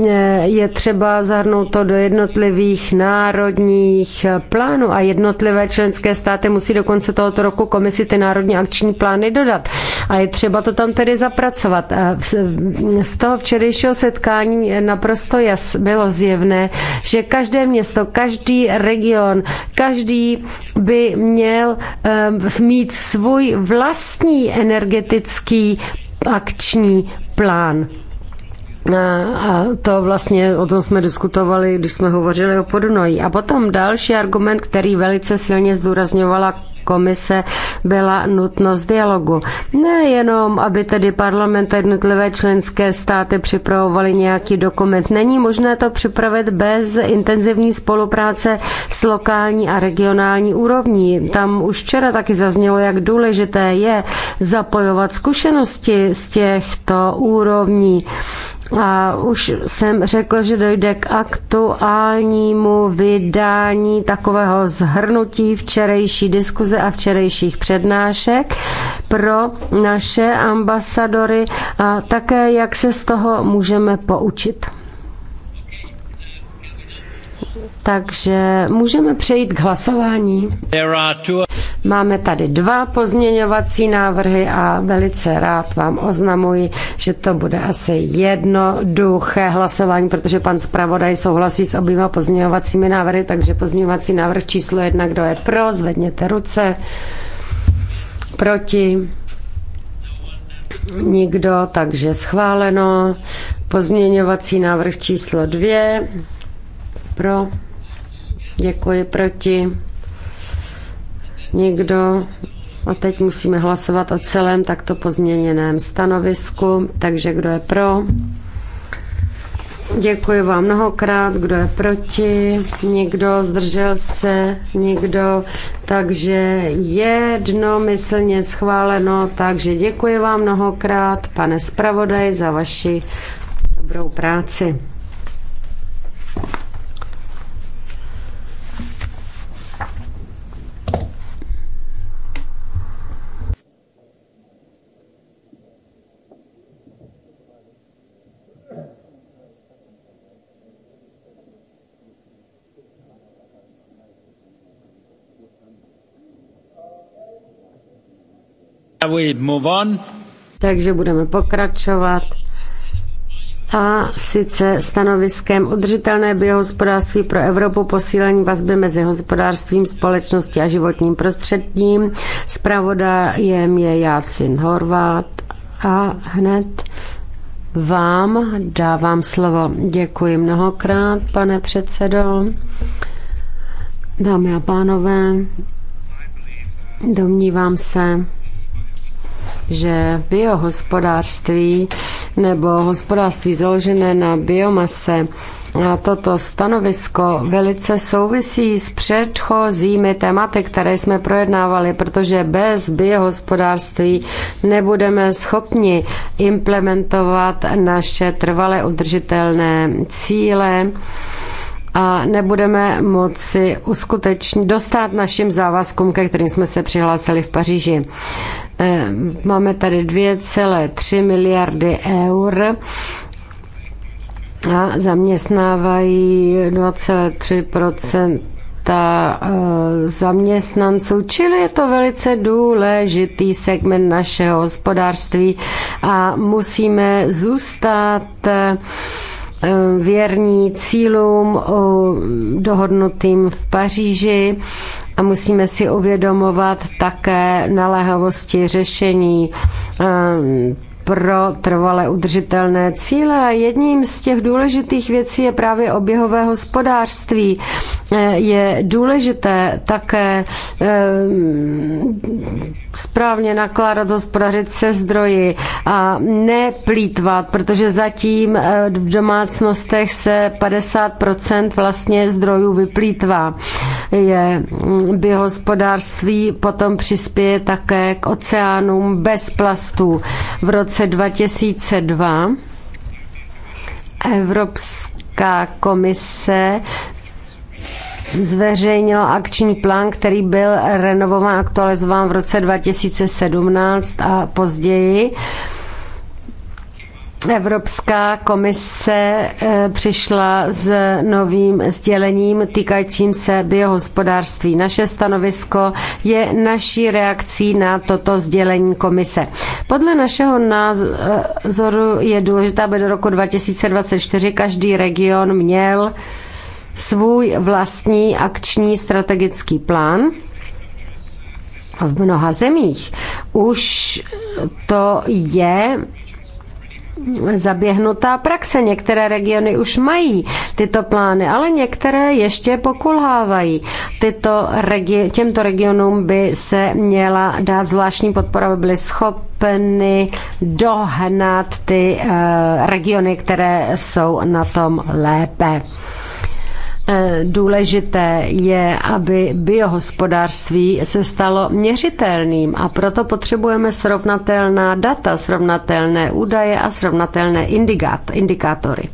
e, je třeba zahrnout to do jednotlivých národních plánů a jednotlivé členské státy musí do konce tohoto roku komisi ty národní akční plány dodat. A je třeba třeba to tam tedy zapracovat. A z toho včerejšího setkání naprosto jas, bylo zjevné, že každé město, každý region, každý by měl ehm, mít svůj vlastní energetický akční plán. A to vlastně o tom jsme diskutovali, když jsme hovořili o Podunojí. A potom další argument, který velice silně zdůrazňovala komise byla nutnost dialogu. Nejenom, aby tedy parlament a jednotlivé členské státy připravovali nějaký dokument. Není možné to připravit bez intenzivní spolupráce s lokální a regionální úrovní. Tam už včera taky zaznělo, jak důležité je zapojovat zkušenosti z těchto úrovní a už jsem řekl, že dojde k aktuálnímu vydání takového zhrnutí včerejší diskuze a včerejších přednášek pro naše ambasadory a také, jak se z toho můžeme poučit. Takže můžeme přejít k hlasování. Máme tady dva pozměňovací návrhy a velice rád vám oznamuji, že to bude asi jednoduché hlasování, protože pan zpravodaj souhlasí s oběma pozměňovacími návrhy, takže pozměňovací návrh číslo jedna, kdo je pro, zvedněte ruce. Proti? Nikdo, takže schváleno. Pozměňovací návrh číslo dvě. Pro Děkuji proti. Nikdo. A teď musíme hlasovat o celém takto pozměněném stanovisku. Takže kdo je pro? Děkuji vám mnohokrát. Kdo je proti? Nikdo zdržel se? Nikdo. Takže jednomyslně schváleno. Takže děkuji vám mnohokrát, pane zpravodaj, za vaši dobrou práci. Takže budeme pokračovat. A sice stanoviskem udržitelné biohospodářství pro Evropu posílení vazby mezi hospodářstvím, společností a životním prostředím. Spravodajem je Jácin Horvát a hned vám dávám slovo. Děkuji mnohokrát, pane předsedo. Dámy a pánové, domnívám se, že biohospodářství nebo hospodářství založené na biomase a toto stanovisko velice souvisí s předchozími tématy, které jsme projednávali, protože bez biohospodářství nebudeme schopni implementovat naše trvale udržitelné cíle a nebudeme moci uskutečnit, dostat našim závazkům, ke kterým jsme se přihlásili v Paříži. Eh, máme tady 2,3 miliardy eur a zaměstnávají 2,3 eh, zaměstnanců, čili je to velice důležitý segment našeho hospodářství a musíme zůstat eh, Eh, věrní cílům eh, dohodnutým v Paříži a musíme si uvědomovat také naléhavosti řešení eh, pro trvale udržitelné cíle a jedním z těch důležitých věcí je právě oběhové hospodářství. Eh, je důležité také eh, správně nakládat, hospodařit se zdroji a neplýtvat, protože zatím eh, v domácnostech se 50% vlastně zdrojů vyplýtvá. Je hm, biohospodářství potom přispěje také k oceánům bez plastů. V roce roce 2002 Evropská komise zveřejnila akční plán, který byl renovován, aktualizován v roce 2017 a později. Evropská komise eh, přišla s novým sdělením týkajícím se biohospodářství. Naše stanovisko je naší reakcí na toto sdělení komise. Podle našeho názoru je důležité, aby do roku 2024 každý region měl svůj vlastní akční strategický plán v mnoha zemích už to je zaběhnutá praxe. Některé regiony už mají tyto plány, ale některé ještě pokulhávají. Tyto regi- těmto regionům by se měla dát zvláštní podpora, aby byly schopny dohnat ty uh, regiony, které jsou na tom lépe. Eh, důležité je, aby biohospodářství se stalo měřitelným a proto potřebujeme srovnatelná data, srovnatelné údaje a srovnatelné indikátory.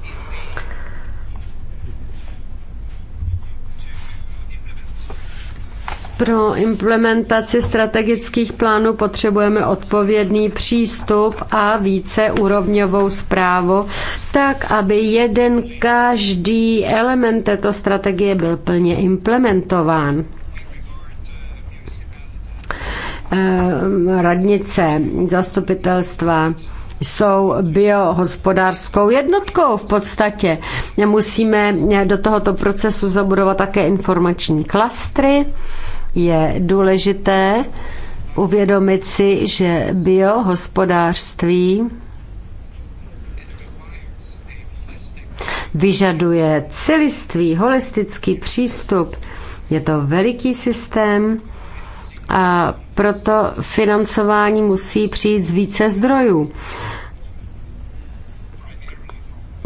Pro implementaci strategických plánů potřebujeme odpovědný přístup a víceúrovňovou zprávu, tak aby jeden každý element této strategie byl plně implementován ehm, radnice, zastupitelstva jsou biohospodářskou jednotkou v podstatě. Musíme do tohoto procesu zabudovat také informační klastry je důležité uvědomit si, že biohospodářství vyžaduje celistvý, holistický přístup. Je to veliký systém a proto financování musí přijít z více zdrojů.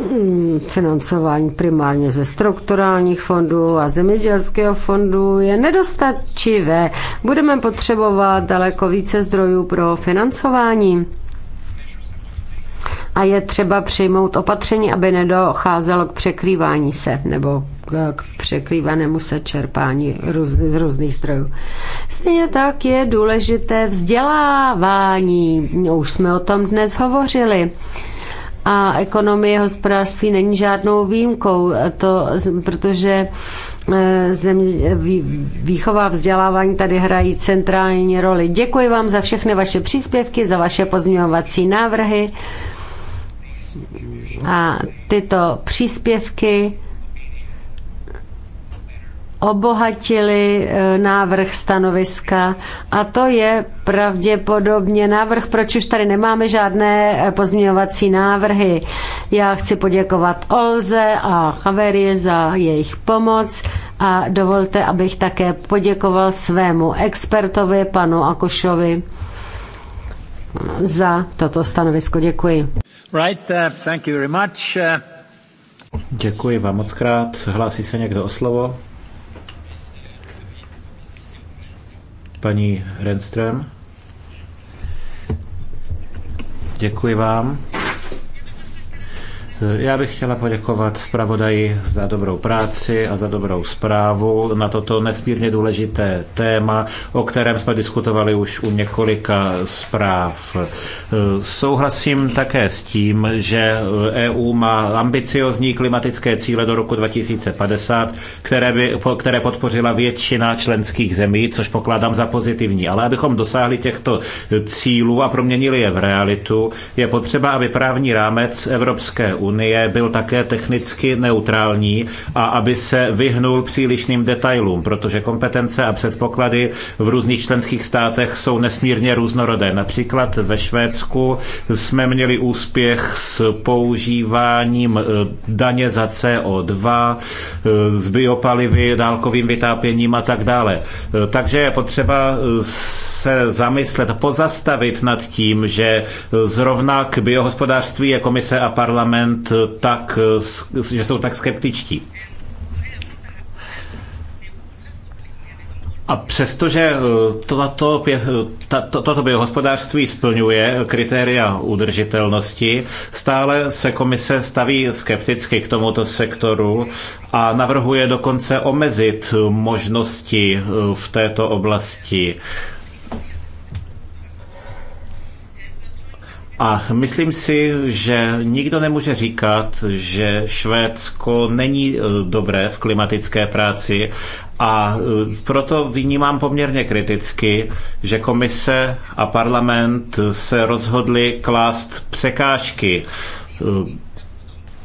Hmm, financování primárně ze strukturálních fondů a zemědělského fondu je nedostačivé. Budeme potřebovat daleko více zdrojů pro financování a je třeba přijmout opatření, aby nedocházelo k překrývání se nebo k překrývanému se čerpání růz, různých zdrojů. Stejně tak je důležité vzdělávání. Už jsme o tom dnes hovořili a ekonomie hospodářství není žádnou výjimkou, to, protože e, země, výchova vzdělávání tady hrají centrální roli. Děkuji vám za všechny vaše příspěvky, za vaše pozměňovací návrhy a tyto příspěvky obohatili e, návrh stanoviska a to je pravděpodobně návrh, proč už tady nemáme žádné e, pozměňovací návrhy. Já chci poděkovat Olze a Chaverie za jejich pomoc a dovolte, abych také poděkoval svému expertovi, panu Akušovi, za toto stanovisko. Děkuji. Right, uh, thank you very much. Uh... Děkuji vám moc krát. Hlásí se někdo o slovo? Paní Renström. Děkuji vám. Já bych chtěla poděkovat zpravodaji za dobrou práci a za dobrou zprávu na toto nesmírně důležité téma, o kterém jsme diskutovali už u několika zpráv. Souhlasím také s tím, že EU má ambiciozní klimatické cíle do roku 2050, které, by, které podpořila většina členských zemí, což pokládám za pozitivní. Ale abychom dosáhli těchto cílů a proměnili je v realitu, je potřeba, aby právní rámec Evropské unie unie byl také technicky neutrální a aby se vyhnul přílišným detailům, protože kompetence a předpoklady v různých členských státech jsou nesmírně různorodé. Například ve Švédsku jsme měli úspěch s používáním eh, daně za CO2, eh, s biopalivy, dálkovým vytápěním a tak dále. Eh, takže je potřeba se zamyslet, pozastavit nad tím, že zrovna k biohospodářství je komise a parlament Eh, tak, eh, že jsou tak skeptičtí. A přestože eh, toto, tato, toto biohospodářství splňuje kritéria udržitelnosti, stále se komise staví skepticky k tomuto sektoru a navrhuje dokonce omezit možnosti v této oblasti A myslím si, že nikdo nemůže říkat, že Švédsko není e, dobré v klimatické práci a e, proto vnímám poměrně kriticky, že komise a parlament se rozhodli klást překážky e,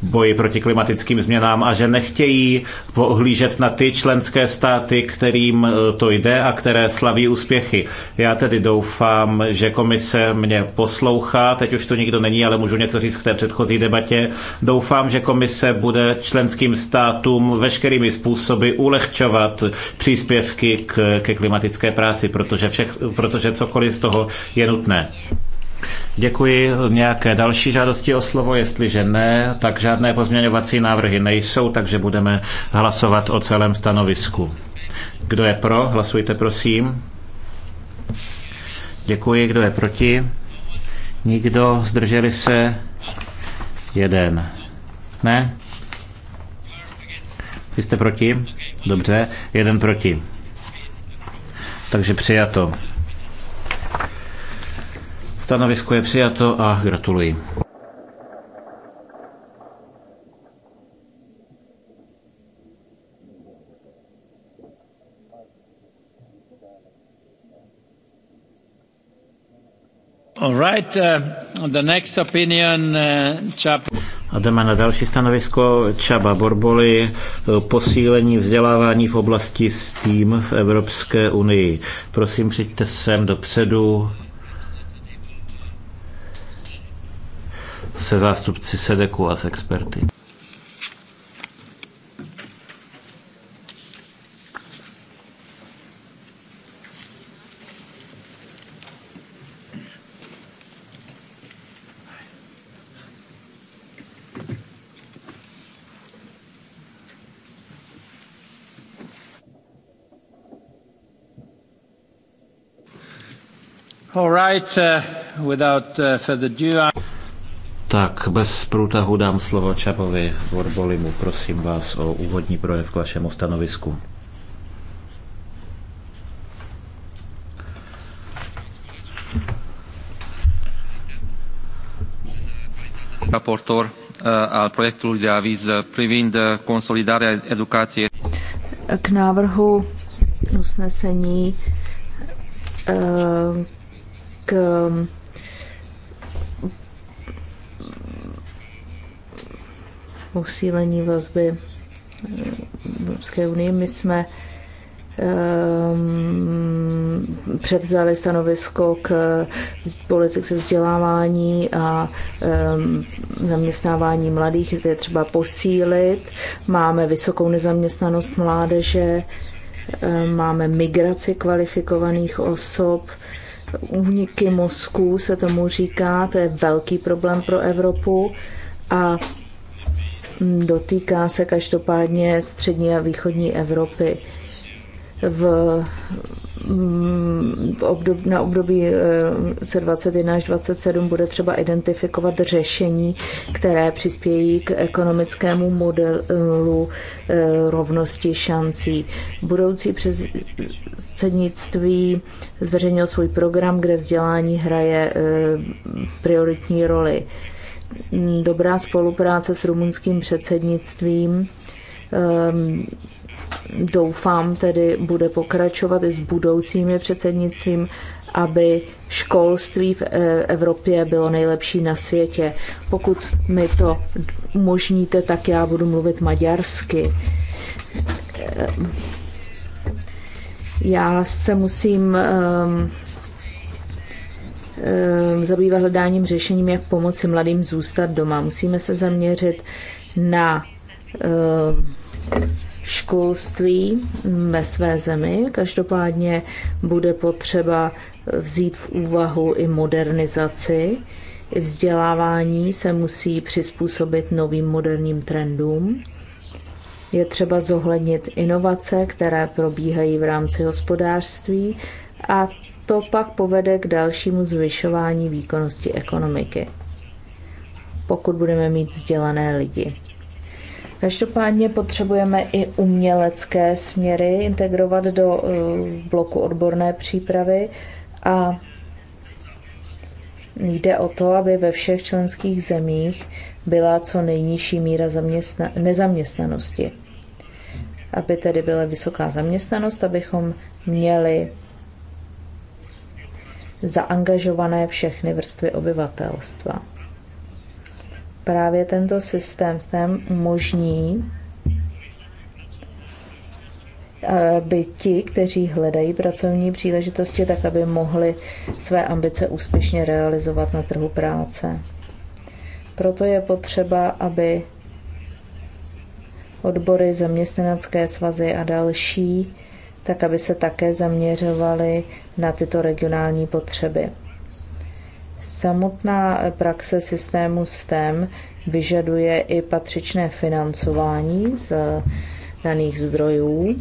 boji proti klimatickým změnám a že nechtějí pohlížet na ty členské státy, kterým e, to jde a které slaví úspěchy. Já tedy doufám, že komise mě poslouchá, teď už to nikdo není, ale můžu něco říct k té předchozí debatě. Doufám, že komise bude členským státům veškerými způsoby ulehčovat příspěvky k, ke klimatické práci, protože, všech, protože cokoliv z toho je nutné. Děkuji. Nějaké další žádosti o slovo? Jestliže ne, tak žádné pozměňovací návrhy nejsou, takže budeme hlasovat o celém stanovisku. Kdo je pro? Hlasujte, prosím. Děkuji. Kdo je proti? Nikdo. Zdrželi se? Jeden. Ne? Vy jste proti? Dobře, jeden proti. Takže přijato. Stanovisko je přijato a gratuluji. All right, uh, the next opinion uh, A jdeme na další stanovisko Čaba Borboli, eh, posílení vzdělávání v oblasti STEAM v Evropské unii. Prosím, přijďte sem dopředu. se zástupci Sedeku a s experty. All right, uh, without uh, further ado, I... Tak, bez průtahu dám slovo Čapovi Vorbolimu. Prosím vás o úvodní projev k vašemu stanovisku. Raportor eh, al projektu de aviz privind eh, consolidarea educației. K návrhu usnesení eh, k posílení vazby eh, Evropské unie. My jsme um, převzali stanovisko k politice vzdělávání a um, zaměstnávání mladých, to je třeba posílit. Máme vysokou nezaměstnanost mládeže, um, máme migraci kvalifikovaných osob, úniky mozků se tomu říká, to je velký problém pro Evropu a Dotýká se každopádně střední a východní Evropy. V, mm, v obdob, na období 21 eh, až 27 bude třeba identifikovat řešení, které přispějí k ekonomickému modelu eh, rovnosti šancí. Budoucí předsednictví zveřejnil svůj program, kde vzdělání hraje eh, prioritní roli dobrá spolupráce s rumunským předsednictvím. Ehm, doufám tedy, bude pokračovat i s budoucími předsednictvím, aby školství v e, Evropě bylo nejlepší na světě. Pokud mi to umožníte, tak já budu mluvit maďarsky. Ehm, já se musím ehm, Ehm, zabývá hledáním řešením, jak pomoci mladým zůstat doma. Musíme se zaměřit na ehm, školství ve své zemi. Každopádně bude potřeba vzít v úvahu i modernizaci. I vzdělávání se musí přizpůsobit novým moderním trendům. Je třeba zohlednit inovace, které probíhají v rámci hospodářství a to pak povede k dalšímu zvyšování výkonnosti ekonomiky, pokud budeme mít vzdělané lidi. Každopádně potřebujeme i umělecké směry integrovat do eh, bloku odborné přípravy a jde o to, aby ve všech členských zemích byla co nejnižší míra nezaměstnanosti. Aby tedy byla vysoká zaměstnanost, abychom měli zaangažované všechny vrstvy obyvatelstva. Právě tento systém se umožní, eh, aby ti, kteří hledají pracovní příležitosti, tak aby mohli své ambice úspěšně realizovat na trhu práce. Proto je potřeba, aby odbory, zaměstnanecké svazy a další, tak aby se také zaměřovaly na tyto regionální potřeby. Samotná praxe systému STEM vyžaduje i patřičné financování z daných zdrojů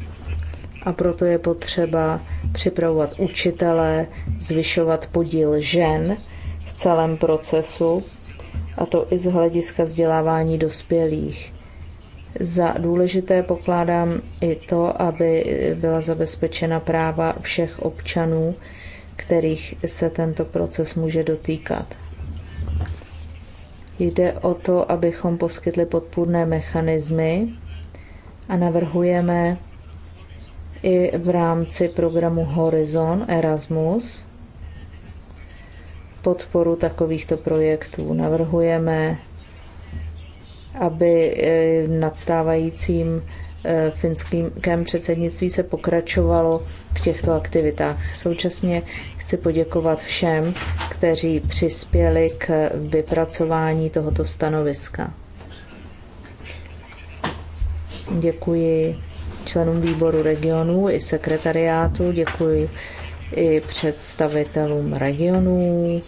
a proto je potřeba připravovat učitele, zvyšovat podíl žen v celém procesu, a to i z hlediska vzdělávání dospělých. Za důležité pokládám i to, aby byla zabezpečena práva všech občanů, kterých se tento proces může dotýkat. Jde o to, abychom poskytli podpůrné mechanismy a navrhujeme i v rámci programu Horizon Erasmus podporu takovýchto projektů. Navrhujeme aby eh, nadstávajícím eh, finským předsednictví se pokračovalo v těchto aktivitách. Současně chci poděkovat všem, kteří přispěli k vypracování tohoto stanoviska. Děkuji členům výboru regionů i sekretariátu, děkuji i představitelům regionů,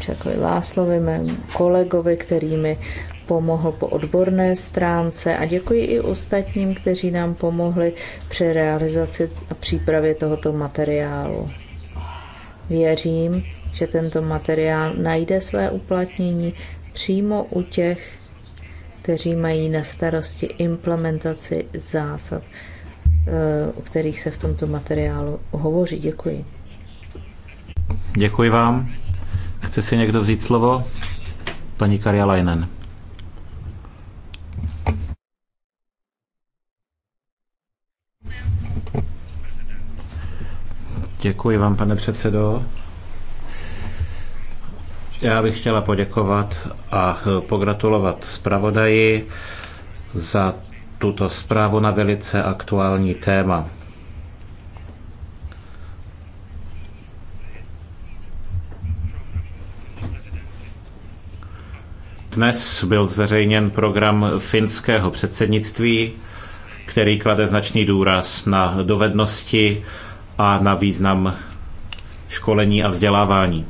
Čakovi ehm, Láslovi, mému kolegovi, který mi pomohl po odborné stránce a děkuji i ostatním, kteří nám pomohli při realizaci a přípravě tohoto materiálu. Věřím, že tento materiál najde své uplatnění přímo u těch, kteří mají na starosti implementaci zásad, eh, o kterých se v tomto materiálu hovoří. Děkuji. Děkuji vám. Chce si někdo vzít slovo? Paní Karia Leinen. Děkuji vám, pane předsedo. Já bych chtěla poděkovat a pogratulovat zpravodaji za tuto zprávu na velice aktuální téma. Dnes byl zveřejněn program finského předsednictví, který klade značný důraz na dovednosti a na význam školení a vzdělávání.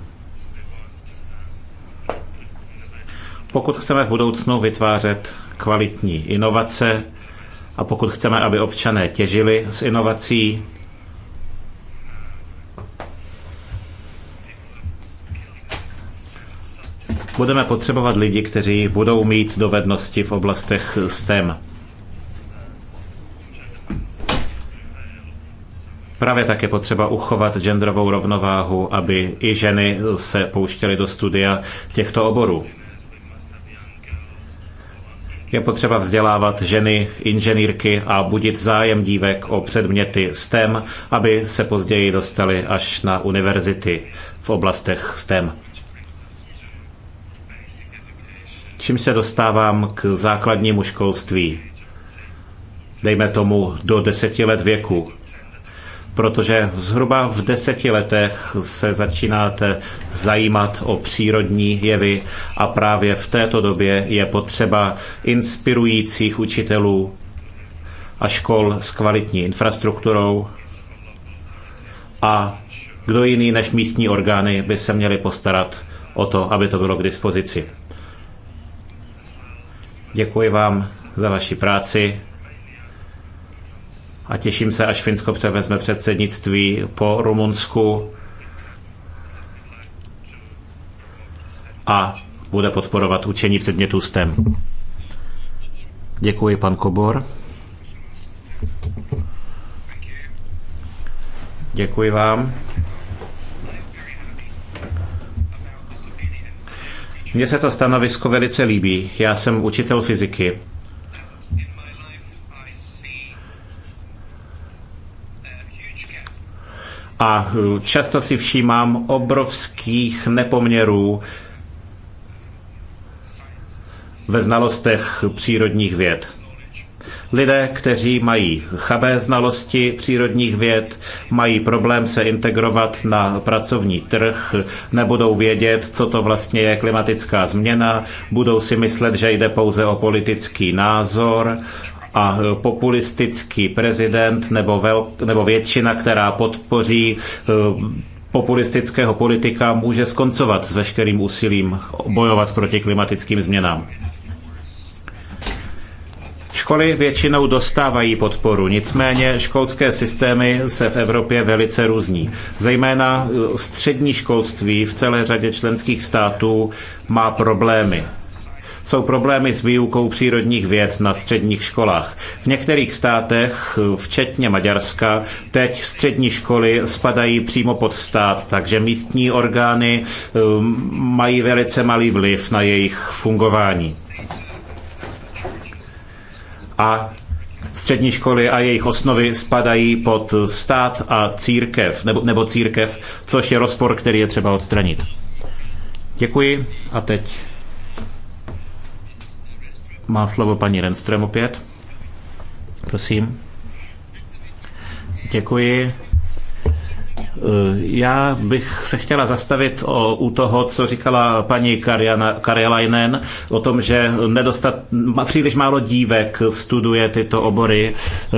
Pokud chceme v budoucnu vytvářet kvalitní inovace a pokud chceme, aby občané těžili z inovací, Budeme potřebovat lidi, kteří budou mít dovednosti v oblastech STEM. Právě tak je potřeba uchovat genderovou rovnováhu, aby i ženy se pouštěly do studia těchto oborů. Je potřeba vzdělávat ženy, inženýrky a budit zájem dívek o předměty STEM, aby se později dostali až na univerzity v oblastech STEM. Čím se dostávám k základnímu školství? Dejme tomu do deseti let věku protože zhruba v deseti letech se začínáte zajímat o přírodní jevy a právě v této době je potřeba inspirujících učitelů a škol s kvalitní infrastrukturou a kdo jiný než místní orgány by se měli postarat o to, aby to bylo k dispozici. Děkuji vám za vaši práci a těším se, až Finsko převezme předsednictví po Rumunsku a bude podporovat učení předmětů STEM. Děkuji, pan Kobor. Děkuji vám. Mně se to stanovisko velice líbí. Já jsem učitel fyziky. A eh, často si všímám obrovských nepoměrů ve znalostech přírodních věd. Lidé, kteří mají chabé znalosti přírodních věd, mají problém se integrovat na pracovní trh, nebudou vědět, co to vlastně je klimatická změna, budou si myslet, že jde pouze o politický názor a populistický prezident nebo, vel, nebo většina, která podpoří eh, populistického politika může skoncovat s veškerým úsilím bojovat proti klimatickým změnám. Školy většinou dostávají podporu, nicméně školské systémy se v Evropě velice různí. Zejména eh, střední školství v celé řadě členských států má problémy jsou problémy s výukou přírodních věd na středních školách. V některých státech, eh, včetně Maďarska, teď střední školy spadají přímo pod stát, takže místní orgány eh, mají velice malý vliv na jejich fungování a střední školy a jejich osnovy spadají pod stát a církev, nebo, nebo církev, což je rozpor, který je třeba odstranit. Děkuji a teď má slovo paní Renström opět. Prosím. Děkuji. Eh, já bych se chtěla zastavit o, u toho, co říkala paní Karjalainen, o tom, že nedostat, příliš málo dívek studuje tyto obory. Eh,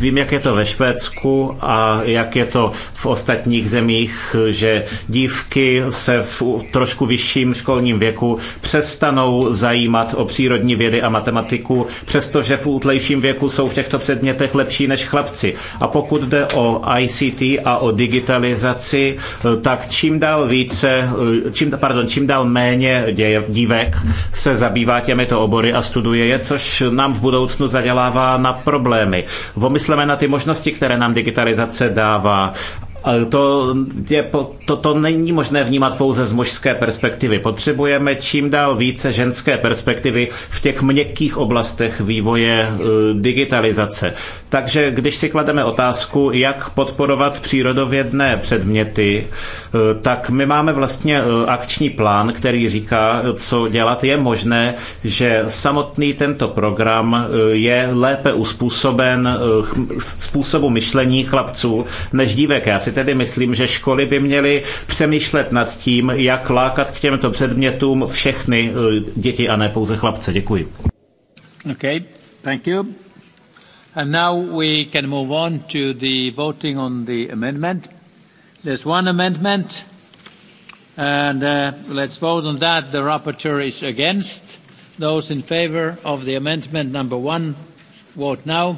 vím, jak je to ve Švédsku a jak je to v ostatních zemích, že dívky se v trošku vyšším školním věku přestanou zajímat o přírodní vědy a matematiku, přestože v útlejším věku jsou v těchto předmětech lepší než chlapci. A pokud jde o ICT a o o digitalizaci, eh, tak čím dál více, eh, čím, pardon, čím dál méně děje dívek se zabývá těmito obory a studuje je, což nám v budoucnu zadělává na problémy. Pomysleme na ty možnosti, které nám digitalizace dává to, je, to, to není možné vnímat pouze z mužské perspektivy. Potřebujeme čím dál více ženské perspektivy v těch měkkých oblastech vývoje e, digitalizace. Takže když si klademe otázku, jak podporovat přírodovědné předměty, e, tak my máme vlastně e, akční plán, který říká, co dělat. Je možné, že samotný tento program je lépe uspůsoben způsobu myšlení chlapců než dívek. Já si tedy myslím, že školy by měly přemýšlet nad tím, jak lákat k těmto předmětům všechny eh, děti a ne pouze chlapce. Děkuji. Okay, thank you. And now we can move on to the voting on the amendment. There's one amendment, and uh, let's vote on that. The rapporteur is against. Those in favor of the amendment number one, vote now.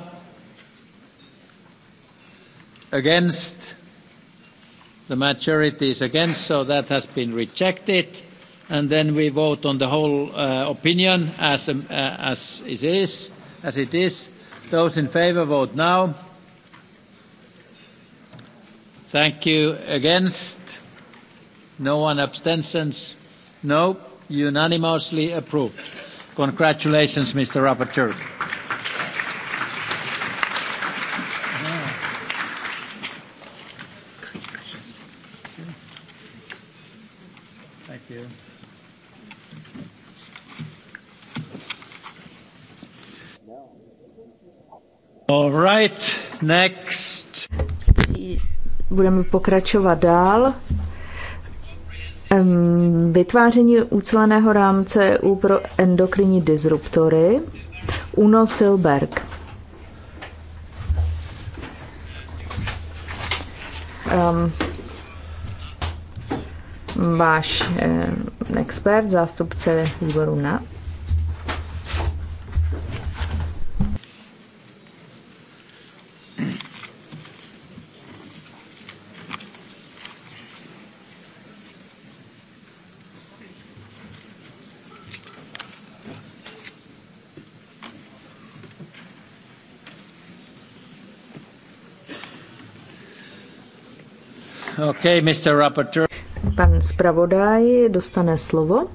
Against? The majority is against, so that has been rejected. And then we vote on the whole uh, opinion um, uh, as, it is, as it is. Those in favor vote now. Thank you. Against? No one abstentions? No. Unanimously approved. Congratulations, Mr. Rapporteur. All right, next. Budeme pokračovat dál. Vytváření uceleného rámce EU pro endokrinní disruptory. Uno Silberg. Um, váš eh, expert, zástupce výboru NAP. Okay, Mr. Pan zpravodaj dostane slovo.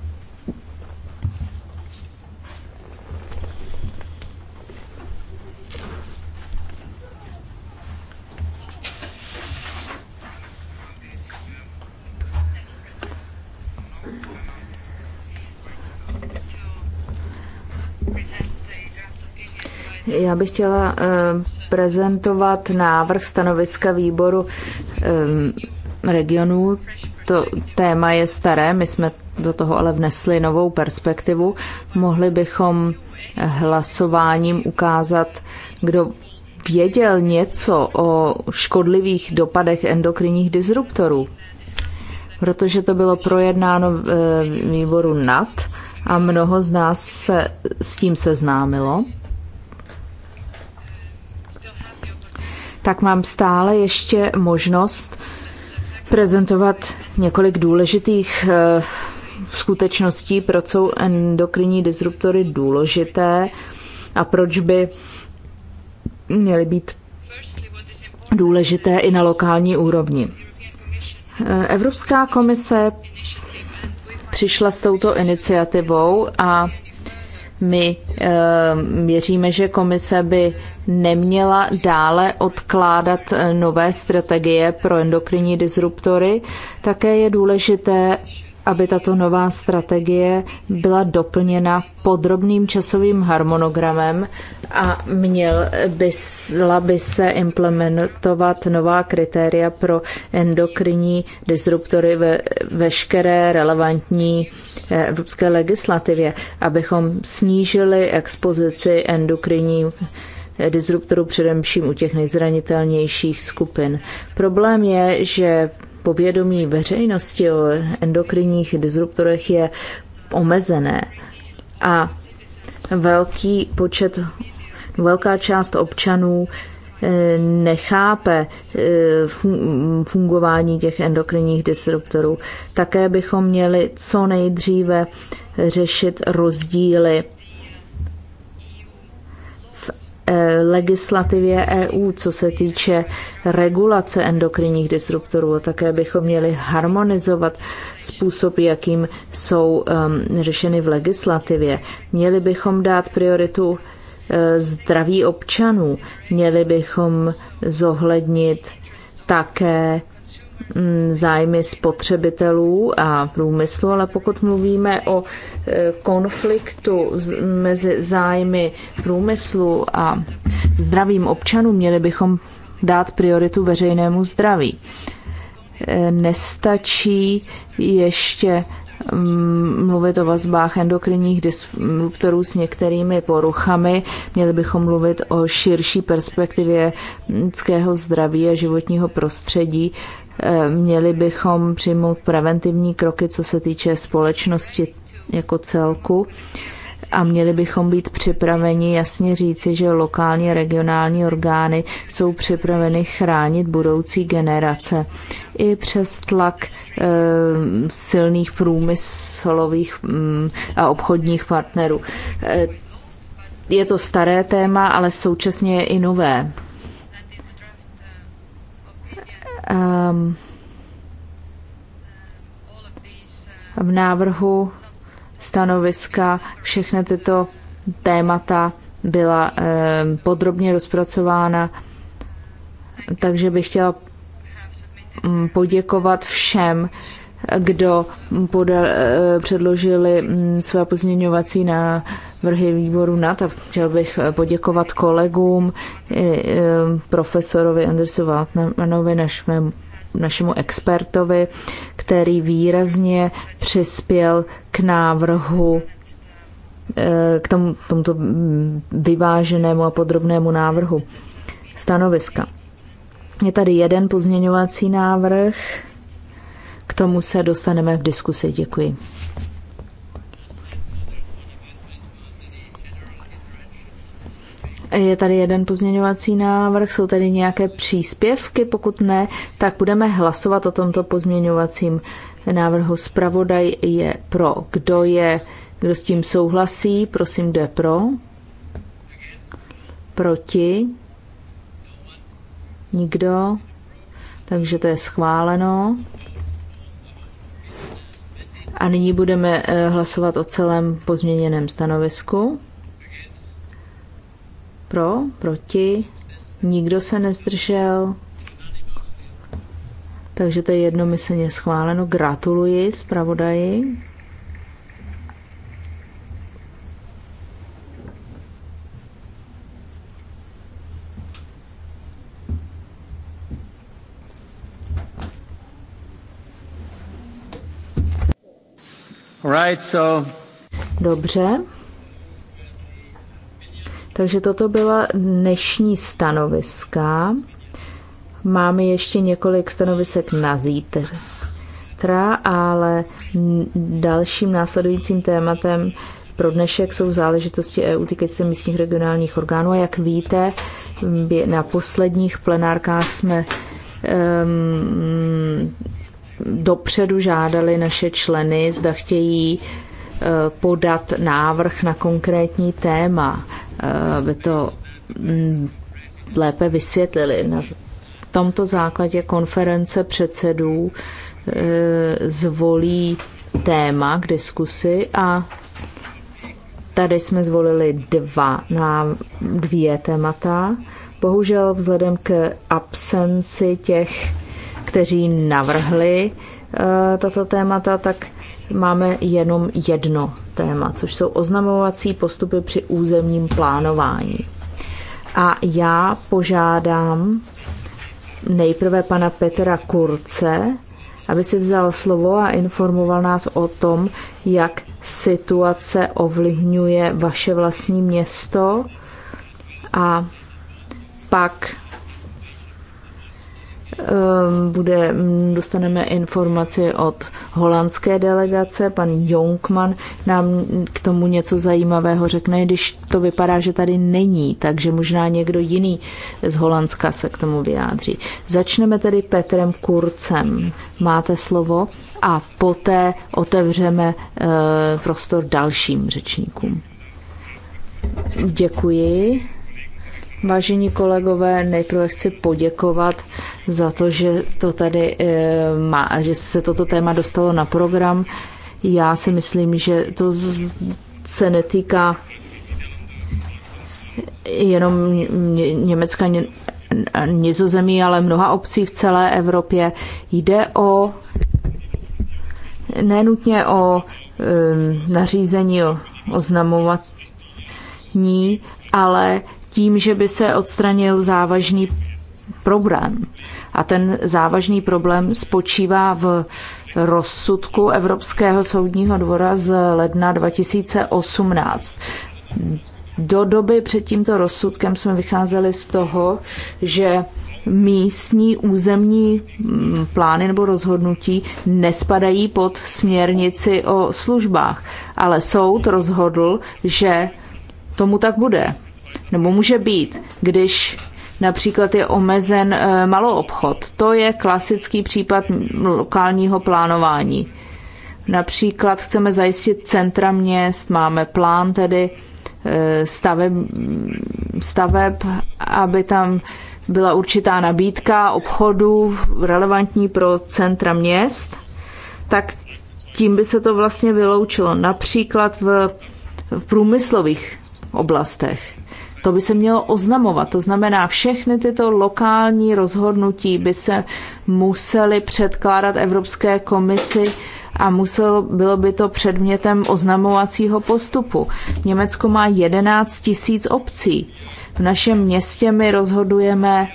Já bych chtěla eh, prezentovat návrh stanoviska výboru eh, regionů. To téma je staré, my jsme do toho ale vnesli novou perspektivu. Mohli bychom hlasováním ukázat, kdo věděl něco o škodlivých dopadech endokrinních disruptorů. Protože to bylo projednáno v eh, výboru NAT a mnoho z nás se s tím seznámilo. tak mám stále ještě možnost prezentovat několik důležitých eh, skutečností, proč jsou endokrinní disruptory důležité a proč by měly být důležité i na lokální úrovni. Eh, Evropská komise přišla s touto iniciativou a my věříme, eh, že komise by neměla dále odkládat eh, nové strategie pro endokrinní disruptory. Také je důležité, aby tato nová strategie byla doplněna podrobným časovým harmonogramem a měl by se implementovat nová kritéria pro endokrinní disruptory ve veškeré relevantní eh, evropské legislativě, abychom snížili expozici endokrinní. Eh, disruptorů, především u těch nejzranitelnějších skupin. Problém je, že povědomí veřejnosti o endokrinních disruptorech je omezené a velký počet, velká část občanů eh, nechápe eh, fungování těch endokrinních disruptorů. Také bychom měli co nejdříve řešit rozdíly Eh, legislativě EU, co se týče regulace endokrinních disruptorů. Také bychom měli harmonizovat způsob, jakým jsou um, řešeny v legislativě. Měli bychom dát prioritu uh, zdraví občanů. Měli bychom zohlednit také Mm, zájmy spotřebitelů a průmyslu, ale pokud mluvíme o e, konfliktu mezi zájmy průmyslu a zdravým občanů, měli bychom dát prioritu veřejnému zdraví. E, nestačí ještě mm, mluvit o vazbách endokrinních disruptorů s některými poruchami. Měli bychom mluvit o širší perspektivě lidského zdraví a životního prostředí Eh, měli bychom přijmout preventivní kroky, co se týče společnosti jako celku a měli bychom být připraveni jasně říci, že lokální a regionální orgány jsou připraveny chránit budoucí generace. I přes tlak e, silných průmyslových m, mm, a obchodních partnerů. E, je to staré téma, ale současně je i nové um, v návrhu stanoviska všechny tyto témata byla um, podrobně rozpracována, takže bych chtěla mm, poděkovat všem, kdo podal, eh, předložili mm, své pozměňovací na vrhy výboru NATO. Chtěl bych eh, poděkovat kolegům, eh, eh, profesorovi Andersu Waltmanovi, našemu, našemu expertovi, který výrazně přispěl k návrhu k tomu, tomuto vyváženému a podrobnému návrhu stanoviska. Je tady jeden pozměňovací návrh, k tomu se dostaneme v diskusi. Děkuji. Je tady jeden pozměňovací návrh, jsou tady nějaké příspěvky, pokud ne, tak budeme hlasovat o tomto pozměňovacím návrhu. Spravodaj je pro. Kdo je, kdo s tím souhlasí, prosím, jde pro. Proti. Nikdo. Takže to je schváleno. A nyní budeme eh, hlasovat o celém pozměněném stanovisku. Pro, proti, nikdo se nezdržel. Takže to je jednomyslně schváleno. Gratuluji zpravodaji. Right, so... Dobře. Takže toto byla dnešní stanoviska. Máme ještě několik stanovisek na zítra, ale dalším následujícím tématem pro dnešek jsou záležitosti EU týkající místních regionálních orgánů. A jak víte, na posledních plenárkách jsme um, dopředu žádali naše členy, zda chtějí Eh, podat návrh na konkrétní téma, eh, aby to mm, lépe vysvětlili. Na tomto základě konference předsedů eh, zvolí téma k diskusi a tady jsme zvolili dva na dvě témata. Bohužel vzhledem k absenci těch, kteří navrhli tato témata, tak máme jenom jedno téma, což jsou oznamovací postupy při územním plánování. A já požádám nejprve pana Petra Kurce, aby si vzal slovo a informoval nás o tom, jak situace ovlivňuje vaše vlastní město a pak Ehm, bude, mm, dostaneme informaci od holandské delegace, pan Jonkman nám k tomu něco zajímavého řekne, když to vypadá, že tady není, takže možná někdo jiný z Holandska se k tomu vyjádří. Začneme tedy Petrem Kurcem. Máte slovo a poté otevřeme eh, prostor dalším řečníkům. Děkuji. Vážení kolegové, nejprve chci poděkovat za to, že to tady eh, má, že se toto téma dostalo na program. Já si myslím, že to se netýká jenom Německa, Nizozemí, ale mnoha obcí v celé Evropě. Jde o nenutně o eh, nařízení o ní, ale tím, že by se odstranil závažný problém. A ten závažný problém spočívá v rozsudku Evropského soudního dvora z ledna 2018. Do doby před tímto rozsudkem jsme vycházeli z toho, že místní územní mm, plány nebo rozhodnutí nespadají pod směrnici o službách. Ale soud rozhodl, že tomu tak bude nebo může být, když například je omezen eh, maloobchod. To je klasický případ lokálního plánování. Například chceme zajistit centra měst, máme plán tedy eh, staveb, staveb aby tam byla určitá nabídka obchodů relevantní pro centra měst, tak tím by se to vlastně vyloučilo. Například v, v průmyslových oblastech. To by se mělo oznamovat. To znamená, všechny tyto lokální rozhodnutí by se musely předkládat Evropské komisi a muselo, bylo by to předmětem oznamovacího postupu. Německo má 11 tisíc obcí. V našem městě my rozhodujeme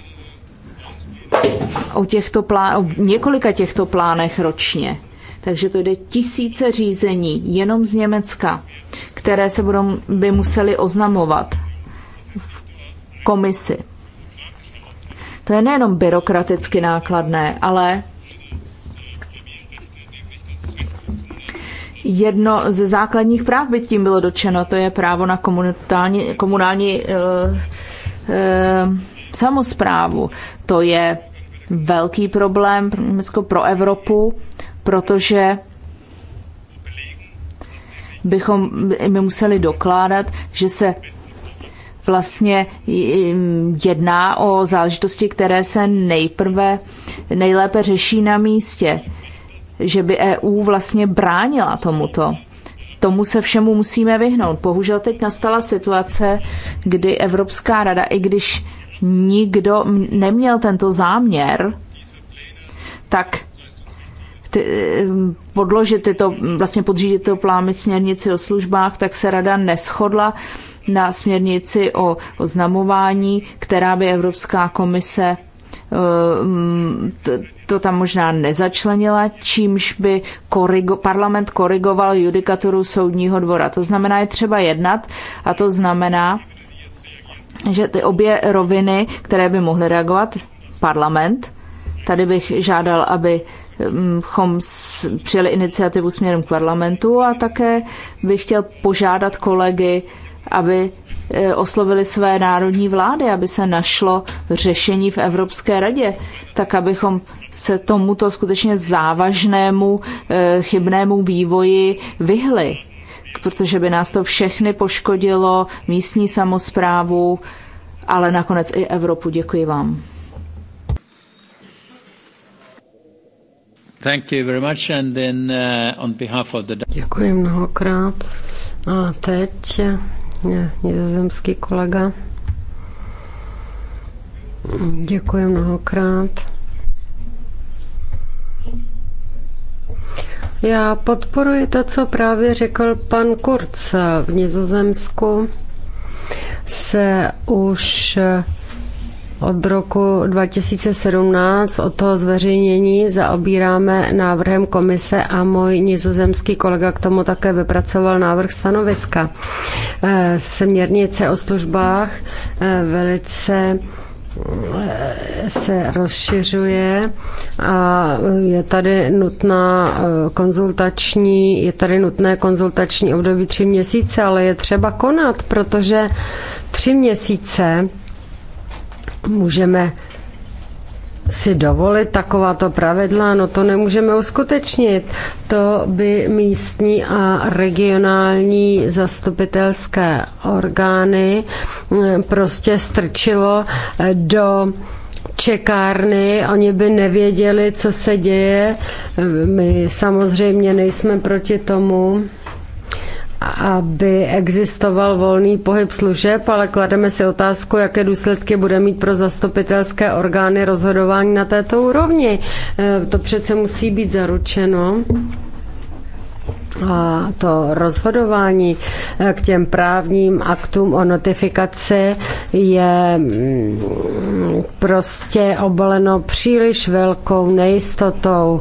o, těchto plán, o několika těchto plánech ročně. Takže to jde tisíce řízení jenom z Německa, které se budou, by museli oznamovat komisi. To je nejenom byrokraticky nákladné, ale jedno ze základních práv by tím bylo dočeno, to je právo na komunální, komunální e, e, samozprávu. To je velký problém pro pro Evropu, protože bychom my museli dokládat, že se vlastně jedná o záležitosti, které se nejprve nejlépe řeší na místě. Že by EU vlastně bránila tomuto. Tomu se všemu musíme vyhnout. Bohužel teď nastala situace, kdy Evropská rada, i když nikdo neměl tento záměr, tak ty, podložit tyto, vlastně podřídit tyto plámy směrnici o službách, tak se rada neschodla na směrnici o oznamování, která by Evropská komise eh, to tam možná nezačlenila, čímž by korigo, parlament korigoval judikaturu soudního dvora. To znamená, je třeba jednat a to znamená, že ty obě roviny, které by mohly reagovat, parlament, tady bych žádal, aby chom přijeli iniciativu směrem k parlamentu a také bych chtěl požádat kolegy aby e, oslovili své národní vlády, aby se našlo řešení v Evropské radě, tak abychom se tomuto skutečně závažnému e, chybnému vývoji vyhli, protože by nás to všechny poškodilo, místní samozprávu, ale nakonec i Evropu. Děkuji vám. Thank you very much and then uh, on behalf of the... Děkuji mnohokrát. A teď nizozemský kolega. Děkuji mnohokrát. Já podporuji to, co právě řekl pan Kurz v Nizozemsku. Se už od roku 2017, od toho zveřejnění, zaobíráme návrhem komise a můj nizozemský kolega k tomu také vypracoval návrh stanoviska. Eh, směrnice o službách eh, velice eh, se rozšiřuje a je tady nutná konzultační, je tady nutné konzultační období tři měsíce, ale je třeba konat, protože tři měsíce můžeme si dovolit takováto pravidla, no to nemůžeme uskutečnit. To by místní a regionální zastupitelské orgány eh, prostě strčilo eh, do čekárny, oni by nevěděli, co se děje. Eh, my samozřejmě nejsme proti tomu, aby existoval volný pohyb služeb, ale klademe si otázku, jaké důsledky bude mít pro zastupitelské orgány rozhodování na této úrovni. E, to přece musí být zaručeno. A to rozhodování e, k těm právním aktům o notifikaci je mm, prostě obaleno příliš velkou nejistotou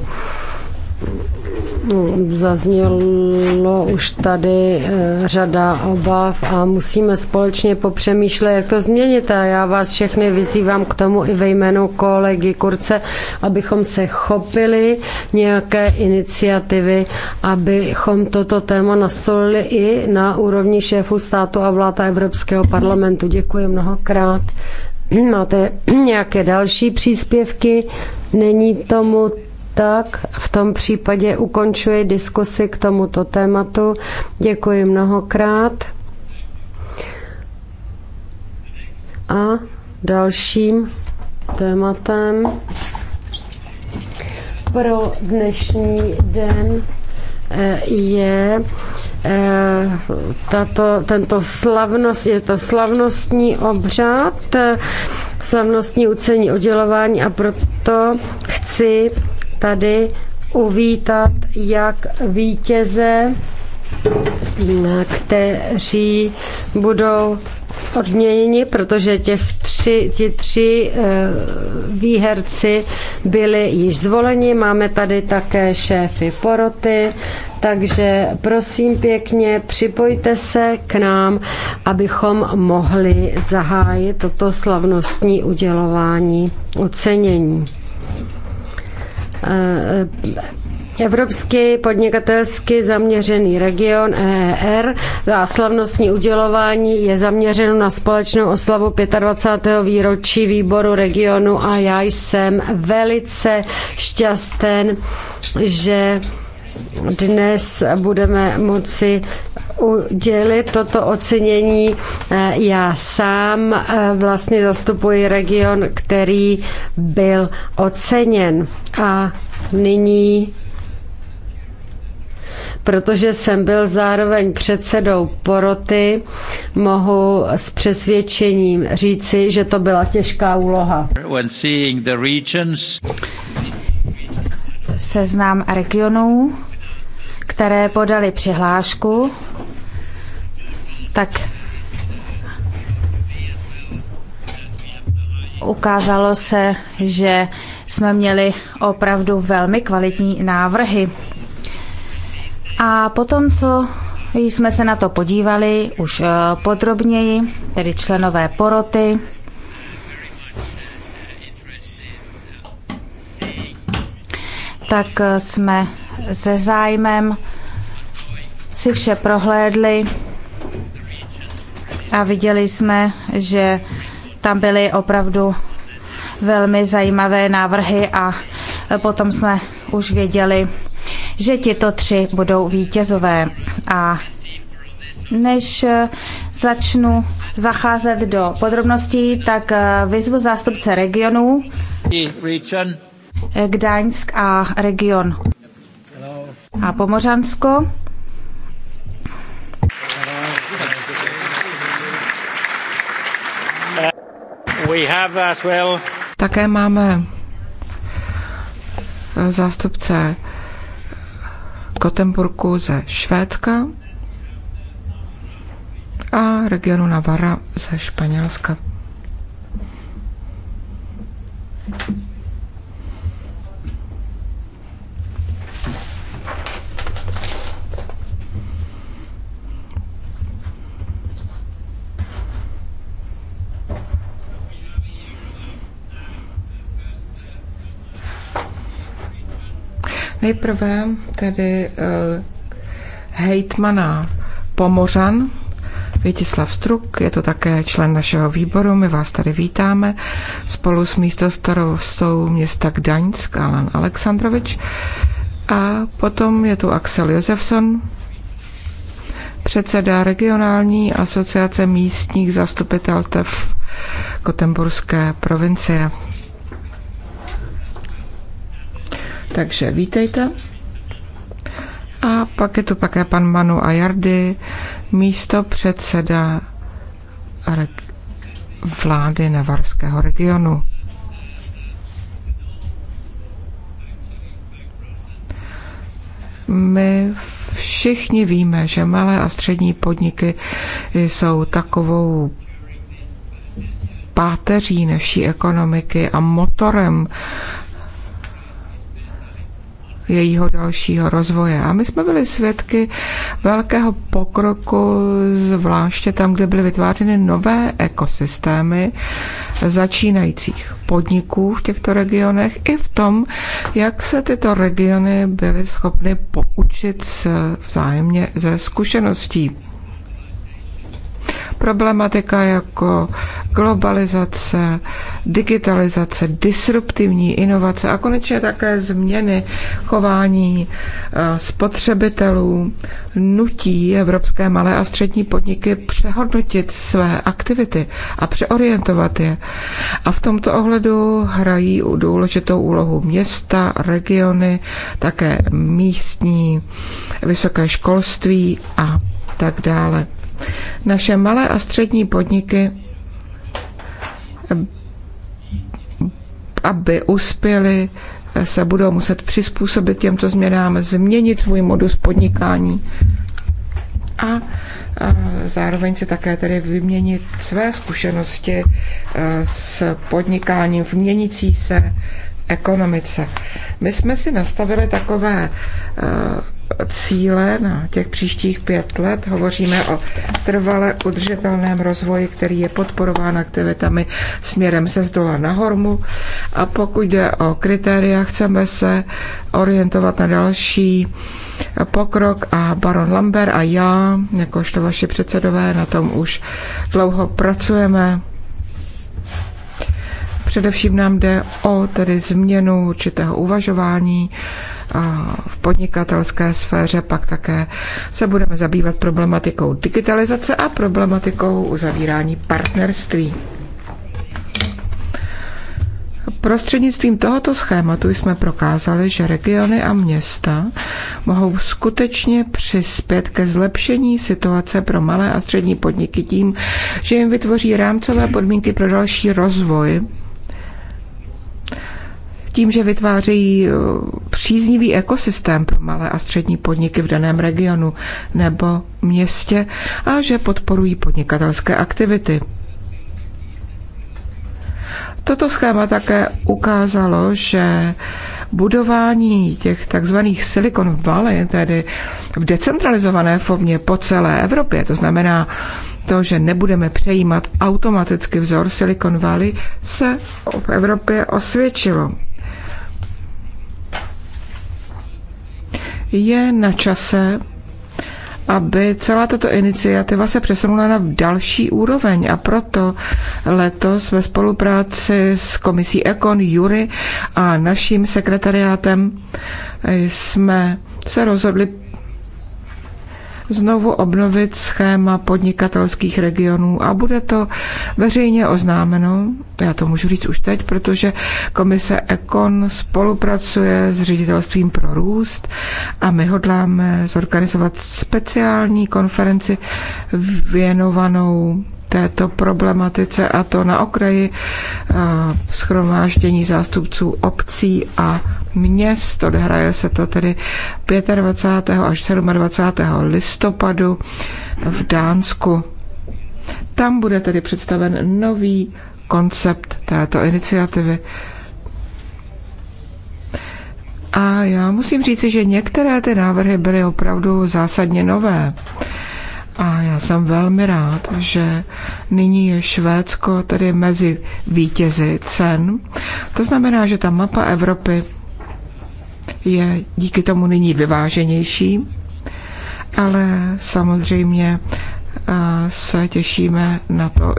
Zaznělo už tady eh, řada obav a musíme společně popřemýšlet, jak to změnit. A já vás všechny vyzývám k tomu i ve jménu kolegy Kurce, abychom se chopili nějaké iniciativy, abychom toto téma nastolili i na úrovni šéfů státu a vláda Evropského parlamentu. Děkuji mnohokrát. Máte nějaké další příspěvky? Není tomu tak v tom případě ukončuji diskusi k tomuto tématu. Děkuji mnohokrát. A dalším tématem pro dnešní den eh, je eh, tato, tento slavnost, je to slavnostní obřad, eh, slavnostní ucení udělování a proto chci tady uvítat jak vítěze, kteří budou odměněni, protože těch tři, ti tři eh, výherci byli již zvoleni. Máme tady také šéfy poroty, takže prosím pěkně, připojte se k nám, abychom mohli zahájit toto slavnostní udělování ocenění. E, Evropský podnikatelsky zaměřený region EER a slavnostní udělování je zaměřeno na společnou oslavu 25. výročí výboru regionu a já jsem velice šťastný, že dnes budeme moci udělit toto ocenění. Eh, já sám eh, vlastně zastupuji region, který byl oceněn. A nyní protože jsem byl zároveň předsedou poroty, mohu s přesvědčením říci, že to byla těžká úloha. Seznám regionů, které podali přihlášku, tak ukázalo se, že jsme měli opravdu velmi kvalitní návrhy. A potom, co jsme se na to podívali už eh, podrobněji, tedy členové poroty, tak eh, jsme se zájmem si vše prohlédli a viděli jsme, že tam byly opravdu velmi zajímavé návrhy a potom jsme už věděli, že tito tři budou vítězové. A než začnu zacházet do podrobností, tak vyzvu zástupce regionů Gdaňsk a region a Pomořansko. Také máme eh, zástupce Gotemburku ze Švédska a regionu Navara ze Španělska. Thank you. Nejprve tedy uh, hejtmana Pomořan, Větislav Struk, je to také člen našeho výboru, my vás tady vítáme, spolu s místostarostou města Gdaňsk, Alan Aleksandrovič. A potom je tu Axel Josefson, předseda regionální asociace místních zastupitelstev Kotemburské provincie. Takže vítejte. A pak je tu také pan Manu Ajardy, místo předseda vlády Navarského regionu. My všichni víme, že malé a střední podniky jsou takovou páteří naší ekonomiky a motorem jejího dalšího rozvoje. A my jsme byli svědky velkého pokroku, zvláště tam, kde byly vytvářeny nové ekosystémy začínajících podniků v těchto regionech i v tom, jak se tyto regiony byly schopny poučit vzájemně ze zkušeností. Problematika jako globalizace, digitalizace, disruptivní inovace a konečně také změny chování eh, spotřebitelů nutí evropské malé a střední podniky přehodnotit své aktivity a přeorientovat je. A v tomto ohledu hrají důležitou úlohu města, regiony, také místní vysoké školství a tak dále. Naše malé a střední podniky, aby uspěly, se budou muset přizpůsobit těmto změnám, změnit svůj modus podnikání a zároveň si také tedy vyměnit své zkušenosti e, s podnikáním v měnící se ekonomice. My jsme si nastavili takové e, cíle na těch příštích pět let. Hovoříme o trvale udržitelném rozvoji, který je podporován aktivitami směrem se z dola hormu. A pokud jde o kritéria, chceme se orientovat na další pokrok a baron Lambert a já, jakožto vaši předsedové, na tom už dlouho pracujeme. Především nám jde o tedy změnu určitého uvažování v podnikatelské sféře, pak také se budeme zabývat problematikou digitalizace a problematikou uzavírání partnerství. Prostřednictvím tohoto schématu jsme prokázali, že regiony a města mohou skutečně přispět ke zlepšení situace pro malé a střední podniky tím, že jim vytvoří rámcové podmínky pro další rozvoj tím, že vytvářejí eh, příznivý ekosystém pro malé a střední podniky v daném regionu nebo městě a že podporují podnikatelské aktivity. Toto schéma také ukázalo, že budování těch takzvaných Silicon Valley, tedy v decentralizované formě po celé Evropě, to znamená to, že nebudeme přejímat automaticky vzor Silicon Valley, se v Evropě osvědčilo. je na čase, aby celá tato iniciativa se přesunula na další úroveň a proto letos ve spolupráci s komisí Econ, Jury a naším sekretariátem jsme se rozhodli znovu obnovit schéma podnikatelských regionů a bude to veřejně oznámeno, já to můžu říct už teď, protože komise Econ spolupracuje s ředitelstvím pro růst a my hodláme zorganizovat speciální konferenci věnovanou této problematice a to na okraji eh, schromáždění zástupců obcí a měst. Odhraje se to tedy 25. až 27. listopadu v Dánsku. Tam bude tedy představen nový koncept této iniciativy. A já musím říci, že některé ty návrhy byly opravdu zásadně nové. A já jsem velmi rád, že nyní je Švédsko tedy mezi vítězi cen. To znamená, že ta mapa Evropy je díky tomu nyní vyváženější, ale samozřejmě eh, se těšíme na to,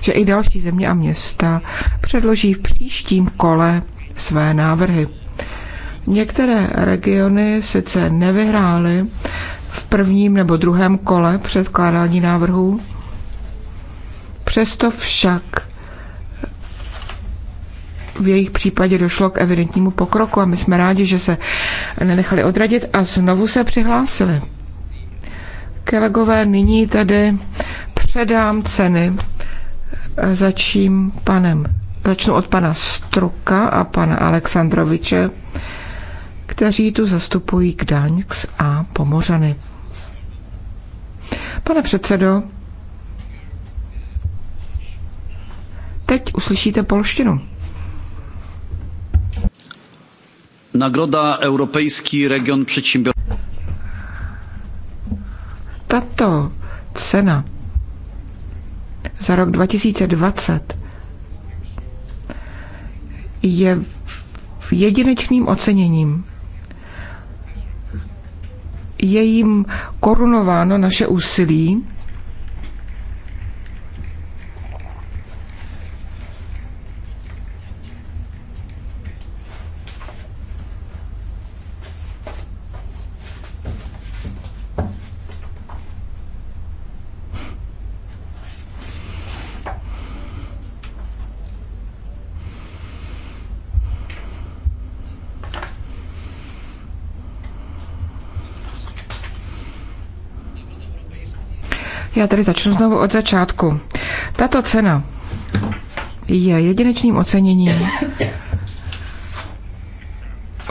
že i další země a města předloží v příštím kole své návrhy. Některé regiony sice nevyhrály prvním nebo druhém kole předkládání návrhů. Přesto však v jejich případě došlo k evidentnímu pokroku a my jsme rádi, že se nenechali odradit a znovu se přihlásili. Kolegové, nyní tedy předám ceny. Začím panem. Začnu od pana Struka a pana Aleksandroviče, kteří tu zastupují Gdaňsk a Pomořany. Pane předsedo, teď uslyšíte polštinu. Nagroda Europejský region představitelů. Tato cena za rok 2020 je jedinečným oceněním je jim korunováno naše úsilí Já tady začnu znovu od začátku. Tato cena je jedinečným oceněním,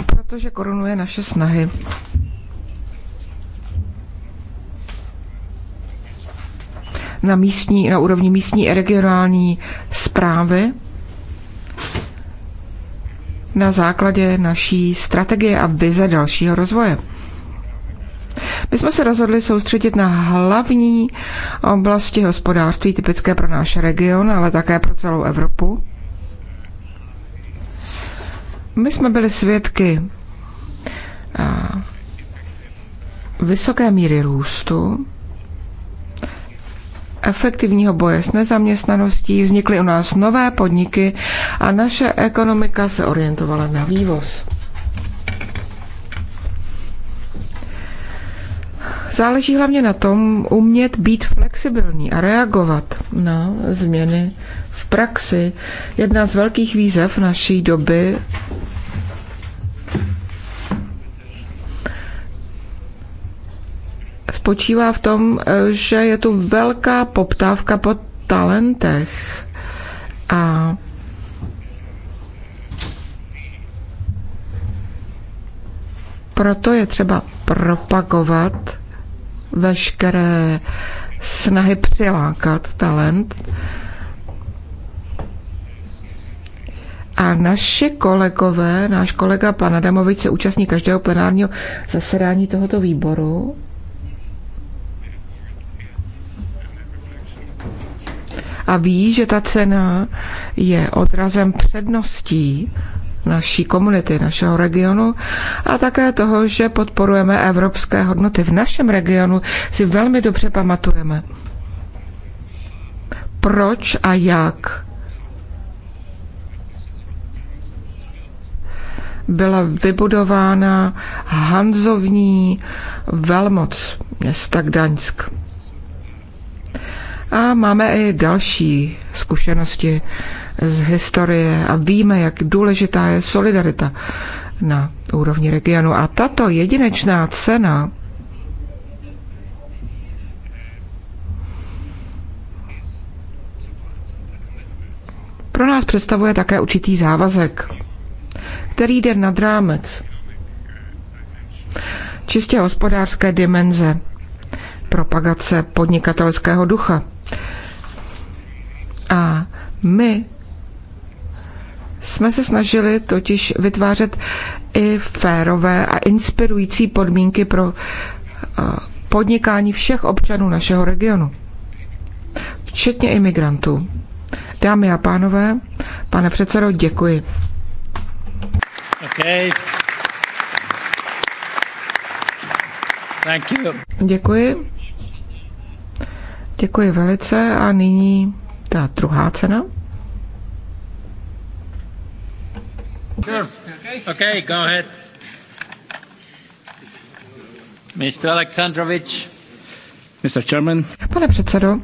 protože korunuje naše snahy na, místní, na úrovni místní a regionální zprávy na základě naší strategie a vize dalšího rozvoje. My jsme se rozhodli soustředit na hlavní oblasti hospodářství, typické pro náš region, ale také pro celou Evropu. My jsme byli svědky vysoké míry růstu, efektivního boje s nezaměstnaností, vznikly u nás nové podniky a naše ekonomika se orientovala na vývoz. Záleží hlavně na tom umět být flexibilní a reagovat na změny v praxi. Jedna z velkých výzev naší doby spočívá v tom, že je tu velká poptávka po talentech a proto je třeba propagovat veškeré snahy přilákat talent. A naši kolegové, náš kolega pan Adamovič se účastní každého plenárního zasedání tohoto výboru. A ví, že ta cena je odrazem předností naší komunity, našeho regionu a také toho, že podporujeme evropské hodnoty. V našem regionu si velmi dobře pamatujeme, proč a jak byla vybudována hanzovní velmoc města Gdaňsk. A máme i další zkušenosti z historie a víme, jak důležitá je solidarita na úrovni regionu. A tato jedinečná cena pro nás představuje také určitý závazek, který jde nad rámec čistě hospodářské dimenze propagace podnikatelského ducha. A my jsme se snažili totiž vytvářet i férové a inspirující podmínky pro eh, podnikání všech občanů našeho regionu, včetně imigrantů. Dámy a pánové, pane předsedo, děkuji. Okay. Thank you. Děkuji. Děkuji velice a nyní ta druhá cena. Sure. Okay, go ahead. Mr. Aleksandrovič. Mr. Chairman. Pane předsedo.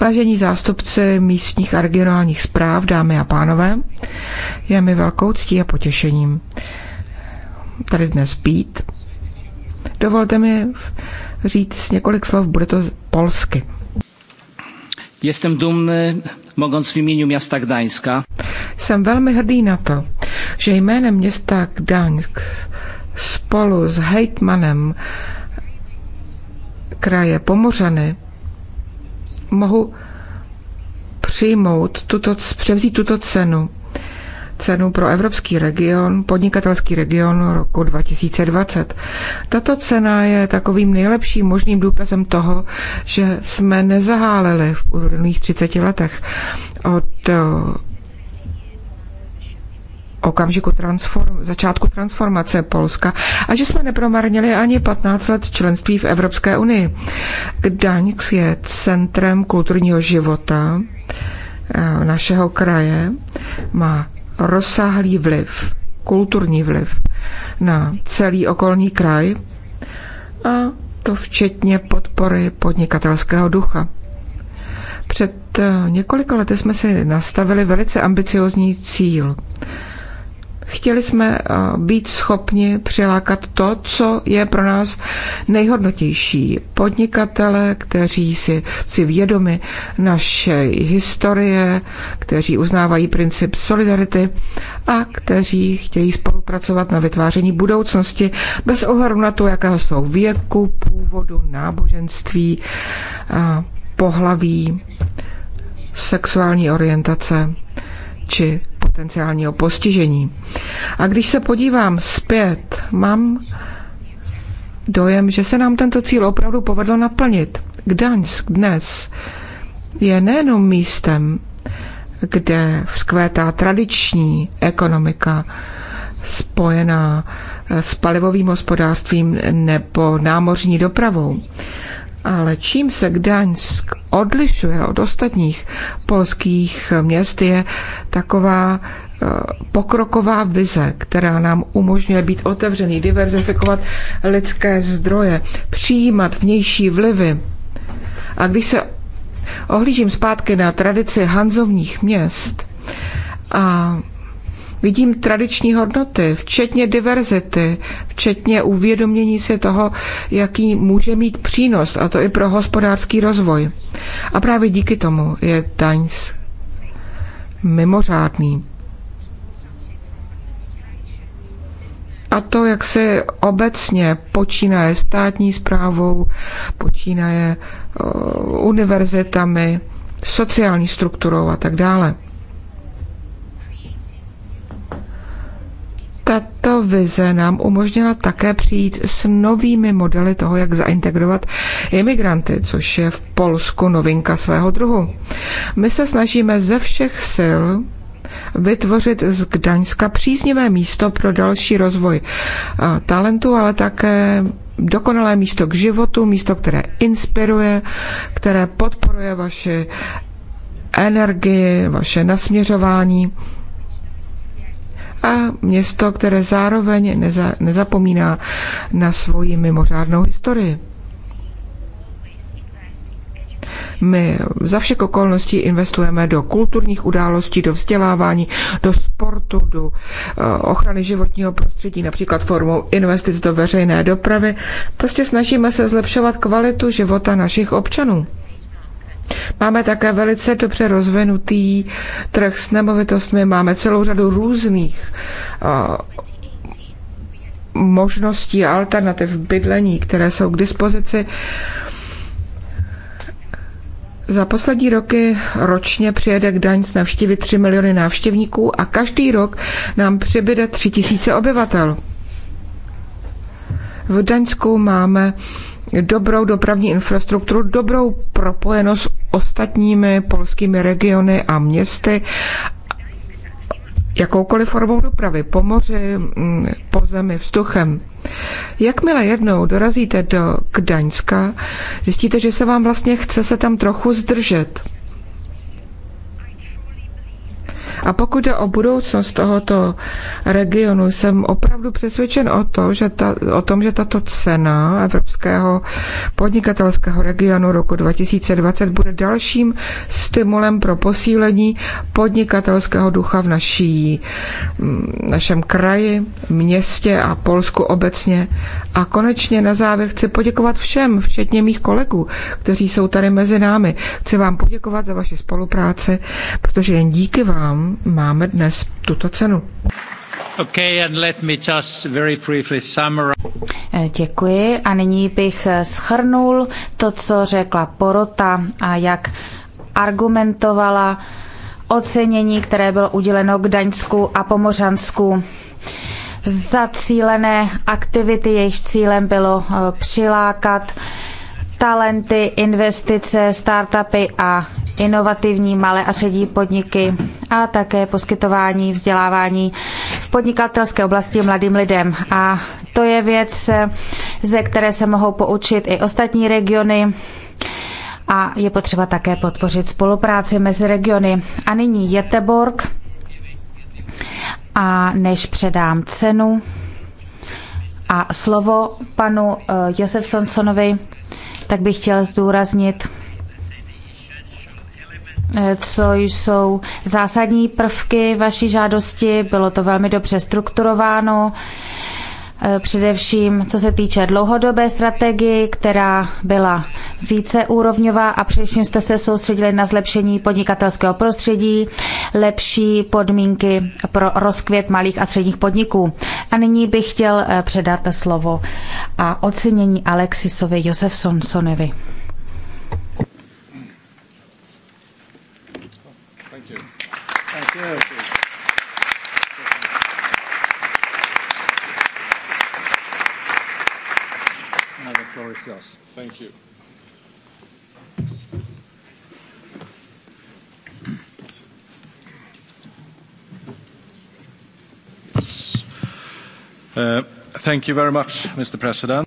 Vážení zástupci místních a regionálních zpráv, dámy a pánové, je mi velkou ctí a potěšením tady dnes být. Dovolte mi říct několik slov, bude to polsky. Jestem dumny, mogąc w imieniu miasta Gdańska. Jsem velmi hrdý na to, že jménem města Gdaňsk spolu s hejtmanem kraje Pomořany mohu přijmout tuto, převzít tuto cenu cenu pro Evropský region, podnikatelský region roku 2020. Tato cena je takovým nejlepším možným důkazem toho, že jsme nezaháleli v uplynulých 30 letech od eh, okamžiku transform, začátku transformace Polska a že jsme nepromarnili ani 15 let členství v Evropské unii. Gdaňsk je centrem kulturního života eh, našeho kraje, má rozsáhlý vliv, kulturní vliv na celý okolní kraj a to včetně podpory podnikatelského ducha. Před eh, několika lety jsme si nastavili velice ambiciozní cíl Chtěli jsme eh, být schopni přilákat to, co je pro nás nejhodnotější. Podnikatele, kteří si, si vědomi naše historie, kteří uznávají princip solidarity a kteří chtějí spolupracovat na vytváření budoucnosti bez ohledu na to, jakého jsou věku, původu, náboženství, eh, pohlaví, sexuální orientace či potenciálního postižení. A když se podívám zpět, mám dojem, že se nám tento cíl opravdu povedlo naplnit. Gdaňsk dnes je nejenom místem, kde vzkvétá tradiční ekonomika spojená s palivovým hospodářstvím nebo námořní dopravou, ale čím se Gdaňsk odlišuje od ostatních polských měst, je taková eh, pokroková vize, která nám umožňuje být otevřený, diverzifikovat lidské zdroje, přijímat vnější vlivy. A když se ohlížím zpátky na tradici hanzovních měst a Vidím tradiční hodnoty, včetně diverzity, včetně uvědomění si toho, jaký může mít přínos, a to i pro hospodářský rozvoj. A právě díky tomu je daň mimořádný. A to, jak se obecně počínaje státní zprávou, počínaje univerzitami, sociální strukturou a tak dále. Tato vize nám umožnila také přijít s novými modely toho, jak zaintegrovat imigranty, což je v Polsku novinka svého druhu. My se snažíme ze všech sil vytvořit z Gdaňska příznivé místo pro další rozvoj eh, talentu, ale také dokonalé místo k životu, místo, které inspiruje, které podporuje vaše energii, vaše nasměřování a město, které zároveň neza, nezapomíná na svoji mimořádnou historii. My za všech okolností investujeme do kulturních událostí, do vzdělávání, do sportu, do eh, ochrany životního prostředí, například formou investic do veřejné dopravy. Prostě snažíme se zlepšovat kvalitu života našich občanů. Máme také velice dobře rozvinutý trh s nemovitostmi, máme celou řadu různých možností a alternativ bydlení, které jsou k dispozici. Za poslední roky ročně přijede k daň z navštívy 3 miliony návštěvníků a každý rok nám přibyde 3 tisíce obyvatel. V Daňsku máme dobrou dopravní infrastrukturu, dobrou propojenost ostatními polskými regiony a městy jakoukoliv formou dopravy, po moři, mm, po zemi, vzduchem. Jakmile jednou dorazíte do Gdaňska, zjistíte, že se vám vlastně chce se tam trochu zdržet. A pokud jde o budoucnost tohoto regionu, jsem opravdu přesvědčen o, to, že ta, o tom, že tato cena Evropského podnikatelského regionu roku 2020 bude dalším stimulem pro posílení podnikatelského ducha v naší, mm, našem kraji, městě a Polsku obecně. A konečně na závěr chci poděkovat všem, včetně mých kolegů, kteří jsou tady mezi námi. Chci vám poděkovat za vaši spolupráci, protože jen díky vám máme dnes tuto cenu. Okay, and let me just very briefly summarize. Eh, děkuji a nyní bych eh, schrnul to, co řekla porota a jak argumentovala ocenění, které bylo uděleno Gdaňsku a Pomořansku cílené aktivity, jejichž cílem bylo eh, přilákat talenty, investice, startupy a inovativní malé a střední podniky a také poskytování vzdělávání v podnikatelské oblasti mladým lidem. A to je věc, ze které se mohou poučit i ostatní regiony a je potřeba také podpořit spolupráci mezi regiony. A nyní Jeteborg. A než předám cenu a slovo panu eh, Josef Sonsonovi, tak bych chtěl zdůraznit, eh, co jsou zásadní prvky vaší žádosti. Bylo to velmi dobře strukturováno. Eh, především co se týče dlouhodobé strategie, která byla více úrovňová a především jste se soustředili na zlepšení podnikatelského prostředí, lepší podmínky pro rozkvět malých a středních podniků. A nyní bych chtěl eh, předat slovo a ocenění Alexisovi Josefsonsonovi. Thank you. Thank you. it's yours. Thank you. Uh, thank you very much, Mr. President.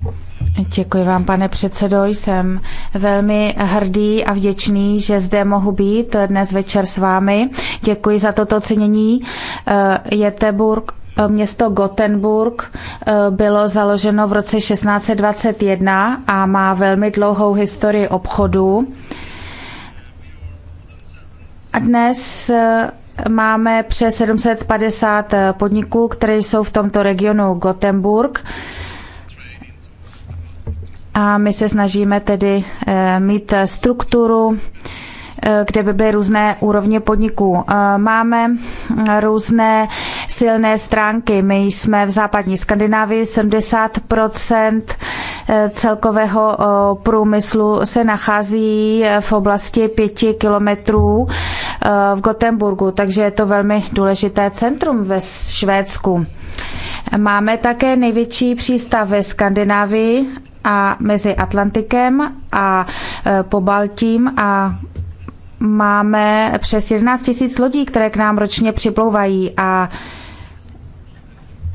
Děkuji vám, pane předsedo. Jsem velmi hrdý a vděčný, že zde mohu být dnes večer s vámi. Děkuji za toto ocenění. Eh, Jeteburg Eh, město Gothenburg eh, bylo založeno v roce 1621 a má velmi dlouhou historii obchodu. A dnes eh, máme přes 750 podniků, které jsou v tomto regionu Gothenburg. A my se snažíme tedy mít strukturu Eh, kde by byly různé úrovně podniků. Eh, máme mm, různé silné stránky. My jsme v západní Skandinávii 70 eh, celkového průmyslu se nachází v oblasti pěti kilometrů v Gotemburgu, takže je to velmi důležité centrum ve Švédsku. Máme také největší přístav ve Skandinávii a mezi Atlantikem a po Baltím a máme přes 11 tisíc lodí, které k nám ročně připlouvají a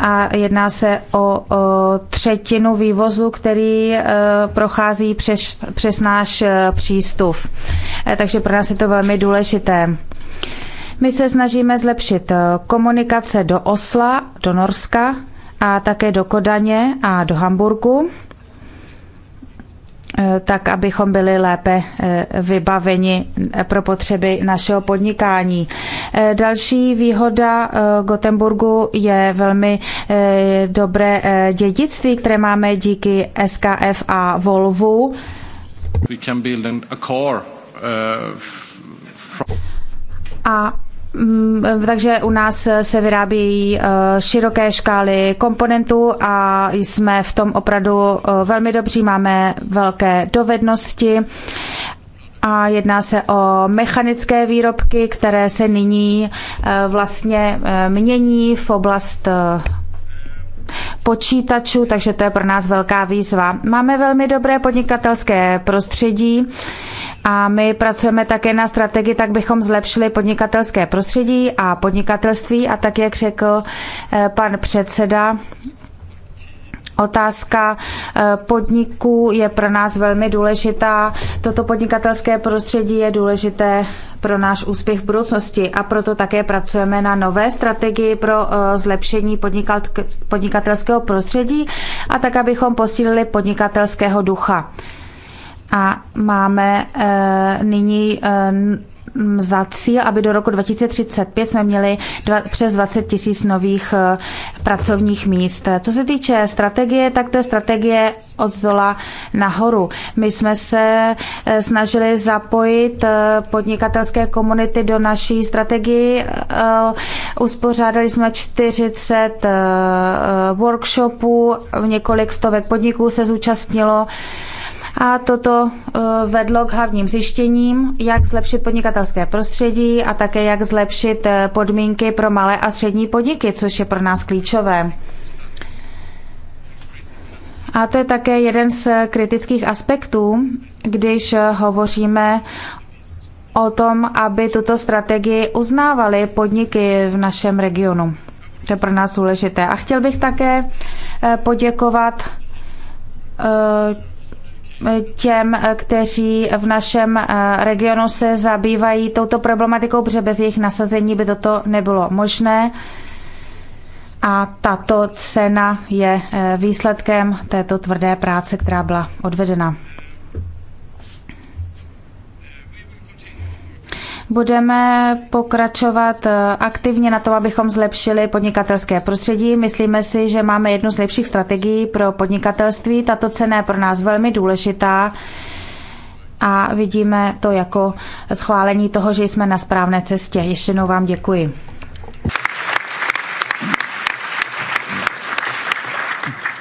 a jedná se o, o třetinu vývozu, který uh, prochází přes, přes náš uh, přístup. E, takže pro nás je to velmi důležité. My se snažíme zlepšit e, komunikace do Osla, do Norska a také do Kodaně a do Hamburgu. Eh, tak abychom byli lépe eh, vybaveni eh, pro potřeby našeho podnikání. Další výhoda Gotemburgu je velmi dobré dědictví, které máme díky SKF a Volvu. A Mm, takže u nás se vyrábějí eh, široké škály komponentů a jsme v tom opravdu eh, velmi dobří, máme velké dovednosti a jedná se o mechanické výrobky, které se nyní eh, vlastně mění v oblast počítačů, takže to je pro nás velká výzva. Máme velmi dobré podnikatelské prostředí a my pracujeme také na strategii, tak bychom zlepšili podnikatelské prostředí a podnikatelství a tak, jak řekl eh, pan předseda, Otázka eh, podniků je pro nás velmi důležitá. Toto podnikatelské prostředí je důležité pro náš úspěch v budoucnosti a proto také pracujeme na nové strategii pro eh, zlepšení podnikatelského prostředí a tak, abychom posílili podnikatelského ducha. A máme eh, nyní Mm, za cíl, aby do roku 2035 jsme měli dva, přes 20 tisíc nových eh, pracovních míst. Co se týče strategie, tak to je strategie od zdola nahoru. My jsme se eh, snažili zapojit eh, podnikatelské komunity do naší strategii. Uspořádali jsme 40 workshopů, několik stovek podniků se zúčastnilo. A toto eh, vedlo k hlavním zjištěním, jak zlepšit podnikatelské prostředí a také jak zlepšit eh, podmínky pro malé a střední podniky, což je pro nás klíčové. A to je také jeden z kritických aspektů, když eh, hovoříme o tom, aby tuto strategii uznávaly podniky v našem regionu. To je pro nás důležité. A chtěl bych také poděkovat těm, eh, kteří v našem eh, regionu se zabývají touto problematikou, protože bez jejich nasazení by toto nebylo možné. A tato cena je eh, výsledkem této tvrdé práce, která byla odvedena. budeme pokračovat eh, aktivně na to, abychom zlepšili podnikatelské prostředí. Myslíme si, že máme jednu z lepších strategií pro podnikatelství. Tato cena je pro nás velmi důležitá a vidíme to jako schválení toho, že jsme na správné cestě. Ještě jednou vám děkuji.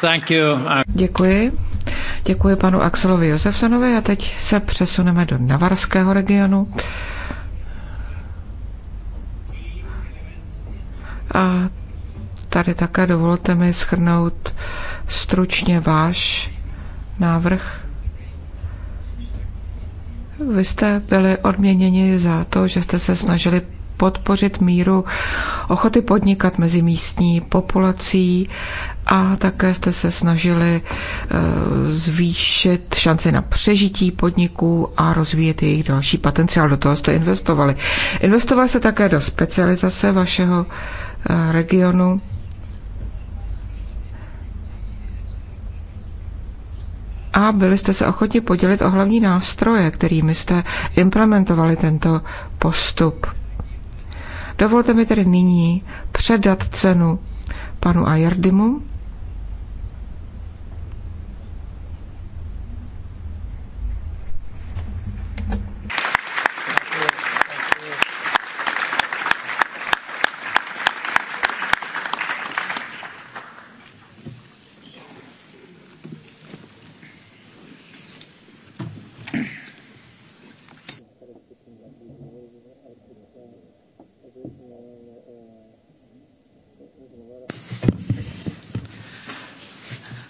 Thank you. Děkuji. Děkuji panu Axelovi Josefsonovi a teď se přesuneme do Navarského regionu. A tady také dovolte mi schrnout stručně váš návrh. Vy jste byli odměněni za to, že jste se snažili podpořit míru ochoty podnikat mezi místní populací a také jste se snažili eh, zvýšit šance na přežití podniků a rozvíjet jejich další potenciál. Do toho jste investovali. Investovali se také do specializace vašeho Eh, regionu. A byli jste se ochotni podělit o hlavní nástroje, kterými jste implementovali tento postup. Dovolte mi tedy nyní předat cenu panu Ajardimu.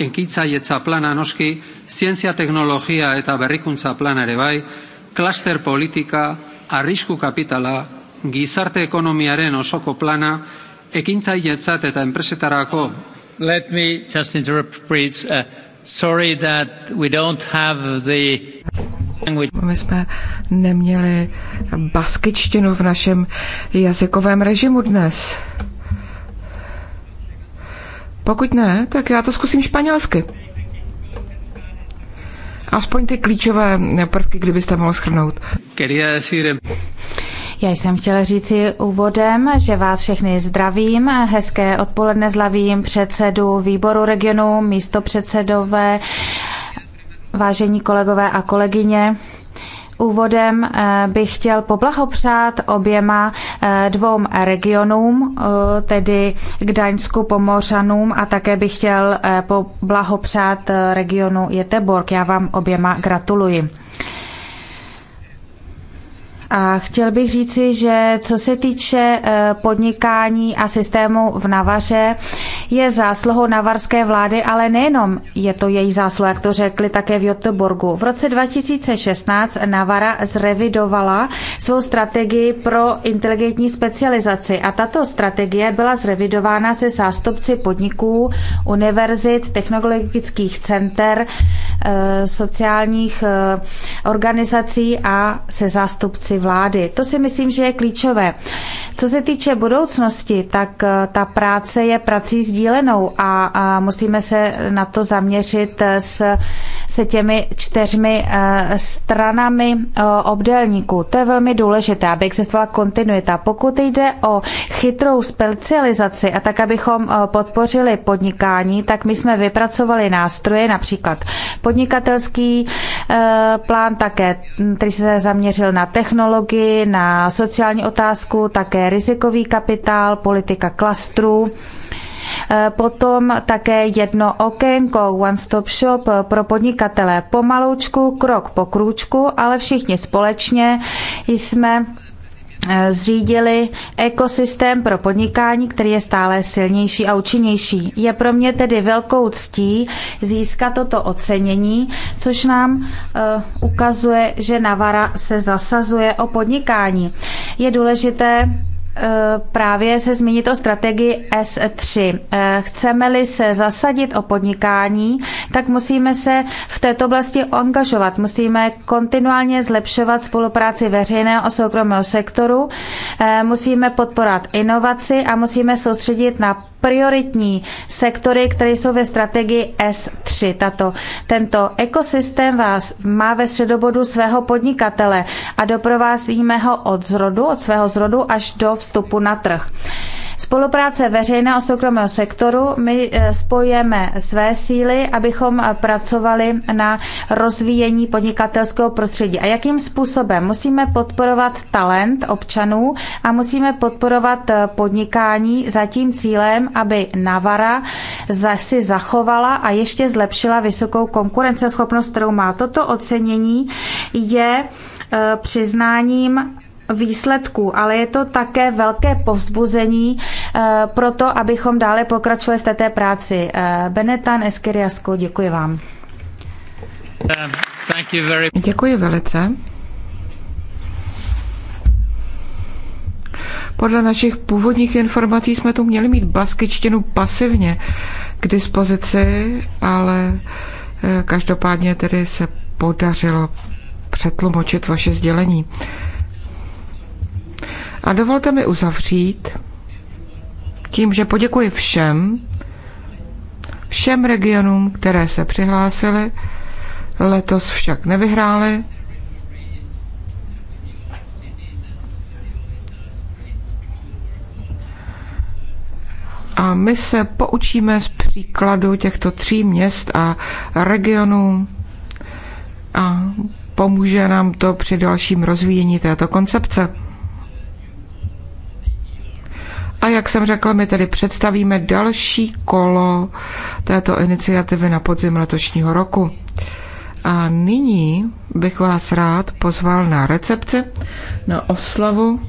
ekintzailetza plana noski, zientzia teknologia eta berrikuntza plana ere bai, klaster politika, arrisku kapitala, gizarte ekonomiaren osoko plana, ekintzailetzat eta enpresetarako. Let me just interrupt, please. Uh, sorry that we don't have the My jsme neměli baskyčtinu v našem jazykovém režimu dnes. Pokud ne, tak já to zkusím španělsky. Aspoň ty klíčové prvky, kdybyste mohl schrnout. Já jsem chtěla říci úvodem, že vás všechny zdravím. Hezké odpoledne zlavím předsedu výboru regionu, místo předsedové, vážení kolegové a kolegyně. Úvodem eh, bych chtěl poblahopřát oběma eh, dvou regionům, eh, tedy Gdaňsku Pomořanům a také bych chtěl poblahopřát regionu Jeteborg. Já vám oběma gratuluji. A chtěl bych říci, že co se týče eh, podnikání a systému v Navaře, je zásluhou navarské vlády, ale nejenom je to její zásluha, jak to řekli také v Jotoborgu. V roce 2016 Navara zrevidovala svou strategii pro inteligentní specializaci a tato strategie byla zrevidována se zástupci podniků, univerzit, technologických center, eh, sociálních eh, organizací a se zástupci vlády. To si myslím, že je klíčové. Co se týče budoucnosti, tak eh, ta práce je prací sdílenou a musíme se na to zaměřit eh, s, se těmi čtyřmi eh, stranami obdélníků. To je velmi důležité, aby existovala kontinuita. Pokud jde o chytrou specializaci a tak, abychom podpořili podnikání, tak my jsme vypracovali nástroje, například podnikatelský plán také, který se zaměřil na technologii technologii, na sociální otázku, také rizikový kapitál, politika klastru. Eh, potom také jedno okénko, one stop shop eh, pro podnikatele. Pomaloučku, krok po krůčku, ale všichni společně jsme Eh, zřídili ekosystém pro podnikání, který je stále silnější a účinnější. Je pro mě tedy velkou ctí získat toto ocenění, což nám eh, ukazuje, že Navara se zasazuje o podnikání. Je důležité Eh, právě se zmínit o strategii S3. Eh, chceme-li se zasadit o podnikání, tak musíme se v této oblasti angažovat. Musíme kontinuálně zlepšovat spolupráci veřejného a soukromého sektoru, eh, musíme podporovat inovaci a musíme soustředit na prioritní sektory, které jsou ve strategii S3. Tato, tento ekosystém vás má ve středobodu svého podnikatele a doprovázíme ho od zrodu, od svého zrodu až do vstupu na trh. Spolupráce veřejného a soukromého sektoru, my eh, spojujeme své síly, abychom eh, pracovali na rozvíjení podnikatelského prostředí. A jakým způsobem? Musíme podporovat talent občanů a musíme podporovat eh, podnikání za tím cílem, aby Navara si zachovala a ještě zlepšila vysokou konkurenceschopnost, kterou má. Toto ocenění je přiznáním výsledků, ale je to také velké povzbuzení eh, pro to, abychom dále pokračovali v této práci. Eh, Benetan Eskeriasko, děkuji vám. Děkuji velice. Podle našich původních informací jsme tu měli mít baskyčtinu pasivně k dispozici, ale eh, každopádně tedy se podařilo přetlumočit vaše sdělení. A dovolte mi uzavřít tím, že poděkuji všem, všem regionům, které se přihlásily, letos však nevyhrály. A my se poučíme z příkladu těchto tří měst a regionů a pomůže nám to při dalším rozvíjení této koncepce. A jak jsem řekla, my tedy představíme další kolo této iniciativy na podzim letošního roku. A nyní bych vás rád pozval na recepci, na oslavu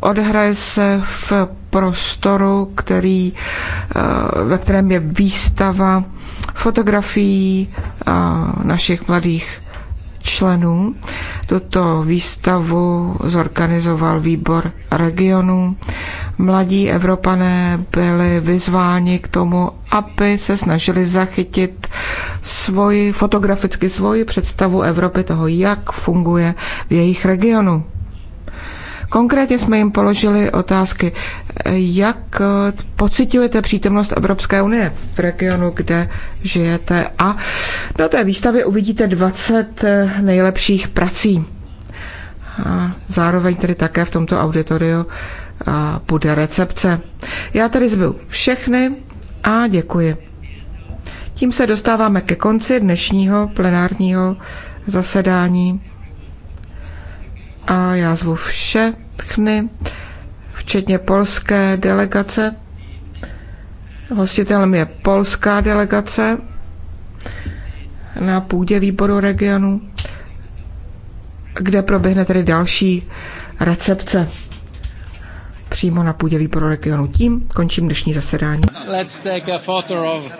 odehraje se v prostoru, který, eh, ve kterém je výstava fotografií eh, našich mladých členů. Tuto výstavu zorganizoval výbor regionů. Mladí Evropané byli vyzváni k tomu, aby se snažili zachytit svoji, fotograficky svoji představu Evropy, toho, jak funguje v jejich regionu. Konkrétně jsme jim položili otázky, jak eh, pocitujete přítomnost Evropské unie v regionu, kde žijete a na té výstavě uvidíte 20 eh, nejlepších prací. A zároveň tedy také v tomto auditoriu bude recepce. Já tady zbyl všechny a děkuji. Tím se dostáváme ke konci dnešního plenárního zasedání a já zvu všechny, včetně polské delegace. Hostitelem je polská delegace na půdě výboru regionu, kde proběhne tedy další recepce přímo na půdě výboru regionu. Tím končím dnešní zasedání. Let's take a photo of...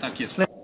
Tak